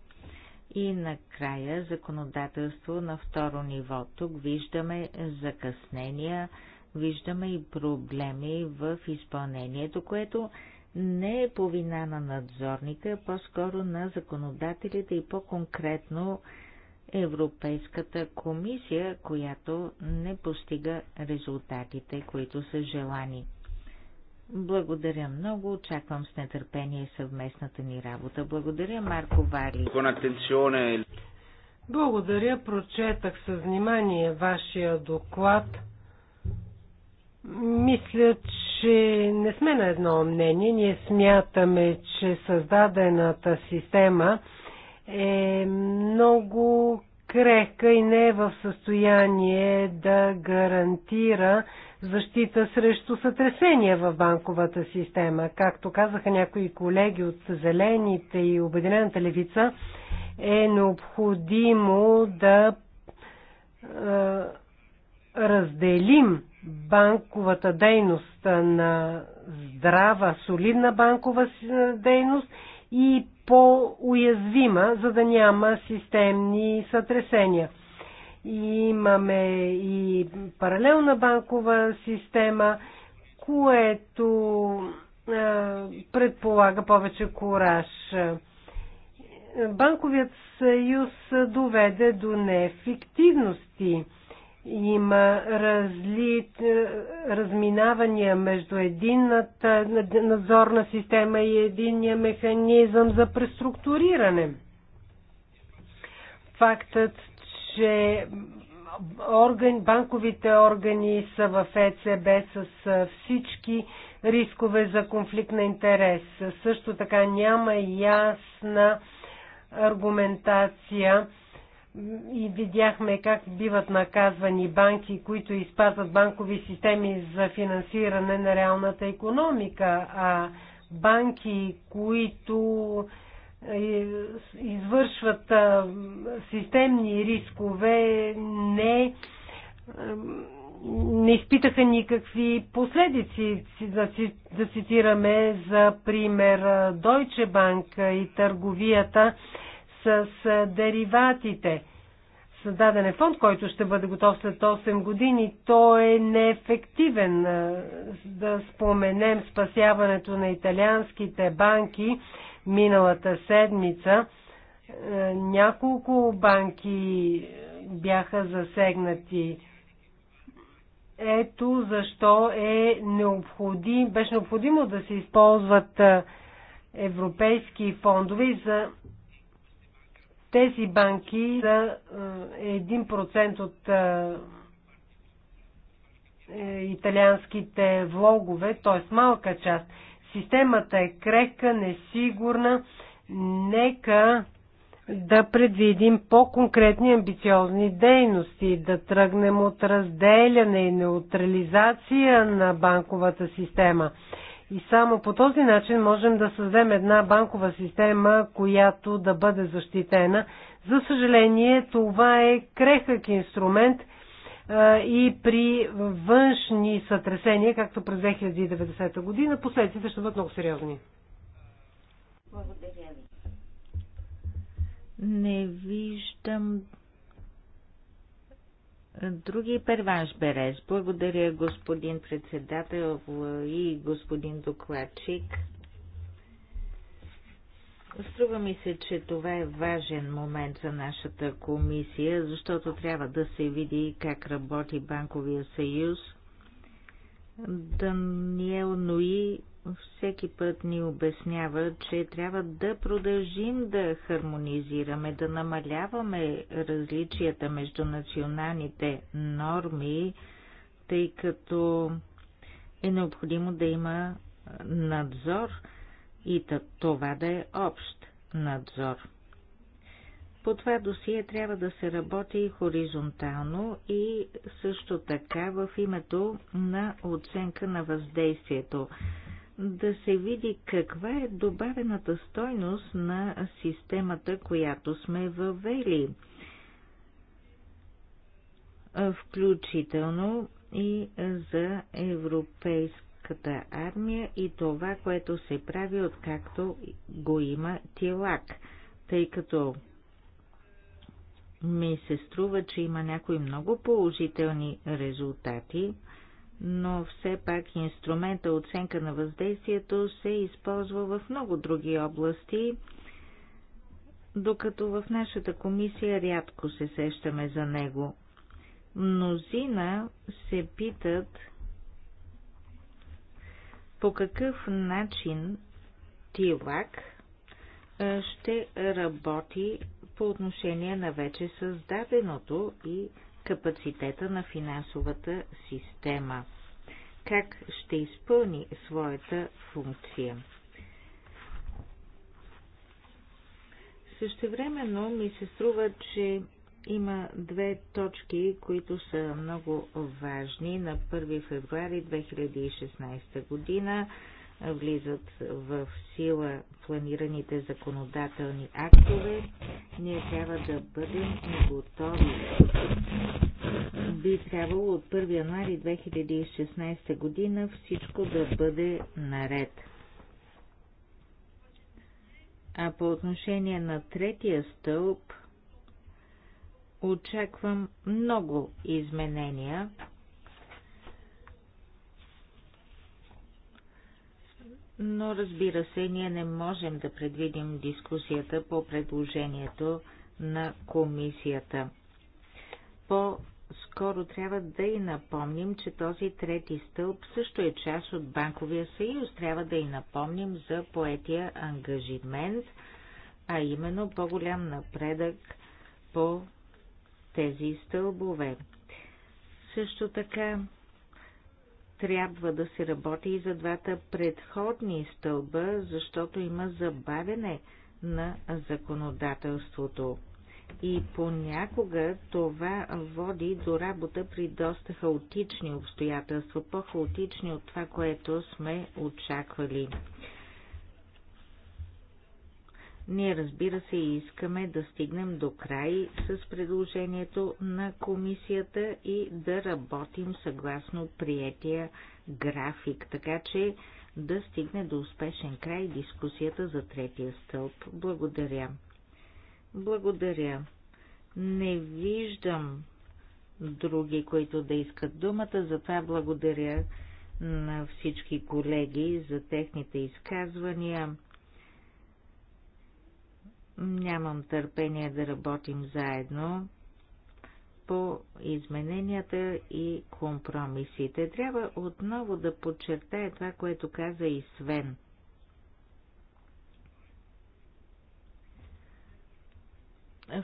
И накрая законодателство на второ ниво. Тук виждаме закъснения, виждаме и проблеми в изпълнението, което не е по вина на надзорника, а по-скоро на законодателите и по-конкретно Европейската комисия, която не постига резултатите, които са желани. Благодаря много, очаквам с нетърпение съвместната ни работа. Благодаря, Марко Вали. Благодаря, прочетах с внимание вашия доклад. Мисля, че не сме на едно мнение. Ние смятаме, че създадената система е много крехка и не е в състояние да гарантира защита срещу сътресения в банковата система. Както казаха някои колеги от Зелените и Обединената левица, е необходимо да разделим банковата дейност на здрава, солидна банкова дейност и по-уязвима, за да няма системни сътресения. Имаме и паралелна банкова система, което е, предполага повече кураж. Банковият съюз доведе до неефективности има разли... разминавания между единната надзорна система и единния механизъм за преструктуриране. Фактът, че орган, банковите органи са в ЕЦБ с всички рискове за конфликт на интерес. Също така няма ясна аргументация и видяхме как биват наказвани банки, които изпазват банкови системи за финансиране на реалната економика, а банки, които извършват системни рискове, не, не изпитаха никакви последици. Да цитираме за пример Deutsche Bank и търговията с дериватите. Създаден е фонд, който ще бъде готов след 8 години. Той е неефективен. Да споменем спасяването на италианските банки миналата седмица. Няколко банки бяха засегнати. Ето защо е необходим, беше необходимо да се използват европейски фондове за тези банки са 1% е, от е, е, италианските влогове, т.е. малка част. Системата е крека, несигурна. Нека да предвидим по-конкретни амбициозни дейности, да тръгнем от разделяне и неутрализация на банковата система. И само по този начин можем да създадем една банкова система, която да бъде защитена. За съжаление, това е крехък инструмент и при външни сътресения, както през 2090 година, последствията ще бъдат много сериозни. Благодаря ви. Не виждам други перванш берез. Благодаря господин председател и господин докладчик. Струва ми се, че това е важен момент за нашата комисия, защото трябва да се види как работи Банковия съюз. Даниел Нуи всеки път ни обяснява, че трябва да продължим да хармонизираме, да намаляваме различията между националните норми, тъй като е необходимо да има надзор и това да е общ надзор. По това досие трябва да се работи хоризонтално и също така в името на оценка на въздействието да се види каква е добавената стойност на системата, която сме въвели, включително и за европейската армия и това, което се прави откакто го има Тилак, тъй като ми се струва, че има някои много положителни резултати – но все пак инструмента оценка на въздействието се използва в много други области, докато в нашата комисия рядко се сещаме за него. Мнозина се питат по какъв начин ТИЛАК ще работи по отношение на вече създаденото и капацитета на финансовата система. Как ще изпълни своята функция? Същевременно ми се струва, че има две точки, които са много важни. На 1 февруари 2016 година влизат в сила планираните законодателни актове, ние трябва да бъдем готови. Би трябвало от 1 януари 2016 година всичко да бъде наред. А по отношение на третия стълб, очаквам много изменения но разбира се, ние не можем да предвидим дискусията по предложението на комисията. По-скоро трябва да и напомним, че този трети стълб също е част от Банковия съюз. Трябва да и напомним за поетия ангажимент, а именно по-голям напредък по тези стълбове. Също така трябва да се работи и за двата предходни стълба, защото има забавене на законодателството. И понякога това води до работа при доста хаотични обстоятелства, по-хаотични от това, което сме очаквали. Ние разбира се искаме да стигнем до край с предложението на комисията и да работим съгласно приятия график, така че да стигне до успешен край дискусията за третия стълб. Благодаря. Благодаря. Не виждам други, които да искат думата, затова благодаря на всички колеги за техните изказвания. Нямам търпение да работим заедно по измененията и компромисите. Трябва отново да подчертая това, което каза и Свен.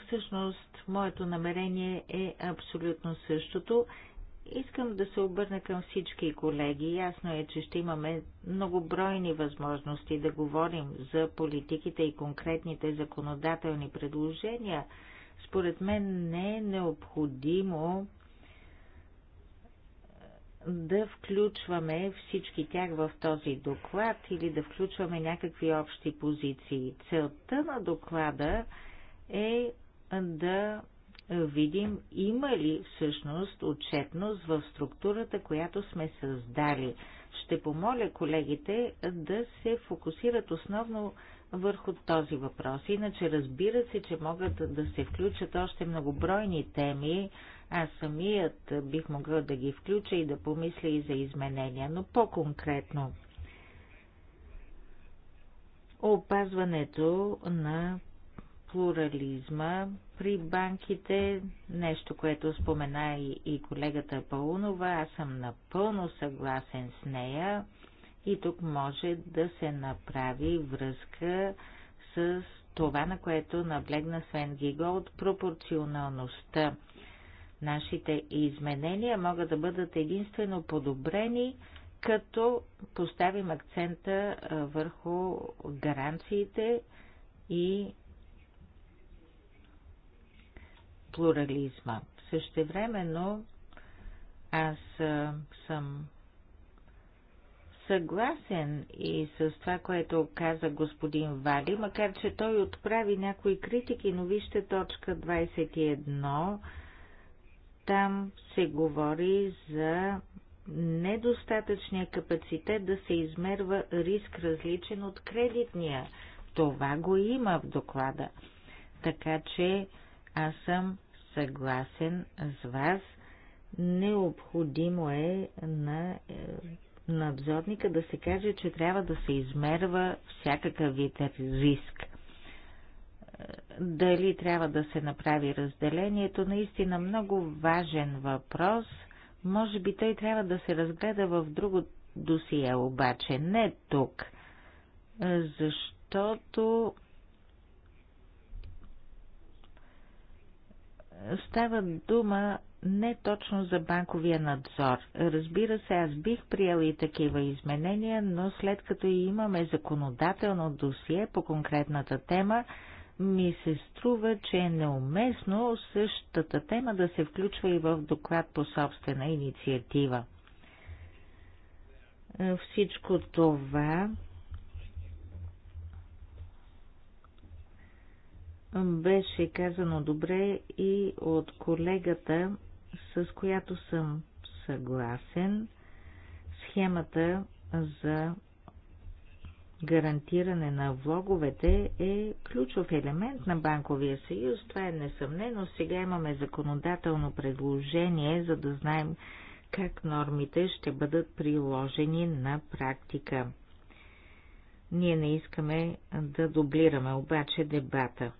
Всъщност, моето намерение е абсолютно същото Искам да се обърна към всички колеги. Ясно е, че ще имаме многобройни възможности да говорим за политиките и конкретните законодателни предложения. Според мен не е необходимо да включваме всички тях в този доклад или да включваме някакви общи позиции. Целта на доклада е да видим има ли всъщност отчетност в структурата, която сме създали. Ще помоля колегите да се фокусират основно върху този въпрос. Иначе разбира се, че могат да се включат още многобройни теми. а самият бих могъл да ги включа и да помисля и за изменения, но по-конкретно. Опазването на плурализма при банките, нещо, което спомена и, и колегата Паунова, аз съм напълно съгласен с нея и тук може да се направи връзка с това, на което наблегна Свен Гиго от пропорционалността. Нашите изменения могат да бъдат единствено подобрени, като поставим акцента върху гаранциите и плурализма. Същевременно аз съм съгласен и с това, което каза господин Вали, макар че той отправи някои критики, но вижте точка 21. Там се говори за недостатъчния капацитет да се измерва риск различен от кредитния. Това го има в доклада. Така че аз съм съгласен с вас. Необходимо е на е, надзорника да се каже, че трябва да се измерва всякакъв вид риск. Дали трябва да се направи разделението, наистина много важен въпрос. Може би той трябва да се разгледа в друго досие, обаче не тук, защото Става дума не точно за банковия надзор. Разбира се, аз бих приела и такива изменения, но след като имаме законодателно досие по конкретната тема, ми се струва, че е неуместно същата тема да се включва и в доклад по собствена инициатива. Всичко това беше казано добре и от колегата, с която съм съгласен. Схемата за гарантиране на влоговете е ключов елемент на Банковия съюз. Това е несъмнено. Сега имаме законодателно предложение, за да знаем как нормите ще бъдат приложени на практика. Ние не искаме да дублираме обаче дебата.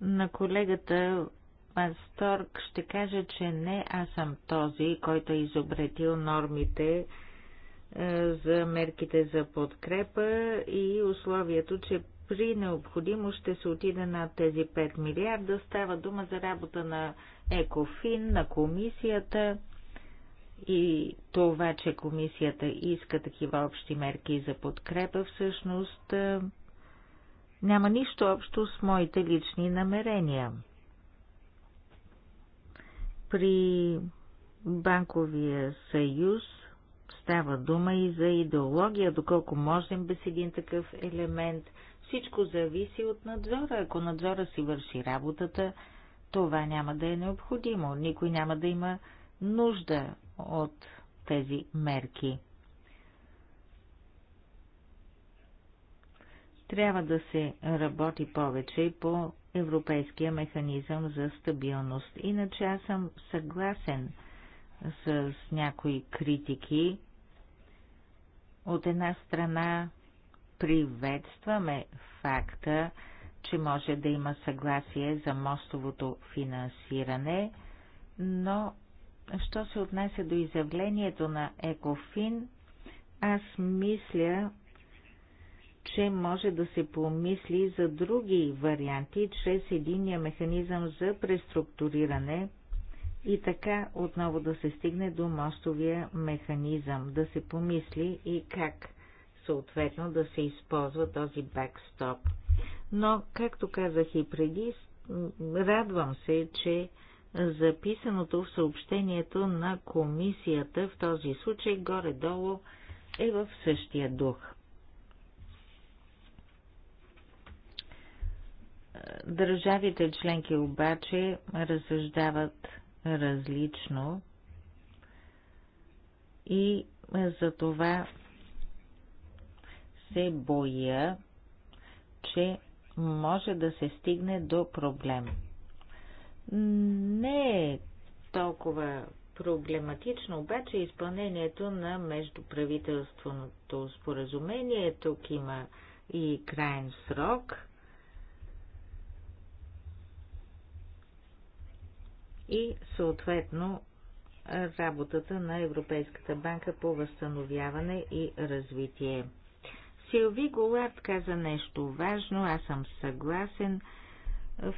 На колегата Пасторг ще кажа, че не аз съм този, който е изобретил нормите е, за мерките за подкрепа и условието, че при необходимо ще се отиде на тези 5 милиарда. Става дума за работа на ЕКОФИН, на комисията и това, че комисията иска такива общи мерки за подкрепа, всъщност е, няма нищо общо с моите лични намерения. При Банковия съюз става дума и за идеология, доколко можем без един такъв елемент. Всичко зависи от надзора. Ако надзора си върши работата, това няма да е необходимо. Никой няма да има нужда от тези мерки. Трябва да се работи повече и по Европейския механизъм за стабилност. Иначе аз съм съгласен с някои критики. От една страна приветстваме факта, че може да има съгласие за мостовото финансиране, но що се отнася до изявлението на Екофин, аз мисля, че може да се помисли за други варианти чрез единия механизъм за преструктуриране и така отново да се стигне до мостовия механизъм, да се помисли и как съответно да се използва този бекстоп. Но, както казах и преди, радвам се, че записаното в съобщението на комисията в този случай горе-долу е в същия дух. Държавите членки обаче разсъждават различно и за това се боя, че може да се стигне до проблем. Не е толкова проблематично обаче изпълнението на междуправителственото споразумение. Тук има и крайен срок и съответно работата на Европейската банка по възстановяване и развитие. Силви Голард каза нещо важно, аз съм съгласен.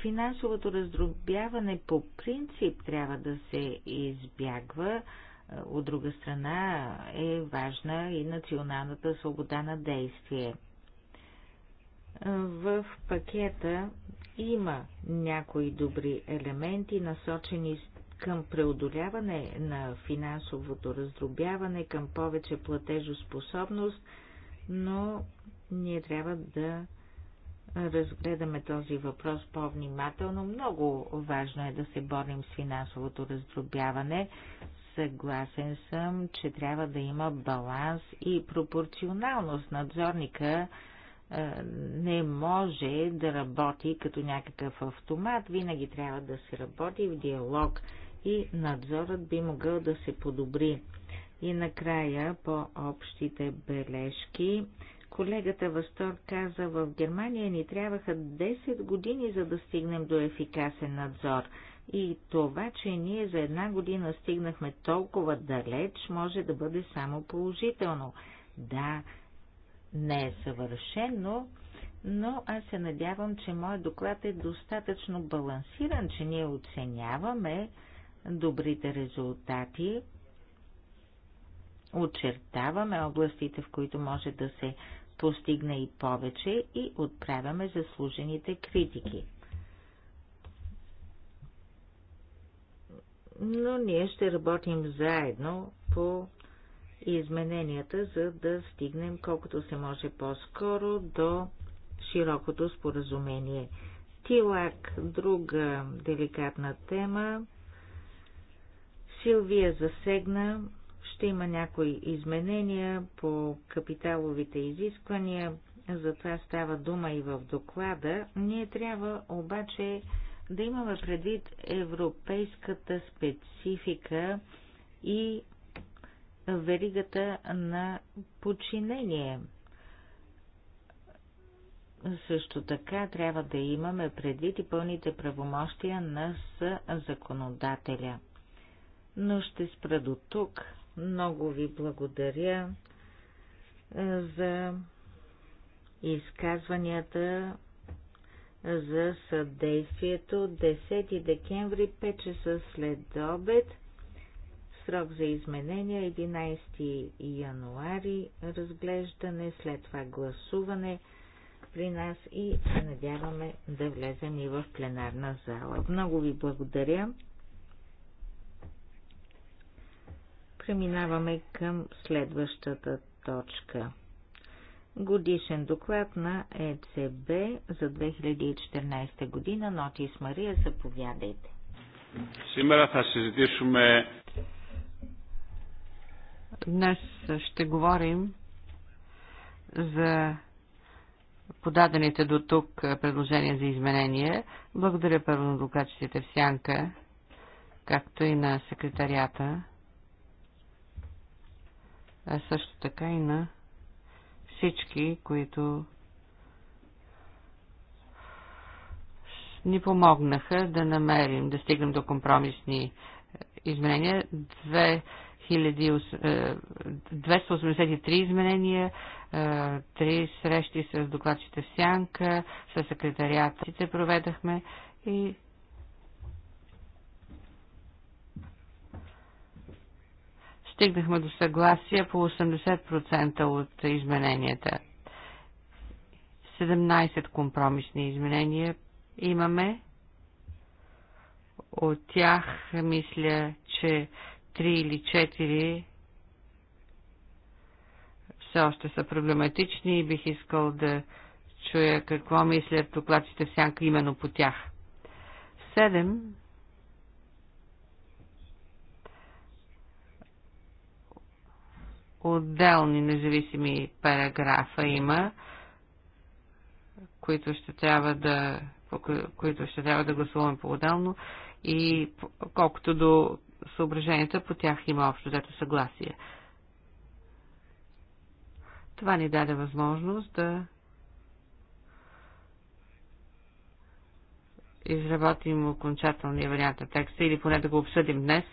Финансовото раздробяване по принцип трябва да се избягва. От друга страна е важна и националната свобода на действие. В пакета има някои добри елементи, насочени към преодоляване на финансовото раздробяване, към повече платежоспособност, но ние трябва да разгледаме този въпрос по-внимателно. Много важно е да се борим с финансовото раздробяване. Съгласен съм, че трябва да има баланс и пропорционалност. Надзорника е, не може да работи като някакъв автомат, винаги трябва да се работи в диалог и надзорът би могъл да се подобри. И накрая по общите бележки. Колегата Вастор каза, в Германия ни трябваха 10 години, за да стигнем до ефикасен надзор. И това, че ние за една година стигнахме толкова далеч, може да бъде само положително. Да, не е съвършено, но аз се надявам, че моят доклад е достатъчно балансиран, че ние оценяваме добрите резултати, очертаваме областите, в които може да се постигне и повече и отправяме заслужените критики. Но ние ще работим заедно по и измененията, за да стигнем колкото се може по-скоро до широкото споразумение. Тилак, друга деликатна тема. Силвия засегна, ще има някои изменения по капиталовите изисквания, за това става дума и в доклада. Ние трябва обаче да имаме предвид европейската специфика и веригата на подчинение. Също така трябва да имаме предвид и пълните правомощия на законодателя. Но ще спра до тук. Много ви благодаря е, за изказванията за съдействието 10 декември 5 часа след обед. Срок за изменения 11 януари, разглеждане, след това гласуване при нас и се надяваме да влезем и в пленарна зала. Много ви благодаря. Преминаваме към следващата точка. Годишен доклад на ЕЦБ за 2014 година. Нотис Мария, заповядайте. Σήμερα θα задишаме. Днес ще говорим за подадените до тук предложения за изменение. Благодаря първо на докачите в Сянка, както и на секретарията, а също така и на всички, които ни помогнаха да намерим, да стигнем до компромисни изменения. Две 283 изменения, 3 срещи с докладчите в Сянка, с секретариатите проведахме и стигнахме до съгласие по 80% от измененията. 17 компромисни изменения имаме. От тях мисля, че три или четири все още са проблематични и бих искал да чуя какво мислят докладчите в сянка именно по тях. Седем. Отделни независими параграфа има, които ще трябва да, които ще трябва да гласуваме по-отделно и колкото до съображенията по тях има общо взето съгласие. Това ни даде възможност да изработим окончателния вариант на текста или поне да го обсъдим днес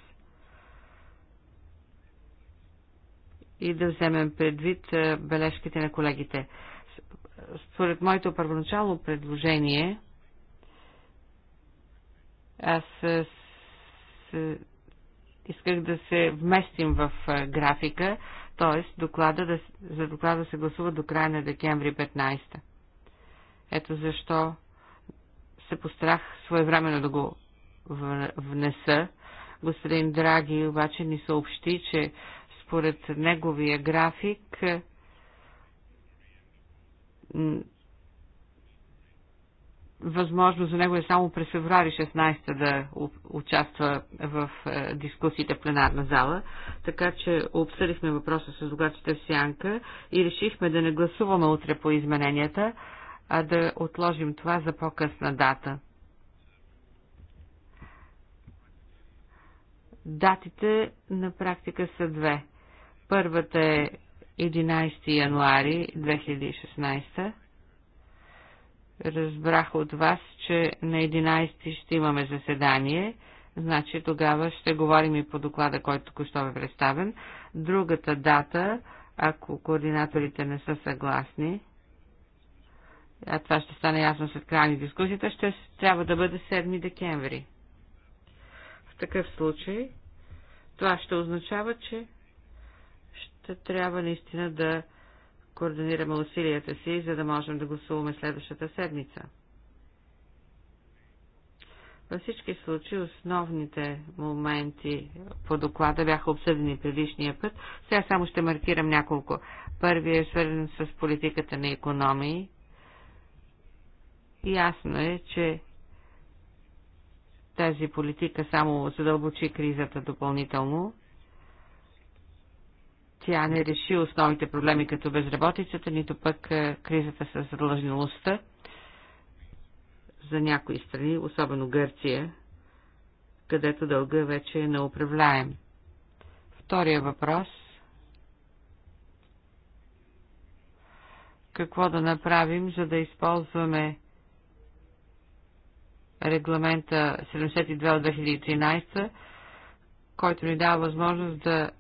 и да вземем предвид е, бележките на колегите. Според моето първоначално предложение, аз се Исках да се вместим в графика, т.е. Доклада да, за доклада се гласува до края на декември 15. Ето защо се пострах своевременно да го внеса. Господин Драги обаче ни съобщи, че според неговия график възможно за него е само през феврари 16 да участва в е, дискусията в пленарна зала, така че обсъдихме въпроса с другачите в Сянка и решихме да не гласуваме утре по измененията, а да отложим това за по-късна дата. Датите на практика са две. Първата е 11 януари 2016 Разбрах от вас, че на 11 ще имаме заседание. Значи тогава ще говорим и по доклада, който току-що ви е представен. Другата дата, ако координаторите не са съгласни, а това ще стане ясно след края на дискусията, ще трябва да бъде 7 декември. В такъв случай, това ще означава, че ще трябва наистина да координираме усилията си, за да можем да гласуваме следващата седмица. Във всички случаи основните моменти по доклада бяха обсъдени предишния път. Сега само ще маркирам няколко. Първият е свързан с политиката на економии. Ясно е, че тази политика само задълбочи кризата допълнително тя не реши основните проблеми като безработицата, нито пък е, кризата с задлъжнилостта за някои страни, особено Гърция, където дълга вече е неуправляем. Втория въпрос Какво да направим, за да използваме регламента 72 от 2013, който ни дава възможност да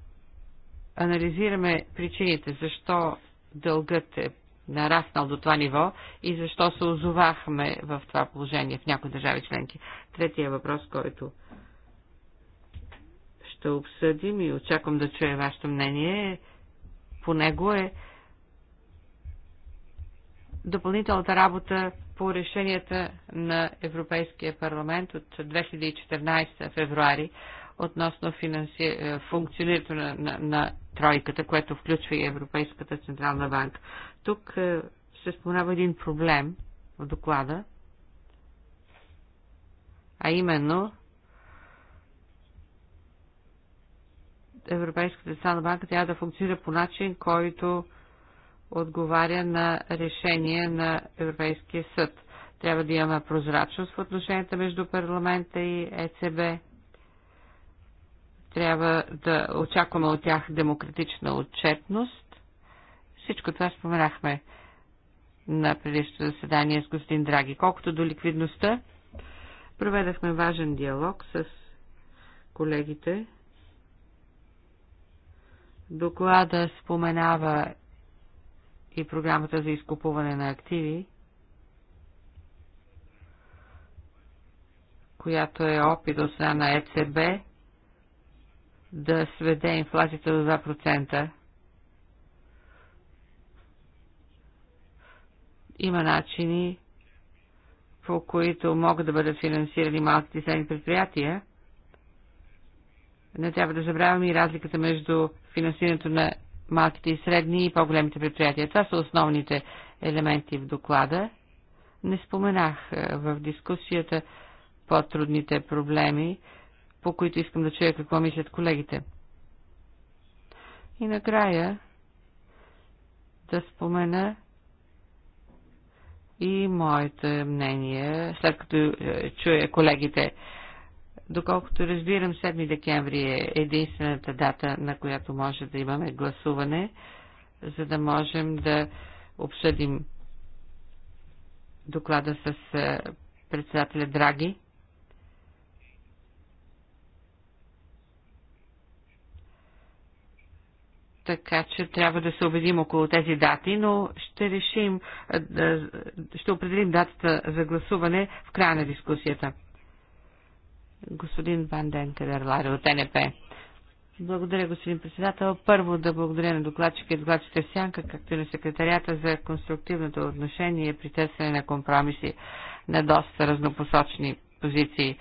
анализираме причините, защо дългът е нараснал до това ниво и защо се озовахме в това положение в някои държави членки. Третия въпрос, който ще обсъдим и очаквам да чуя вашето мнение по него е допълнителната работа по решенията на Европейския парламент от 2014 февруари относно финанси... Е, функционирането на, на, на тройката, което включва и Европейската Централна банка. Тук е, се споменава един проблем в доклада, а именно Европейската Централна банка трябва да функционира по начин, който отговаря на решение на Европейския съд. Трябва да имаме прозрачност в отношенията между парламента и ЕЦБ трябва да очакваме от тях демократична отчетност. Всичко това споменахме на предишното заседание с господин Драги. Колкото до ликвидността, проведахме важен диалог с колегите. Доклада споменава и програмата за изкупуване на активи, която е опит от страна на ЕЦБ да сведе инфлацията до 2%. Има начини, по които могат да бъдат финансирани малките и средни предприятия. Не трябва да забравяме и разликата между финансирането на малките и средни и по-големите предприятия. Това са основните елементи в доклада. Не споменах в дискусията по-трудните проблеми, по които искам да чуя какво мислят колегите. И накрая да спомена и моето мнение, след като е, чуя колегите. Доколкото разбирам, 7 декември е единствената дата, на която може да имаме гласуване, за да можем да обсъдим доклада с е, председателя Драги. така че трябва да се убедим около тези дати, но ще решим, ще определим датата за гласуване в края на дискусията. Господин Ван Денкедер, Лари от НП. Благодаря, господин председател. Първо да благодаря на докладчика и докладчика Сянка, както и на секретарията за конструктивното отношение при търсене на компромиси на доста разнопосочни позиции.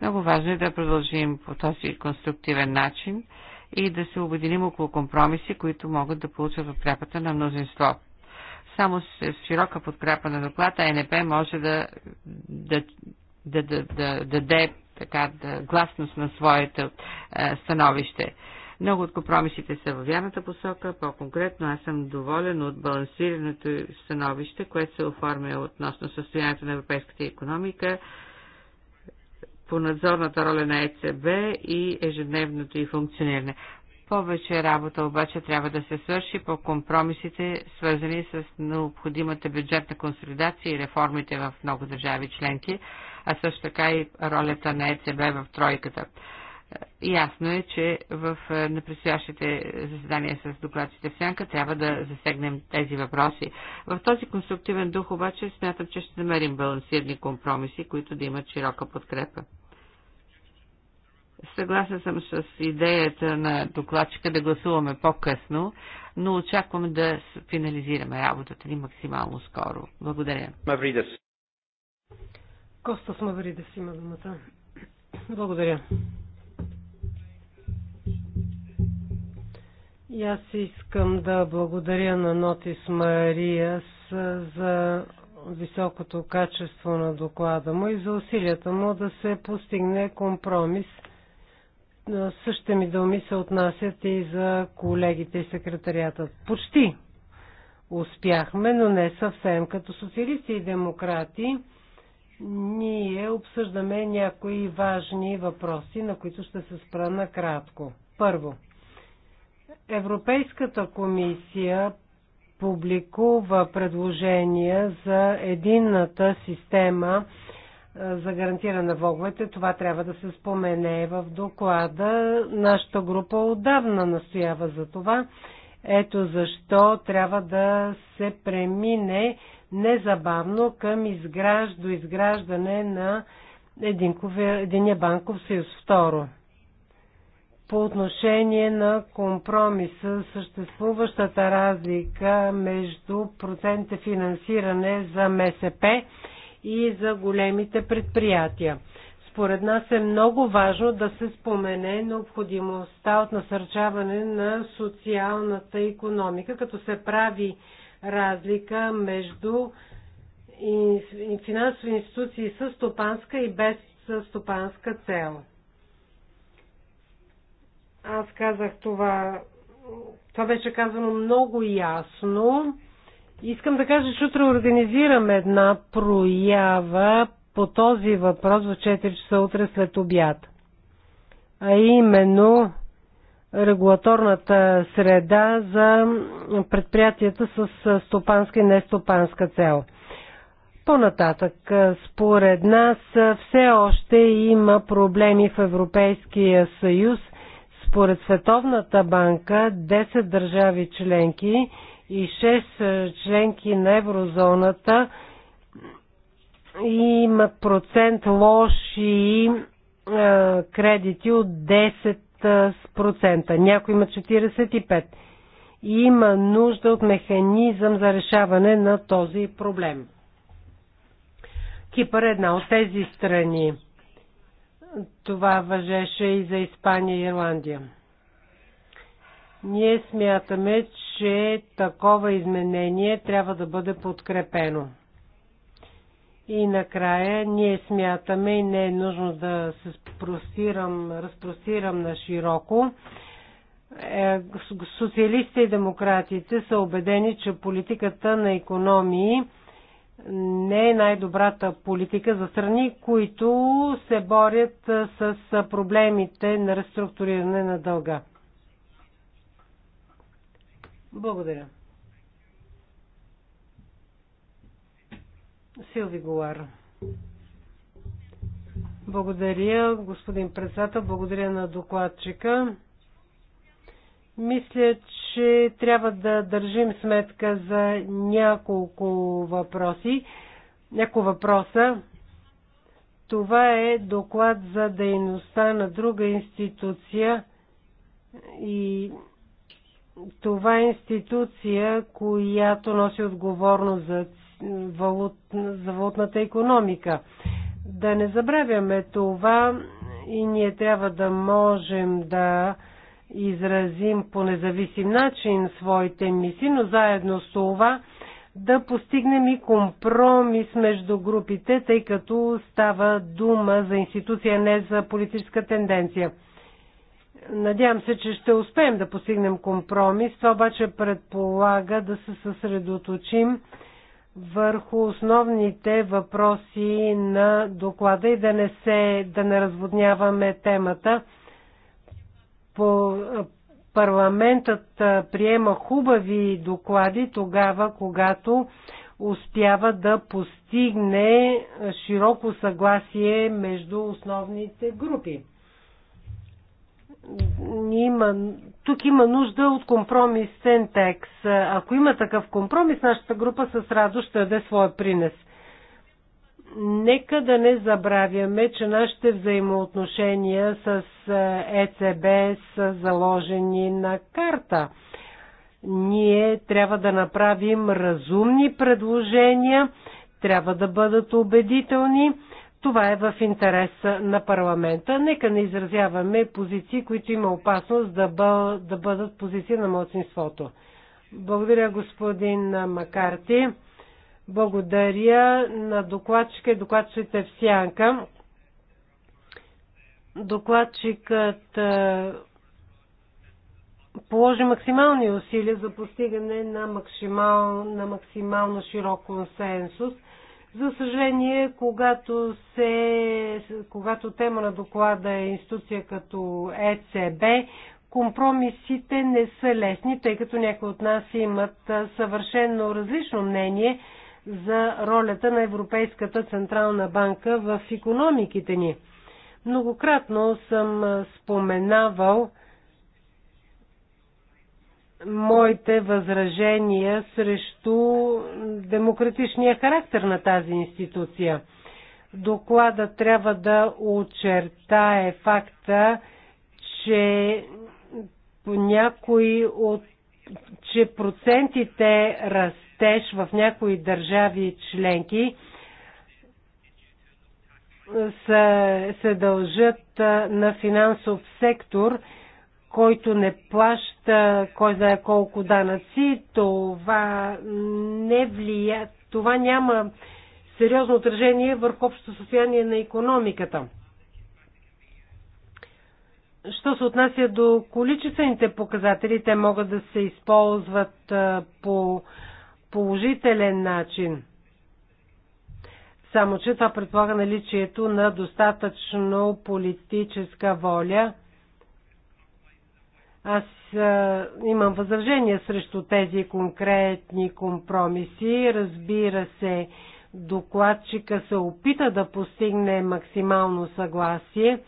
Много важно е да продължим по този конструктивен начин и да се обединим около компромиси, които могат да получат подкрепата на мнозинство. Само с широка подкрепа на доклада НП може да, да, да, да, да, да даде така, да, гласност на своето е, становище. Много от компромисите са във вярната посока, по-конкретно аз съм доволен от балансираното становище, което се оформя относно състоянието на европейската економика, по надзорната роля на ЕЦБ и ежедневното и функциониране. Повече работа обаче трябва да се свърши по компромисите, свързани с необходимата бюджетна консолидация и реформите в много държави членки, а също така и ролята на ЕЦБ в тройката. Ясно е, че в е, непредстоящите заседания с докладците в Сянка трябва да засегнем тези въпроси. В този конструктивен дух обаче смятам, че ще намерим балансирани компромиси, които да имат широка подкрепа. Съгласен съм с идеята на докладчика да гласуваме по-късно, но очаквам да финализираме работата ни максимално скоро. Благодаря. Мавридес. Костас Мавридес има думата. Благодаря. И аз искам да благодаря на Нотис Мария за високото качество на доклада му и за усилията му да се постигне компромис. Същите ми думи се отнасят и за колегите и секретарията. Почти успяхме, но не съвсем. Като социалисти и демократи ние обсъждаме някои важни въпроси, на които ще се спра накратко. Първо – Европейската комисия публикува предложения за единната система за гарантиране на влоговете. Това трябва да се спомене в доклада. Нашата група отдавна настоява за това. Ето защо трябва да се премине незабавно към изграждо, изграждане на единия банков съюз. Второ, по отношение на компромиса, съществуващата разлика между процента финансиране за МСП и за големите предприятия. Според нас е много важно да се спомене необходимостта от насърчаване на социалната економика, като се прави разлика между финансови институции с стопанска и без стопанска цел. Аз казах това. Това беше казано много ясно. Искам да кажа, че утре организираме една проява по този въпрос в 4 часа утре след обяд. А именно регулаторната среда за предприятията с стопанска и нестопанска цел. По-нататък, според нас все още има проблеми в Европейския съюз – според Световната банка, 10 държави членки и 6 е, членки на еврозоната имат процент лоши е, кредити от 10%. Е, Някои имат 45%. И има нужда от механизъм за решаване на този проблем. Кипър е една от тези страни. Това въжеше и за Испания и Ирландия. Ние смятаме, че такова изменение трябва да бъде подкрепено. И накрая ние смятаме и не е нужно да се спростирам, разпростирам на широко. Е, социалистите и демократите са убедени, че политиката на економии не е най-добрата политика за страни, които се борят с проблемите на реструктуриране на дълга. Благодаря. Силви Голар. Благодаря, господин председател. Благодаря на докладчика. Мисля, че трябва да държим сметка за няколко въпроси. Няколко въпроса. Това е доклад за дейността на друга институция и това е институция, която носи отговорност за, валут, за валутната економика. Да не забравяме това и ние трябва да можем да изразим по независим начин своите мисли, но заедно с това да постигнем и компромис между групите, тъй като става дума за институция, не за политическа тенденция. Надявам се, че ще успеем да постигнем компромис. Това обаче предполага да се съсредоточим върху основните въпроси на доклада и да не, се, да не разводняваме темата по, парламентът приема хубави доклади тогава, когато успява да постигне широко съгласие между основните групи. Има, тук има нужда от компромисен текст. Ако има такъв компромис, нашата група с радост ще даде своя принес. Нека да не забравяме, че нашите взаимоотношения с ЕЦБ е са заложени на карта. Ние трябва да направим разумни предложения, трябва да бъдат убедителни. Това е в интерес на парламента. Нека не изразяваме позиции, които има опасност да, да бъдат позиции на младсинството. Благодаря, господин Макарти. Благодаря на докладчика и докладчите в Сянка. Докладчикът е, положи максимални усилия за постигане на, максимал, на максимално широк консенсус. За съжаление, когато, се, когато тема на доклада е институция като ЕЦБ, компромисите не са лесни, тъй като някои от нас имат е, съвършено различно мнение – за ролята на Европейската Централна банка в економиките ни. Многократно съм споменавал моите възражения срещу демократичния характер на тази институция. Доклада трябва да очертае факта, че някои от че процентите растеж в някои държави членки се, се дължат е, на финансов сектор, който не плаща кой знае колко данъци, това не влия, това няма сериозно отражение върху общото състояние на економиката. Що се отнася до количествените показатели, те могат да се използват по положителен начин. Само, че това предполага наличието на достатъчно политическа воля. Аз а, имам възражения срещу тези конкретни компромиси. Разбира се, докладчика се опита да постигне максимално съгласие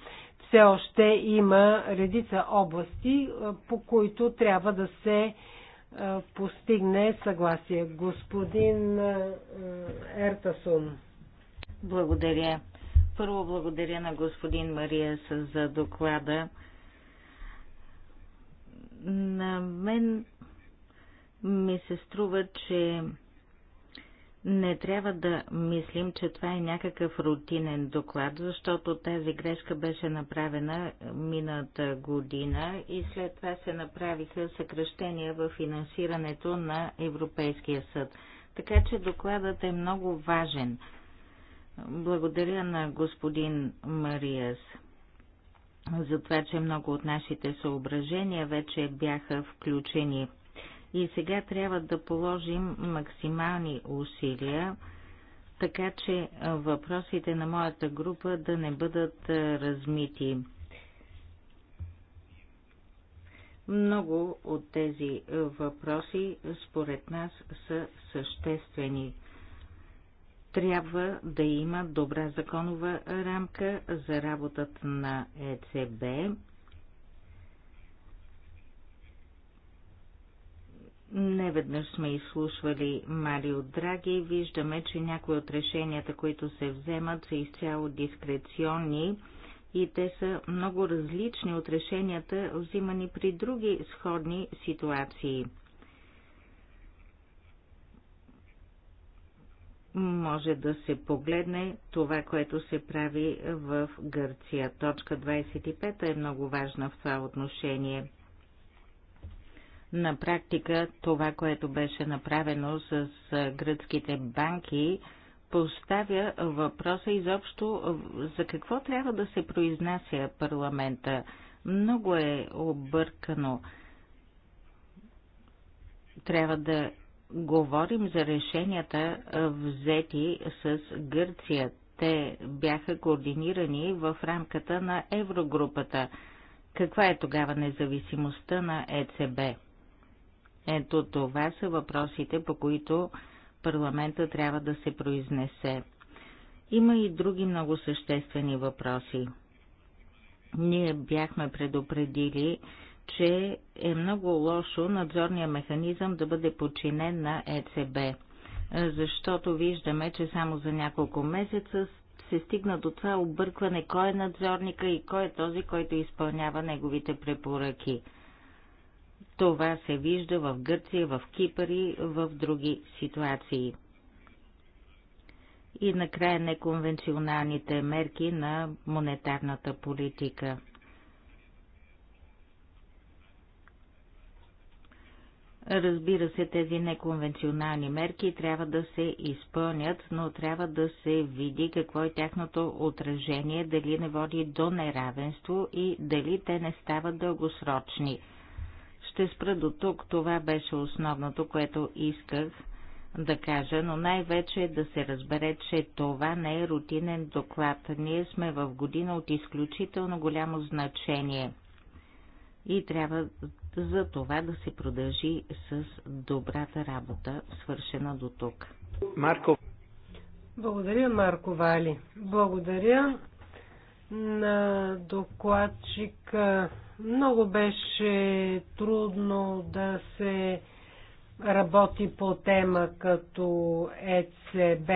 все още има редица области, по които трябва да се постигне съгласие. Господин Ертасун. Благодаря. Първо благодаря на господин Мария за доклада. На мен ми се струва, че не трябва да мислим, че това е някакъв рутинен доклад, защото тази грешка беше направена е, мината година и след това се направиха съкръщения в финансирането на Европейския съд. Така че докладът е много важен. Благодаря на господин Мариас за това, че много от нашите съображения вече бяха включени и сега трябва да положим максимални усилия, така че въпросите на моята група да не бъдат размити. Много от тези въпроси според нас са съществени. Трябва да има добра законова рамка за работата на ЕЦБ, Неведнъж сме изслушвали Марио Драги и виждаме, че някои от решенията, които се вземат, са изцяло дискреционни и те са много различни от решенията, взимани при други сходни ситуации. Може да се погледне това, което се прави в Гърция. Точка 25 е много важна в това отношение – на практика това, което беше направено с гръцките банки, поставя въпроса изобщо за какво трябва да се произнася парламента. Много е объркано. Трябва да говорим за решенията взети с Гърция. Те бяха координирани в рамката на Еврогрупата. Каква е тогава независимостта на ЕЦБ? Ето това са въпросите, по които парламента трябва да се произнесе. Има и други много съществени въпроси. Ние бяхме предупредили, че е много лошо надзорния механизъм да бъде подчинен на ЕЦБ, защото виждаме, че само за няколко месеца се стигна до това объркване кой е надзорника и кой е този, който изпълнява неговите препоръки. Това се вижда в Гърция, в Кипър и в други ситуации. И накрая неконвенционалните мерки на монетарната политика. Разбира се, тези неконвенционални мерки трябва да се изпълнят, но трябва да се види какво е тяхното отражение, дали не води до неравенство и дали те не стават дългосрочни. Ще спра до тук. Това беше основното, което исках да кажа, но най-вече е да се разбере, че това не е рутинен доклад. Ние сме в година от изключително голямо значение и трябва за това да се продължи с добрата работа, свършена до тук. Марко. Благодаря, Марко Вали. Благодаря на докладчик. Много беше трудно да се работи по тема като ЕЦБ.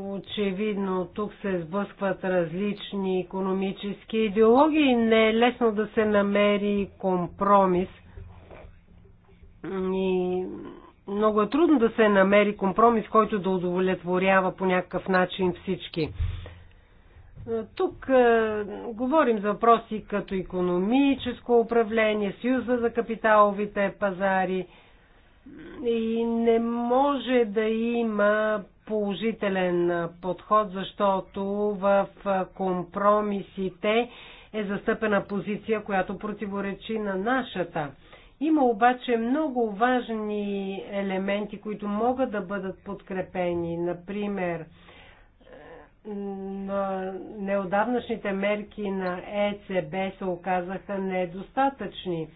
Очевидно, тук се сблъскват различни економически идеологии. Не е лесно да се намери компромис. И много е трудно да се намери компромис, който да удовлетворява по някакъв начин всички. Тук е, говорим за въпроси като економическо управление, съюза за капиталовите пазари и не може да има положителен подход, защото в компромисите е застъпена позиция, която противоречи на нашата. Има обаче много важни елементи, които могат да бъдат подкрепени. Например, на неодавнашните мерки на ЕЦБ се оказаха недостатъчни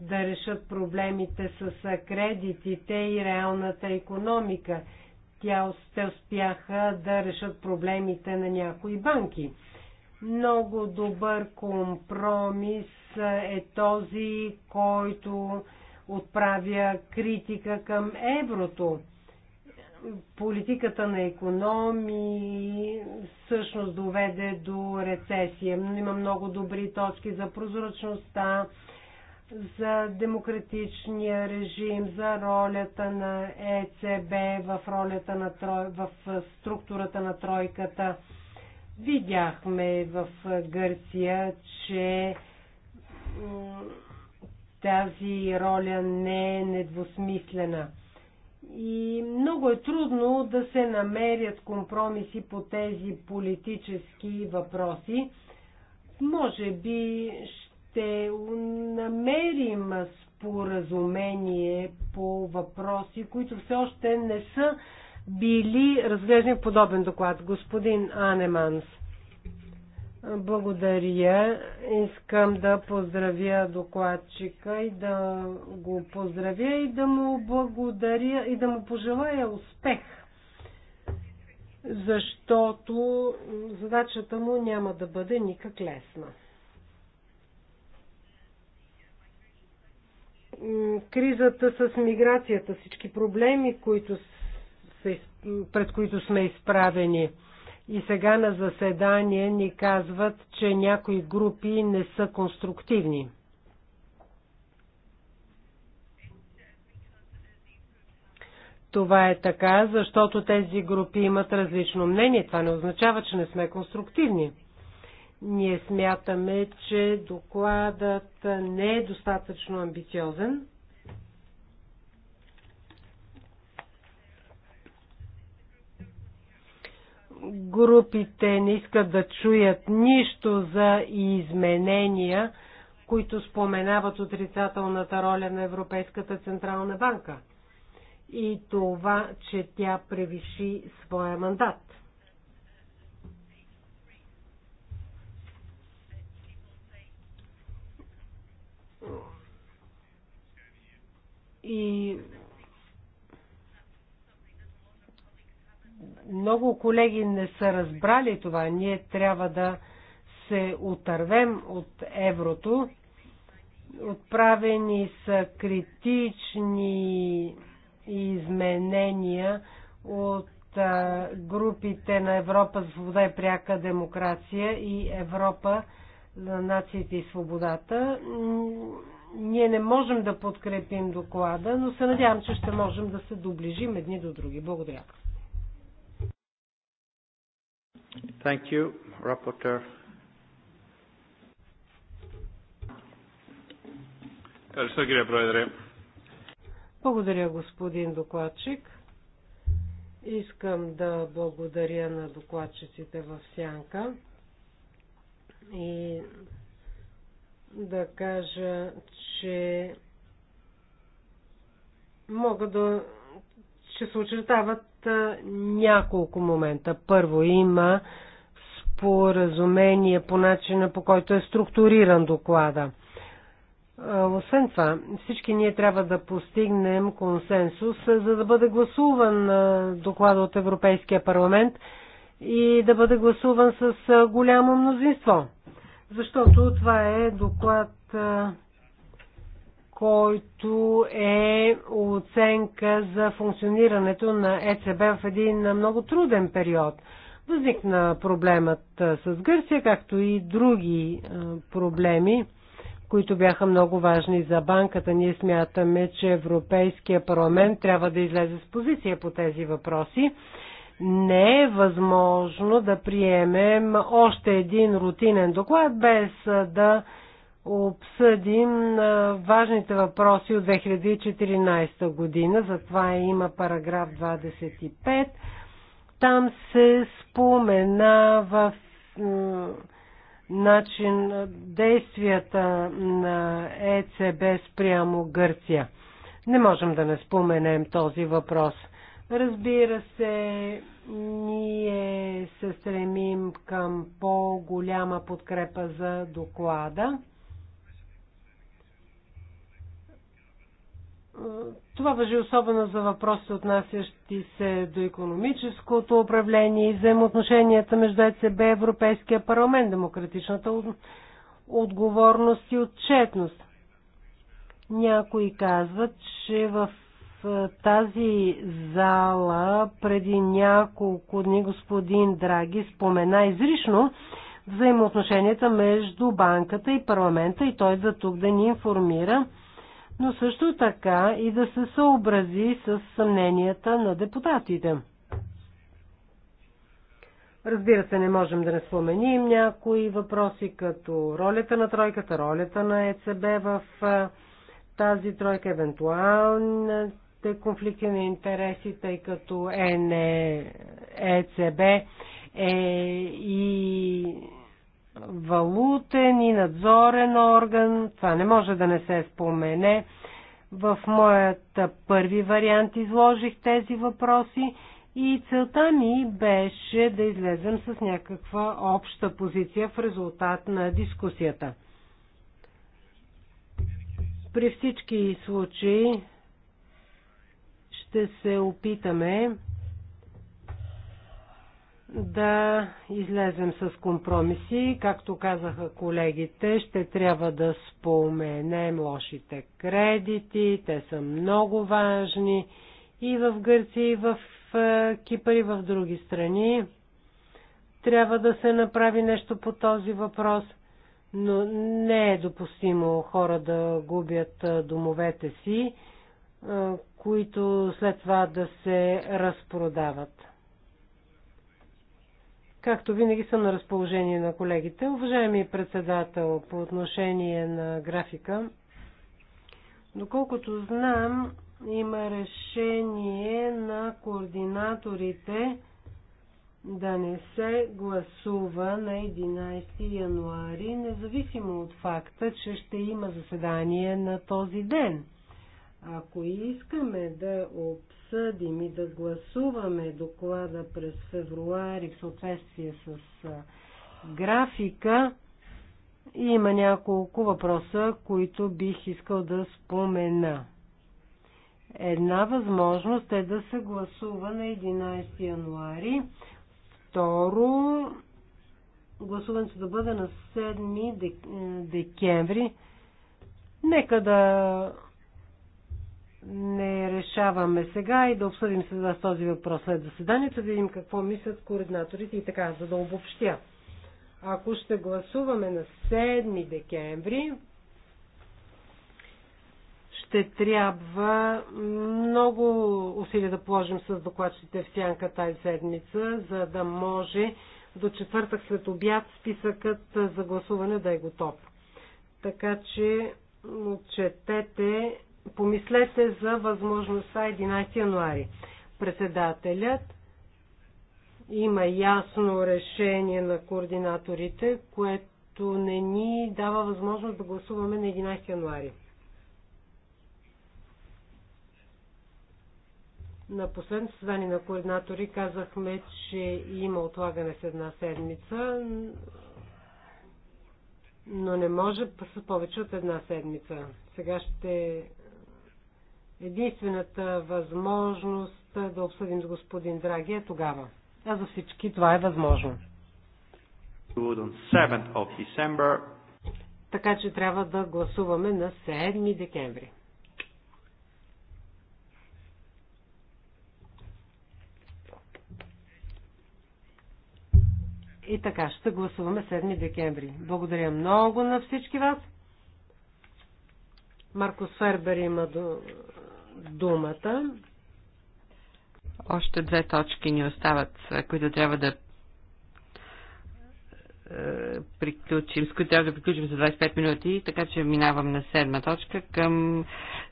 да решат проблемите с кредитите и реалната економика. Тя, те успяха да решат проблемите на някои банки. Много добър компромис е този, който отправя критика към еврото политиката на економи всъщност доведе до рецесия. Има много добри точки за прозрачността, за демократичния режим, за ролята на ЕЦБ в, ролята на трой... в структурата на тройката. Видяхме в Гърция, че тази роля не е недвусмислена. И много е трудно да се намерят компромиси по тези политически въпроси. Може би ще намерим споразумение по въпроси, които все още не са били разглеждани в подобен доклад. Господин Анеманс. Благодаря. Искам да поздравя докладчика и да го поздравя и да му благодаря и да му пожелая успех, защото задачата му няма да бъде никак лесна. Кризата с миграцията, всички проблеми, които, пред които сме изправени – и сега на заседание ни казват, че някои групи не са конструктивни. Това е така, защото тези групи имат различно мнение. Това не означава, че не сме конструктивни. Ние смятаме, че докладът не е достатъчно амбициозен. групите не искат да чуят нищо за изменения, които споменават отрицателната роля на Европейската Централна банка и това, че тя превиши своя мандат. И Много колеги не са разбрали това. Ние трябва да се отървем от еврото. Отправени са критични изменения от групите на Европа за свобода и пряка демокрация и Европа за нациите и свободата. Ние не можем да подкрепим доклада, но се надявам, че ще можем да се доближим едни до други. Благодаря. Thank you, Rapporteur. Благодаря, господин докладчик. Искам да благодаря на докладчиците в Сянка и да кажа, че мога да че се очертават няколко момента. Първо има споразумение по начина по който е структуриран доклада. Освен това, всички ние трябва да постигнем консенсус, за да бъде гласуван доклада от Европейския парламент и да бъде гласуван с голямо мнозинство. Защото това е доклад който е оценка за функционирането на ЕЦБ в един много труден период. Възникна проблемът с Гърция, както и други проблеми, които бяха много важни за банката. Ние смятаме, че Европейския парламент трябва да излезе с позиция по тези въпроси. Не е възможно да приемем още един рутинен доклад без да обсъдим важните въпроси от 2014 година. Затова има параграф 25. Там се спомена в начин действията на ЕЦБ спрямо Гърция. Не можем да не споменем този въпрос. Разбира се, ние се стремим към по-голяма подкрепа за доклада. Това въжи особено за въпроси, отнасящи се до економическото управление и взаимоотношенията между ЕЦБ, Европейския парламент, демократичната отговорност и отчетност. Някои казват, че в тази зала преди няколко дни господин Драги спомена изрично взаимоотношенията между банката и парламента и той е за тук да ни информира – но също така и да се съобрази с съмненията на депутатите. Разбира се, не можем да не споменим някои въпроси, като ролята на тройката, ролята на ЕЦБ в тази тройка, евентуалните конфликти на интереси, тъй като ЕНЕ, ЕЦБ е, е и валутен и надзорен орган. Това не може да не се спомене. В моят първи вариант изложих тези въпроси и целта ми беше да излезем с някаква обща позиция в резултат на дискусията. При всички случаи ще се опитаме да излезем с компромиси. Както казаха колегите, ще трябва да споменем лошите кредити. Те са много важни и в Гърция, и в е, Кипър, и в други страни. Трябва да се направи нещо по този въпрос, но не е допустимо хора да губят е, домовете си, е, които след това да се разпродават. Както винаги съм на разположение на колегите. Уважаеми председател, по отношение на графика, доколкото знам, има решение на координаторите да не се гласува на 11 януари, независимо от факта, че ще има заседание на този ден. Ако искаме да обсъдим обсъдим и да гласуваме доклада през февруари в съответствие с графика, има няколко въпроса, които бих искал да спомена. Една възможност е да се гласува на 11 януари. Второ, гласуването да бъде на 7 декември. Нека да не решаваме сега и да обсъдим с този въпрос след заседанието, да видим какво мислят координаторите и така, за да обобщя. Ако ще гласуваме на 7 декември, ще трябва много усилия да положим с докладчите в сянка тази седмица, за да може до четвъртък след обяд списъкът за гласуване да е готов. Така че отчетете помислете за възможността 11 януари. Председателят има ясно решение на координаторите, което не ни дава възможност да гласуваме на 11 януари. На последното създание на координатори казахме, че има отлагане с една седмица, но не може с повече от една седмица. Сега ще Единствената възможност да обсъдим с господин Драги е тогава. А за всички това е възможно. Така че трябва да гласуваме на 7 декември. И така, ще гласуваме 7 декември. Благодаря много на всички вас. Маркус Фербер има до думата. Още две точки ни остават, които трябва да е, приключим, с които трябва да приключим за 25 минути, така че минавам на седма точка към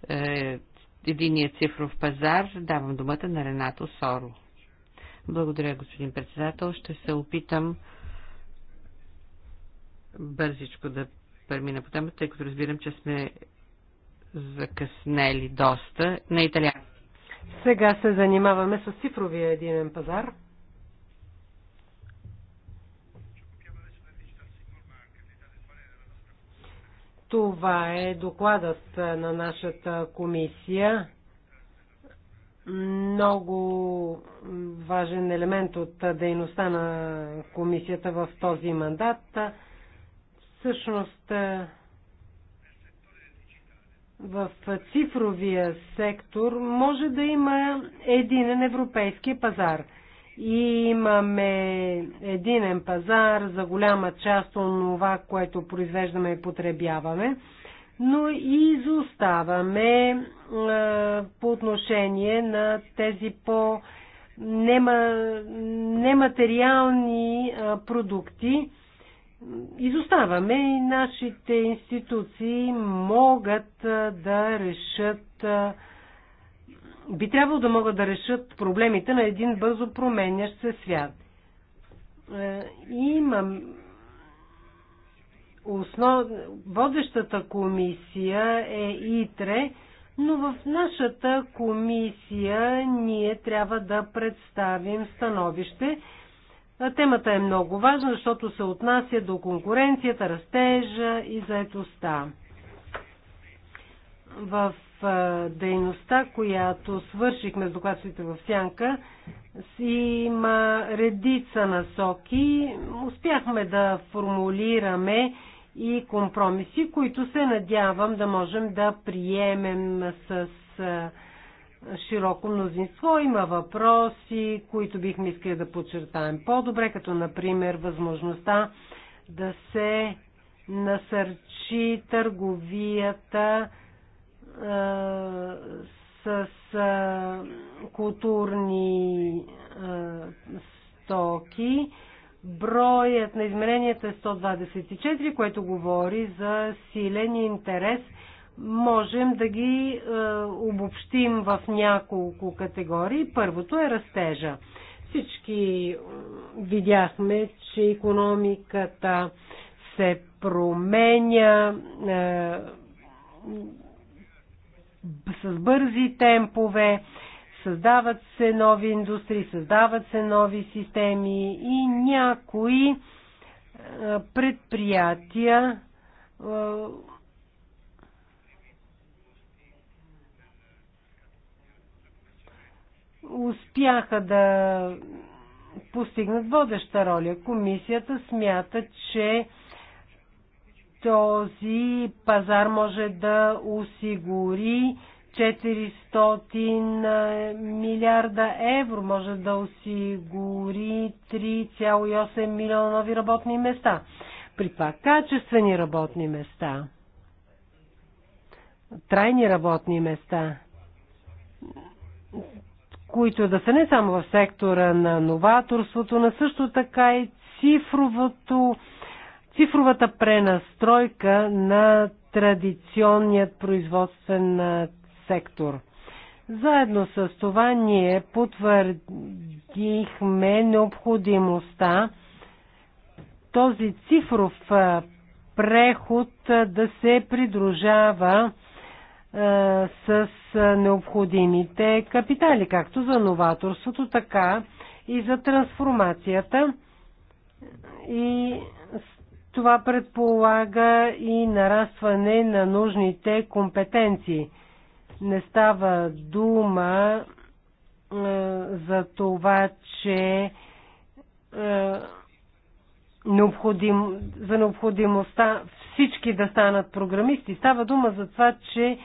е, единия цифров пазар. Давам думата на Ренато Соро. Благодаря, господин председател. Ще се опитам бързичко да премина по темата, тъй като разбирам, че сме закъснели доста на италиански. Сега се занимаваме с цифровия единен пазар. Това е докладът на нашата комисия. Много важен елемент от дейността на комисията в този мандат. Всъщност в цифровия сектор може да има единен европейски пазар. И имаме единен пазар за голяма част от това, което произвеждаме и потребяваме, но и изоставаме по отношение на тези по нема, нематериални продукти, изоставаме и нашите институции могат да решат би трябвало да могат да решат проблемите на един бързо променящ се свят. Имам основ... водещата комисия е ИТРЕ, но в нашата комисия ние трябва да представим становище Темата е много важна, защото се отнася до конкуренцията, растежа и заетостта. В дейността, която свършихме с докладчите в Сянка, има редица насоки. Успяхме да формулираме и компромиси, които се надявам да можем да приемем с широко мнозинство. Има въпроси, които бихме искали да подчертаем по-добре, като например възможността да се насърчи търговията е, с е, културни е, стоки. Броят на измеренията е 124, което говори за силен интерес – можем да ги е, обобщим в няколко категории. Първото е растежа. Всички е, видяхме, че економиката се променя е, с бързи темпове, създават се нови индустрии, създават се нови системи и някои е, предприятия е, успяха да постигнат водеща роля. Комисията смята, че този пазар може да осигури 400 милиарда евро, може да осигури 3,8 милиона нови работни места. При това качествени работни места, трайни работни места които да са не само в сектора на новаторството, на също така и цифровото, цифровата пренастройка на традиционният производствен сектор. Заедно с това ние потвърдихме необходимостта този цифров преход да се придружава е, с е, необходимите капитали, както за новаторството, така и за трансформацията. И това предполага и нарастване на нужните компетенции. Не става дума е, за това, че необходим, за необходимостта всички да станат програмисти. Става дума за това, че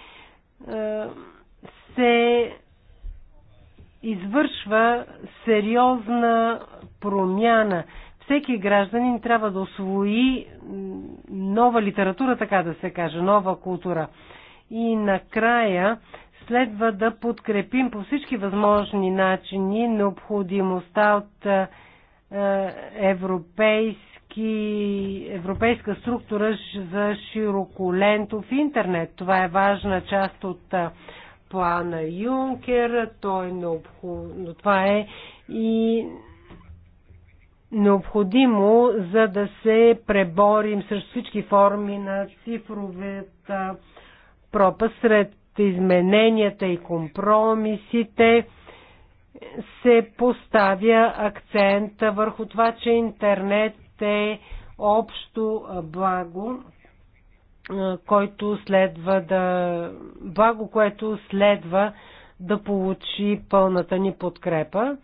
е, се извършва сериозна промяна. Всеки гражданин трябва да освои нова литература, така да се каже, нова култура. И накрая следва да подкрепим по всички възможни начини необходимостта от е, европейски европейски, европейска структура за широколентов интернет. Това е важна част от плана Юнкер, той е Но това е и необходимо, за да се преборим срещу всички форми на цифровата пропаст сред измененията и компромисите се поставя акцент върху това, че интернет те общо благо, който следва да, благо, което следва да получи пълната ни подкрепа.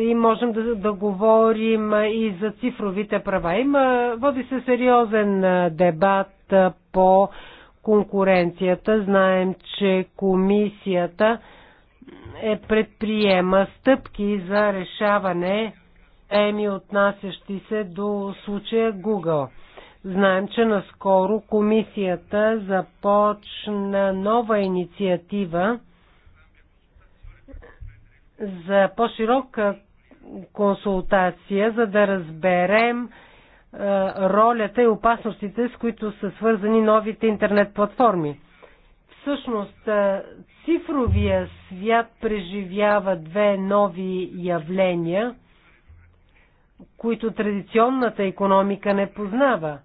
И можем да, да говорим и за цифровите права. Има, води се сериозен дебат по конкуренцията. Знаем, че комисията е предприема стъпки за решаване теми, отнасящи се до случая Google. Знаем, че наскоро комисията започна нова инициатива за по-широка консултация, за да разберем ролята и опасностите, с които са свързани новите интернет платформи. Всъщност, цифровия свят преживява две нови явления – които традиционната економика не познава,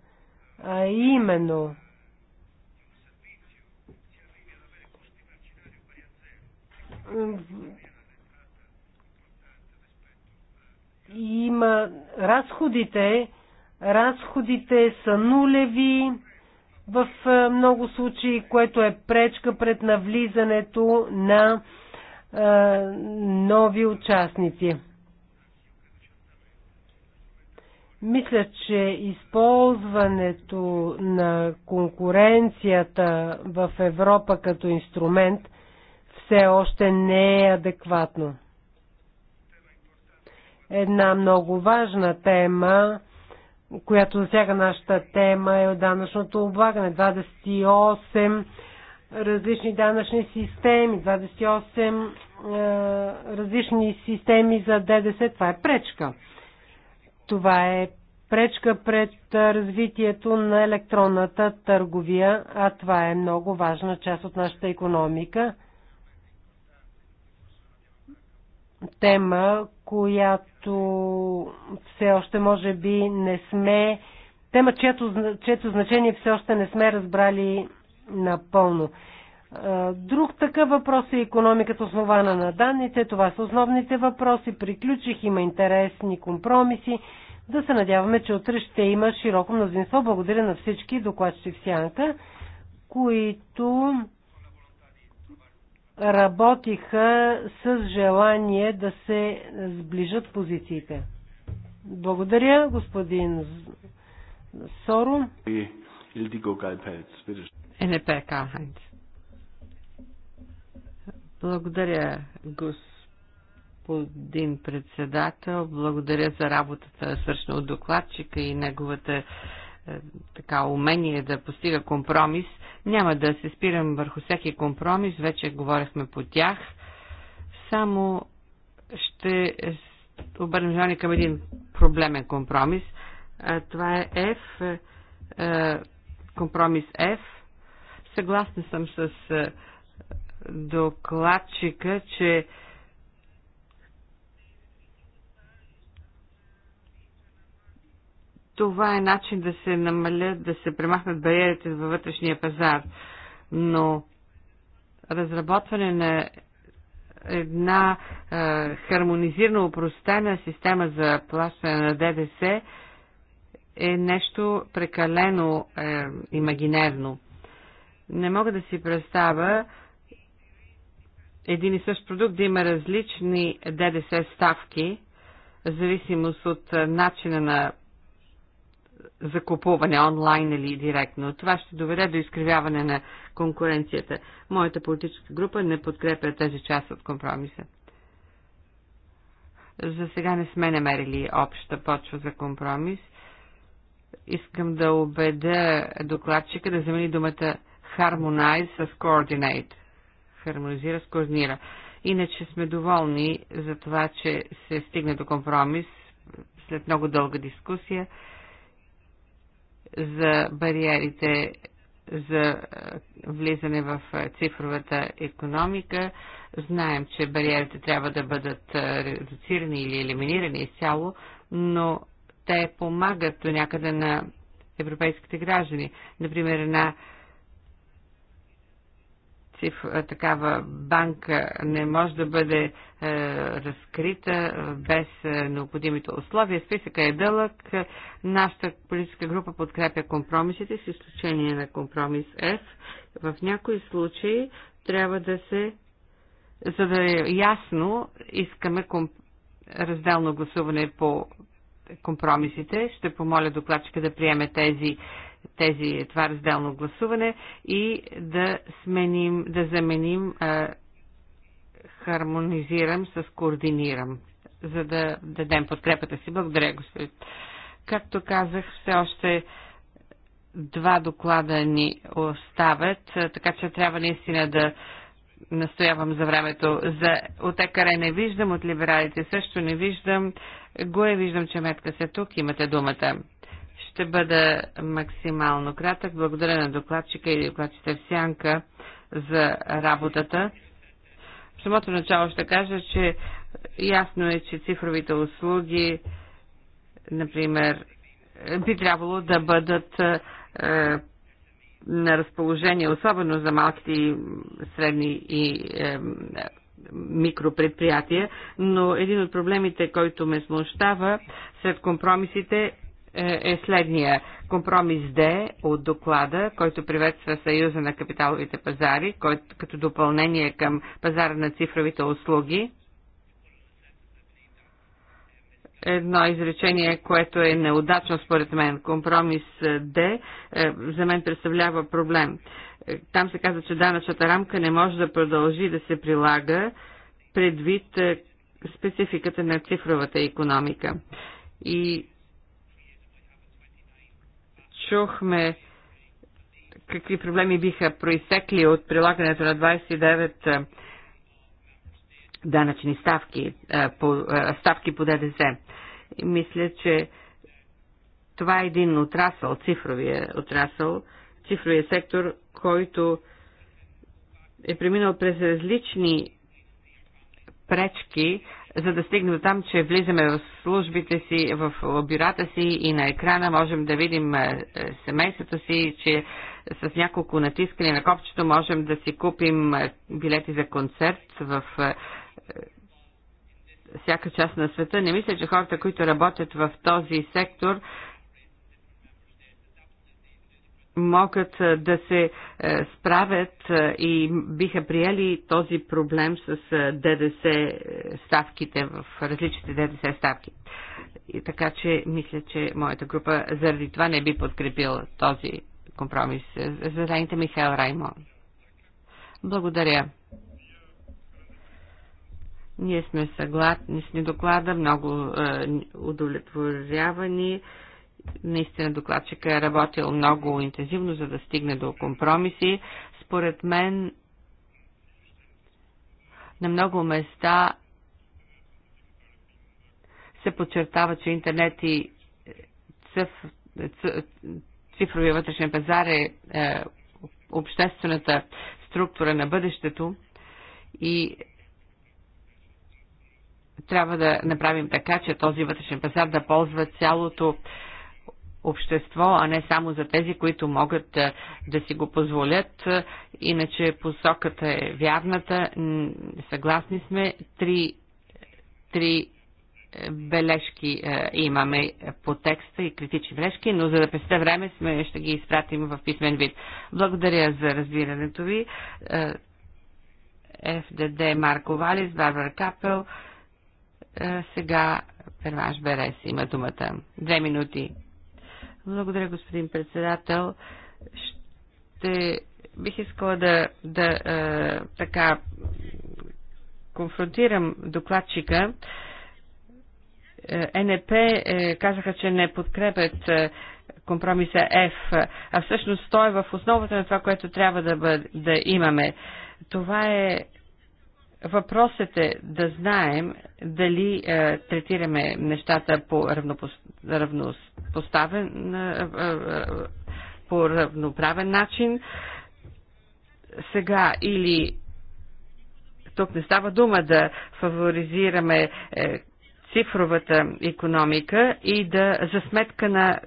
а именно има разходите, разходите са нулеви в е, много случаи, което е пречка пред навлизането на е, нови участници. Мисля, че използването на конкуренцията в Европа като инструмент все още не е адекватно. Една много важна тема, която засяга нашата тема е данъчното облагане. 28 различни данъчни системи, 28 е, различни системи за ДДС. Това е пречка това е пречка пред развитието на електронната търговия, а това е много важна част от нашата економика. Тема, която все още може би не сме, тема, чието, чието значение все още не сме разбрали напълно. Друг такъв въпрос е економиката основана на данните. Това са основните въпроси. Приключих, има интересни компромиси. Да се надяваме, че утре ще има широко мнозинство. Благодаря на всички докладчи в Сянка, които работиха с желание да се сближат позициите. Благодаря, господин Соро. НП Калхайнц. Благодаря, господин председател. Благодаря за работата, свършена от докладчика и неговата е, така умение да постига компромис. Няма да се спирам върху всеки компромис, вече говорихме по тях. Само ще обърнем внимание към един проблемен компромис. Е, това е F, е, компромис F. Съгласна съм с докладчика, че това е начин да се намалят, да се премахнат бариерите във вътрешния пазар. Но разработване на една е, хармонизирана, упростена система за плащане на ДДС е нещо прекалено е, имагинерно. Не мога да си представя един и същ продукт да има различни ДДС ставки, в зависимост от начина на закупуване онлайн или директно. Това ще доведе до изкривяване на конкуренцията. Моята политическа група не подкрепя тази част от компромиса. За сега не сме намерили обща почва за компромис. Искам да убедя докладчика да замени думата harmonize с coordinate хармонизира, с координира. Иначе сме доволни за това, че се стигна до компромис след много дълга дискусия за бариерите за влизане в цифровата економика. Знаем, че бариерите трябва да бъдат редуцирани или елиминирани изцяло, но те помагат до някъде на европейските граждани. Например, една в е, такава банка не може да бъде е, разкрита е, без е, необходимите условия. Списъка е дълъг. Нашата политическа група подкрепя компромисите с изключение на компромис F. В някои случаи трябва да се, за да е ясно, искаме комп... разделно гласуване по компромисите. Ще помоля докладчика да приеме тези тези, това разделно гласуване и да сменим, да заменим а, хармонизирам с координирам, за да дадем подкрепата си. Благодаря, господин. Както казах, все още два доклада ни оставят, така че трябва наистина да настоявам за времето. За, от не виждам, от либералите също не виждам. Гое виждам, че метка се е тук. Имате думата. Ще бъда максимално кратък. Благодаря на докладчика и докладчите в сянка за работата. В самото начало ще кажа, че ясно е, че цифровите услуги, например, би трябвало да бъдат е, на разположение, особено за малките и средни и е, микропредприятия, но един от проблемите, който ме смущава сред компромисите е, е следния. Компромис Д от доклада, който приветства Съюза на капиталовите пазари, който като допълнение към пазара на цифровите услуги. Едно изречение, което е неудачно според мен. Компромис Д е, за мен представлява проблем. Там се казва, че данъчната рамка не може да продължи да се прилага предвид е, спецификата на цифровата економика. И чухме какви проблеми биха проистекли от прилагането на 29 данъчни ставки, ставки по ДДС. И мисля, че това е един отрасъл, цифровия отрасъл, цифровия сектор, който е преминал през различни пречки, за да стигнем до там, че влизаме в службите си, в бюрата си и на екрана можем да видим е, е, семейството си, че с няколко натискане на копчето можем да си купим е, билети за концерт в всяка част на света. Не мисля, че хората, които работят в този сектор, могат да се справят и биха приели този проблем с ДДС ставките в различните ДДС ставки. И така че мисля, че моята група заради това не би подкрепила този компромис. Заданите Михаил Раймо. Благодаря. Ние сме съгласни с доклада, много е, удовлетворявани. Наистина докладчика е работил много интензивно, за да стигне до компромиси. Според мен на много места се подчертава, че интернет и цъф, цифровия вътрешен пазар е, е обществената структура на бъдещето и трябва да направим така, че този вътрешен пазар да ползва цялото общество, а не само за тези, които могат да си го позволят. Иначе посоката е вярната. Съгласни сме. Три, три е, бележки е, имаме по текста и критични бележки, но за да песте време сме, ще ги изпратим в писмен вид. Благодаря за разбирането ви. Е, ФДД Марко Валис, Барбара Капел. Сега Перваш Берес има думата. Две минути. Благодаря, господин председател. Ще бих искала да, да е, така конфронтирам докладчика. Е, НП е, казаха, че не подкрепят е, компромиса F, а всъщност той е в основата на това, което трябва да, бъд, да имаме. Това е Въпросът е да знаем дали е, третираме нещата по равнопоставен, е, е, е, по равноправен начин. Сега или тук не става дума да фаворизираме е, цифровата економика и да за сметка на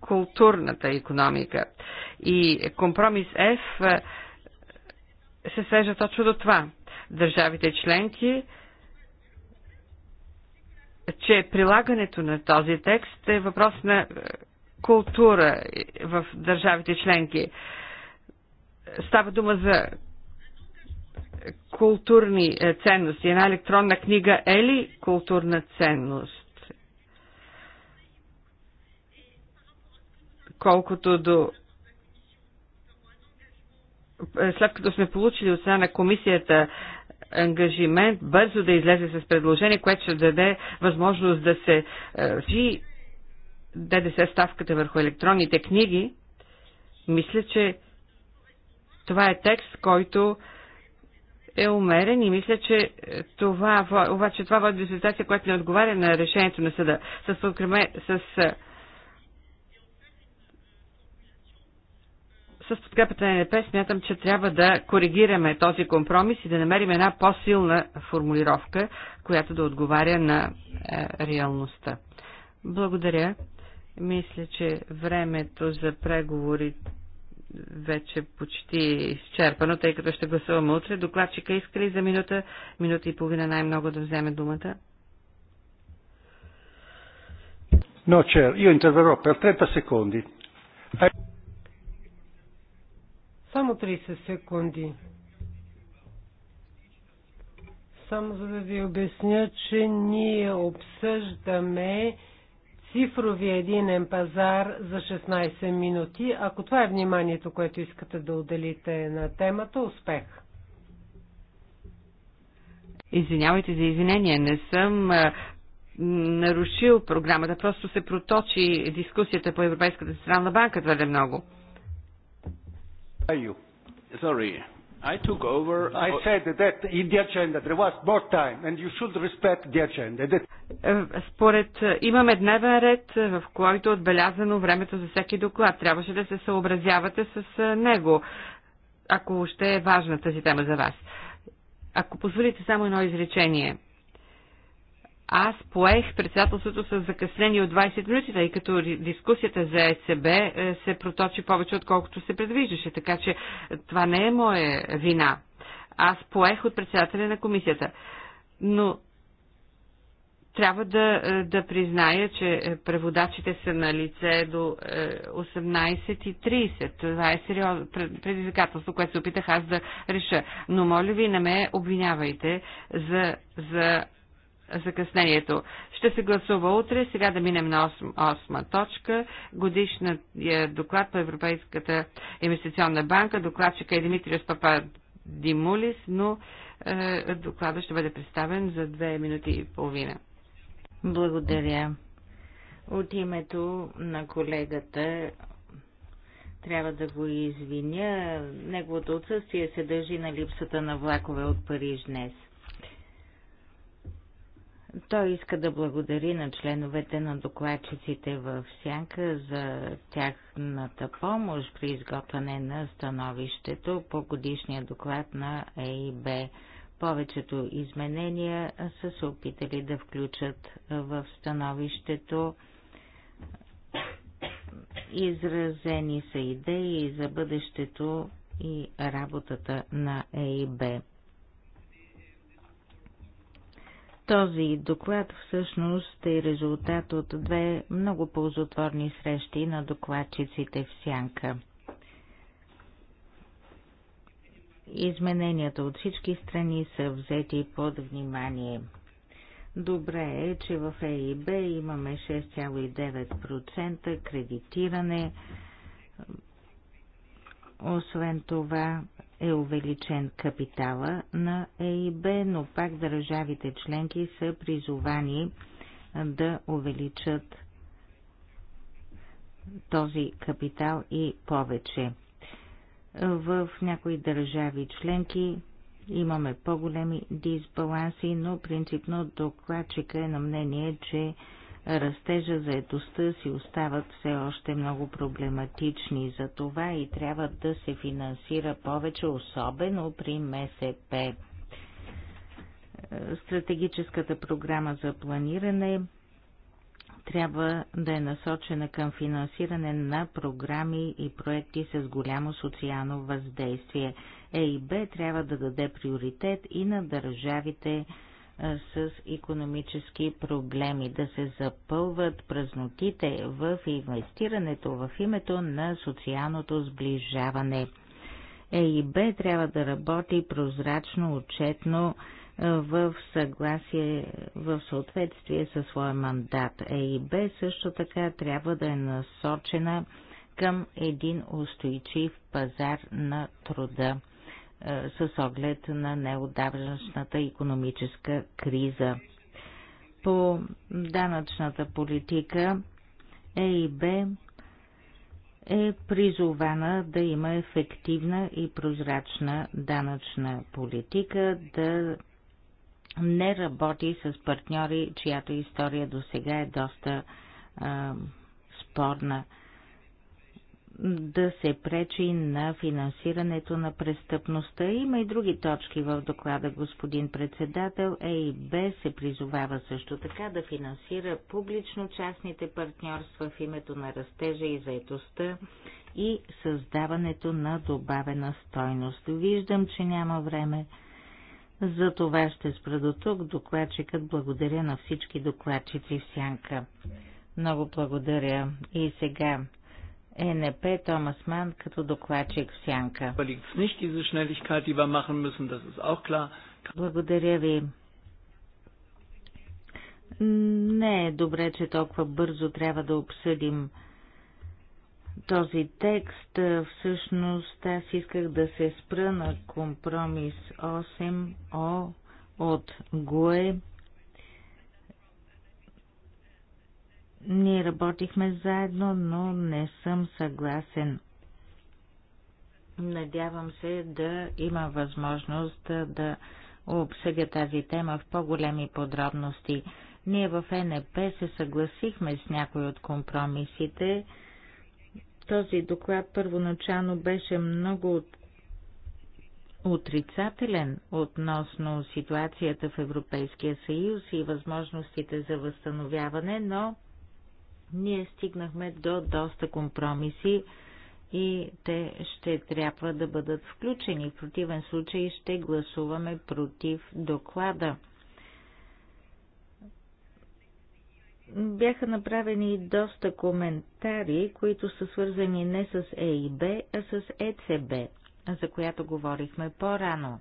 културната економика. И компромис F е, се свежда точно до това държавите членки, че прилагането на този текст е въпрос на е, култура в държавите членки. Става дума за културни е, ценности. Една електронна книга е ли културна ценност? Колкото до е, след като сме получили от страна на комисията ангажимент бързо да излезе с предложение, което ще даде възможност да се е, си ДДС ставката върху електронните книги, мисля, че това е текст, който е умерен и мисля, че това, обаче това води до ситуация, която не отговаря на решението на съда. С, с е, С подкрепата на НП смятам, че трябва да коригираме този компромис и да намерим една по-силна формулировка, която да отговаря на е, реалността. Благодаря. Мисля, че времето за преговори вече почти изчерпано, тъй като ще гласуваме утре. Докладчика иска ли за минута, минута и половина най-много да вземе думата? No, чер, io interverrò per 30 секунди. Само 30 секунди. Само за да ви обясня, че ние обсъждаме цифровия единен пазар за 16 минути. Ако това е вниманието, което искате да отделите на темата, успех! Извинявайте за извинение, не съм нарушил програмата, просто се проточи дискусията по Европейската централна банка твърде много you. Sorry. I took over. I uh, said that in the agenda there was more time and you should respect the agenda. That... Е, според е, имаме дневен ред, е, в който е отбелязано времето за всеки доклад. Трябваше да се съобразявате с него, ако ще е важна тази тема за вас. Ако позволите само едно изречение аз поех председателството с закъснение от 20 минути, тъй като дискусията за ЕЦБ е, се проточи повече, отколкото се предвиждаше. Така че това не е моя вина. Аз поех от председателя на комисията. Но трябва да, е, да призная, че е, преводачите са на лице до 18.30. Това е сериозно предизвикателство, което се опитах аз да реша. Но моля ви, не ме обвинявайте за, за закъснението. Ще се гласува утре. Сега да минем на 8 точка. Годишният доклад по Европейската инвестиционна банка. Докладчика е Димитрия Стопа Димулис, но е, доклада ще бъде представен за 2 минути и половина. Благодаря. От името на колегата трябва да го извиня. Неговото отсъствие се дължи на липсата на влакове от Париж днес. Той иска да благодари на членовете на докладчиците в Сянка за тяхната помощ при изготвяне на становището по годишния доклад на ЕИБ. Повечето изменения са се опитали да включат в становището. Изразени са идеи за бъдещето и работата на ЕИБ. Този доклад всъщност е резултат от две много ползотворни срещи на докладчиците в Сянка. Измененията от всички страни са взети под внимание. Добре е, че в ЕИБ имаме 6,9% кредитиране. Освен това, е увеличен капитала на ЕИБ, но пак държавите членки са призовани да увеличат този капитал и повече. В някои държави членки имаме по-големи дисбаланси, но принципно докладчика е на мнение, че растежа, за етостта си остават все още много проблематични. За това и трябва да се финансира повече, особено при МСП. Е, стратегическата програма за планиране трябва да е насочена към финансиране на програми и проекти с голямо социално въздействие. ЕИБ трябва да даде приоритет и на държавите, с економически проблеми, да се запълват празнотите в инвестирането в името на социалното сближаване. ЕИБ трябва да работи прозрачно, отчетно, в съгласие, в съответствие със своя мандат. ЕИБ също така трябва да е насочена към един устойчив пазар на труда. Е, с оглед на неодавнашната економическа криза. По данъчната политика ЕИБ е призована да има ефективна и прозрачна данъчна политика, да не работи с партньори, чиято история до сега е доста а, спорна да се пречи на финансирането на престъпността. Има и други точки в доклада, господин председател. ЕИБ се призовава също така да финансира публично-частните партньорства в името на растежа и заетостта и създаването на добавена стойност. Виждам, че няма време. За това ще спра до тук. Докладчикът благодаря на всички докладчици в Сянка. Много благодаря. И сега НП Томас Ман като докладчик в Сянка. Благодаря ви. Не е добре, че толкова бързо трябва да обсъдим този текст. Всъщност аз исках да се спра на компромис 8О от ГУЕ Ние работихме заедно, но не съм съгласен. Надявам се да има възможност да обсъдя тази тема в по-големи подробности. Ние в НП се съгласихме с някои от компромисите. Този доклад първоначално беше много отрицателен относно ситуацията в Европейския съюз и възможностите за възстановяване, но ние стигнахме до доста компромиси и те ще трябва да бъдат включени. В противен случай ще гласуваме против доклада. Бяха направени доста коментари, които са свързани не с ЕИБ, а с ЕЦБ, за която говорихме по-рано.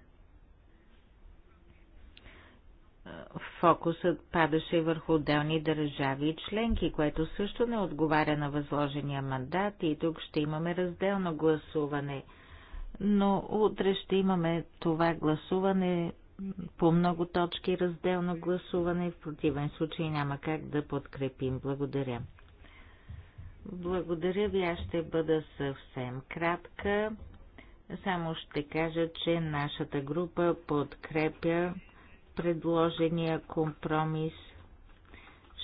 фокусът падаше върху отделни държави и членки, което също не отговаря на възложения мандат и тук ще имаме разделно гласуване. Но утре ще имаме това гласуване по много точки разделно гласуване, в противен случай няма как да подкрепим. Благодаря. Благодаря ви, аз ще бъда съвсем кратка. Само ще кажа, че нашата група подкрепя предложения компромис.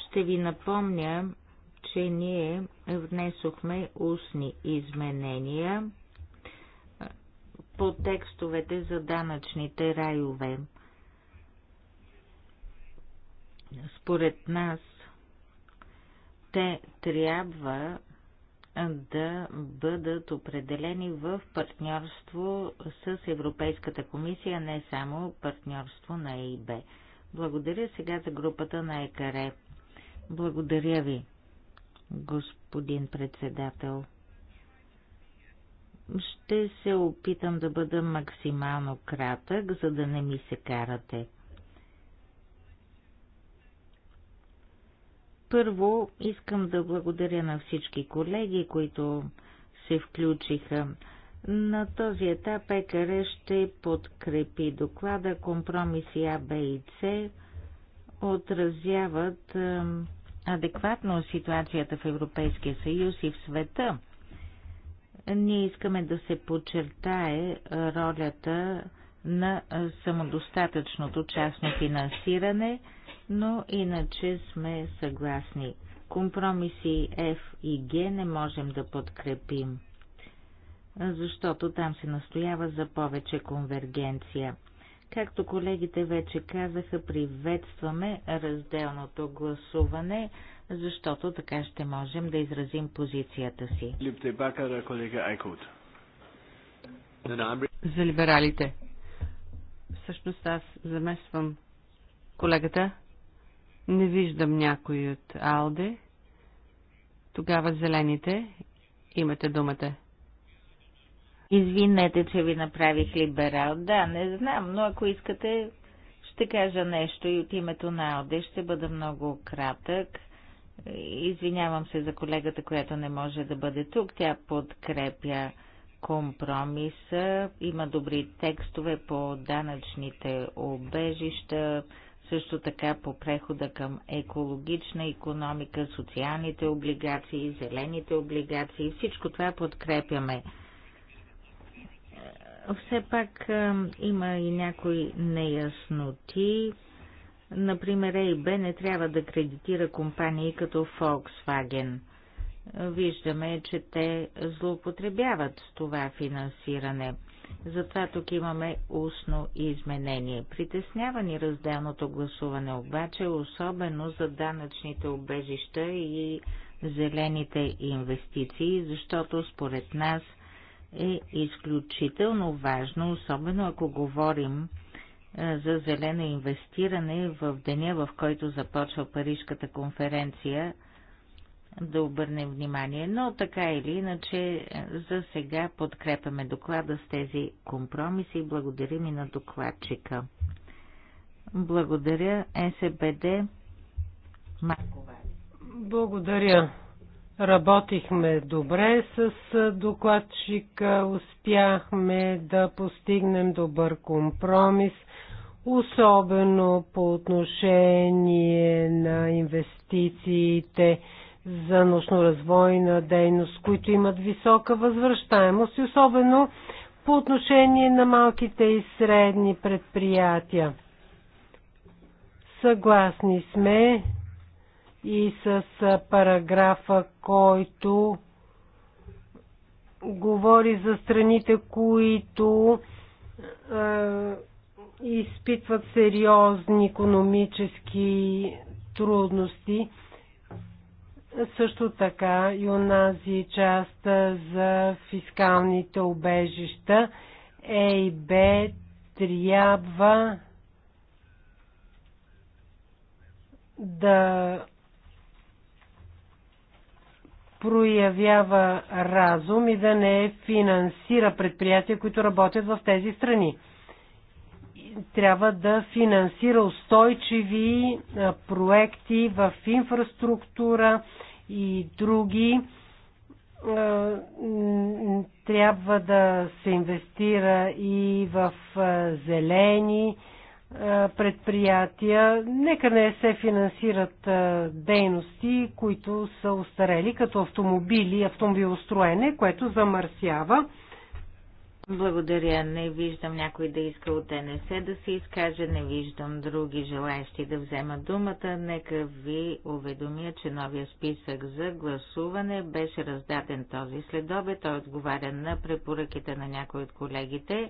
Ще ви напомня, че ние внесохме устни изменения по текстовете за данъчните райове. Според нас те трябва да бъдат определени в партньорство с Европейската комисия, не само партньорство на ЕИБ. Благодаря сега за групата на ЕКАРЕ. Благодаря ви, господин председател. Ще се опитам да бъда максимално кратък, за да не ми се карате. Първо искам да благодаря на всички колеги, които се включиха. На този етап ЕКР ще подкрепи доклада компромиси А, Б и С отразяват адекватно ситуацията в Европейския съюз и в света. Ние искаме да се подчертае ролята на самодостатъчното частно финансиране – но иначе сме съгласни. Компромиси F и G не можем да подкрепим, защото там се настоява за повече конвергенция. Както колегите вече казаха, приветстваме разделното гласуване, защото така ще можем да изразим позицията си. За либералите. Всъщност аз замесвам колегата не виждам някой от Алде. Тогава зелените имате думата. Извинете, че ви направих либерал. Да, не знам, но ако искате, ще кажа нещо и от името на Алде. Ще бъда много кратък. Извинявам се за колегата, която не може да бъде тук. Тя подкрепя компромиса. Има добри текстове по данъчните обежища, също така по прехода към екологична економика, социалните облигации, зелените облигации, всичко това подкрепяме. Все пак е, има и някои неясноти. Например, ЕИБ не трябва да кредитира компании като Volkswagen. Виждаме, че те злоупотребяват това финансиране – затова тук имаме устно изменение. Притеснява ни разделното гласуване обаче, особено за данъчните обежища и зелените инвестиции, защото според нас е изключително важно, особено ако говорим е, за зелено инвестиране в деня, в който започва Парижката конференция – да обърнем внимание, но така или иначе за сега подкрепяме доклада с тези компромиси и благодарим и на докладчика. Благодаря СБД Маркова. Благодаря. Работихме добре с докладчика, успяхме да постигнем добър компромис, особено по отношение на инвестициите за научно-развойна дейност, които имат висока възвръщаемост и особено по отношение на малките и средни предприятия. Съгласни сме и с параграфа, който говори за страните, които е, изпитват сериозни економически трудности също така и унази част за фискалните обежища Е и Б трябва да проявява разум и да не финансира предприятия, които работят в тези страни трябва да финансира устойчиви проекти в инфраструктура и други. Трябва да се инвестира и в зелени предприятия. Нека не се финансират дейности, които са устарели, като автомобили, автомобилостроене, което замърсява благодаря. Не виждам някой да иска от НС да се изкаже, не виждам други желаящи да вземат думата. Нека ви уведомя, че новия списък за гласуване беше раздаден този следобед. Той отговаря на препоръките на някои от колегите.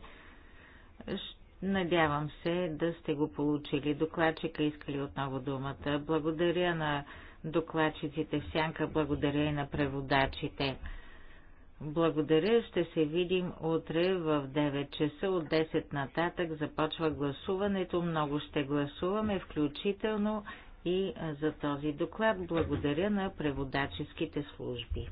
Надявам се да сте го получили. Докладчика искали отново думата. Благодаря на докладчиците в сянка, благодаря и на преводачите. Благодаря. Ще се видим утре в 9 часа. От 10 нататък започва гласуването. Много ще гласуваме, включително и за този доклад. Благодаря на преводаческите служби.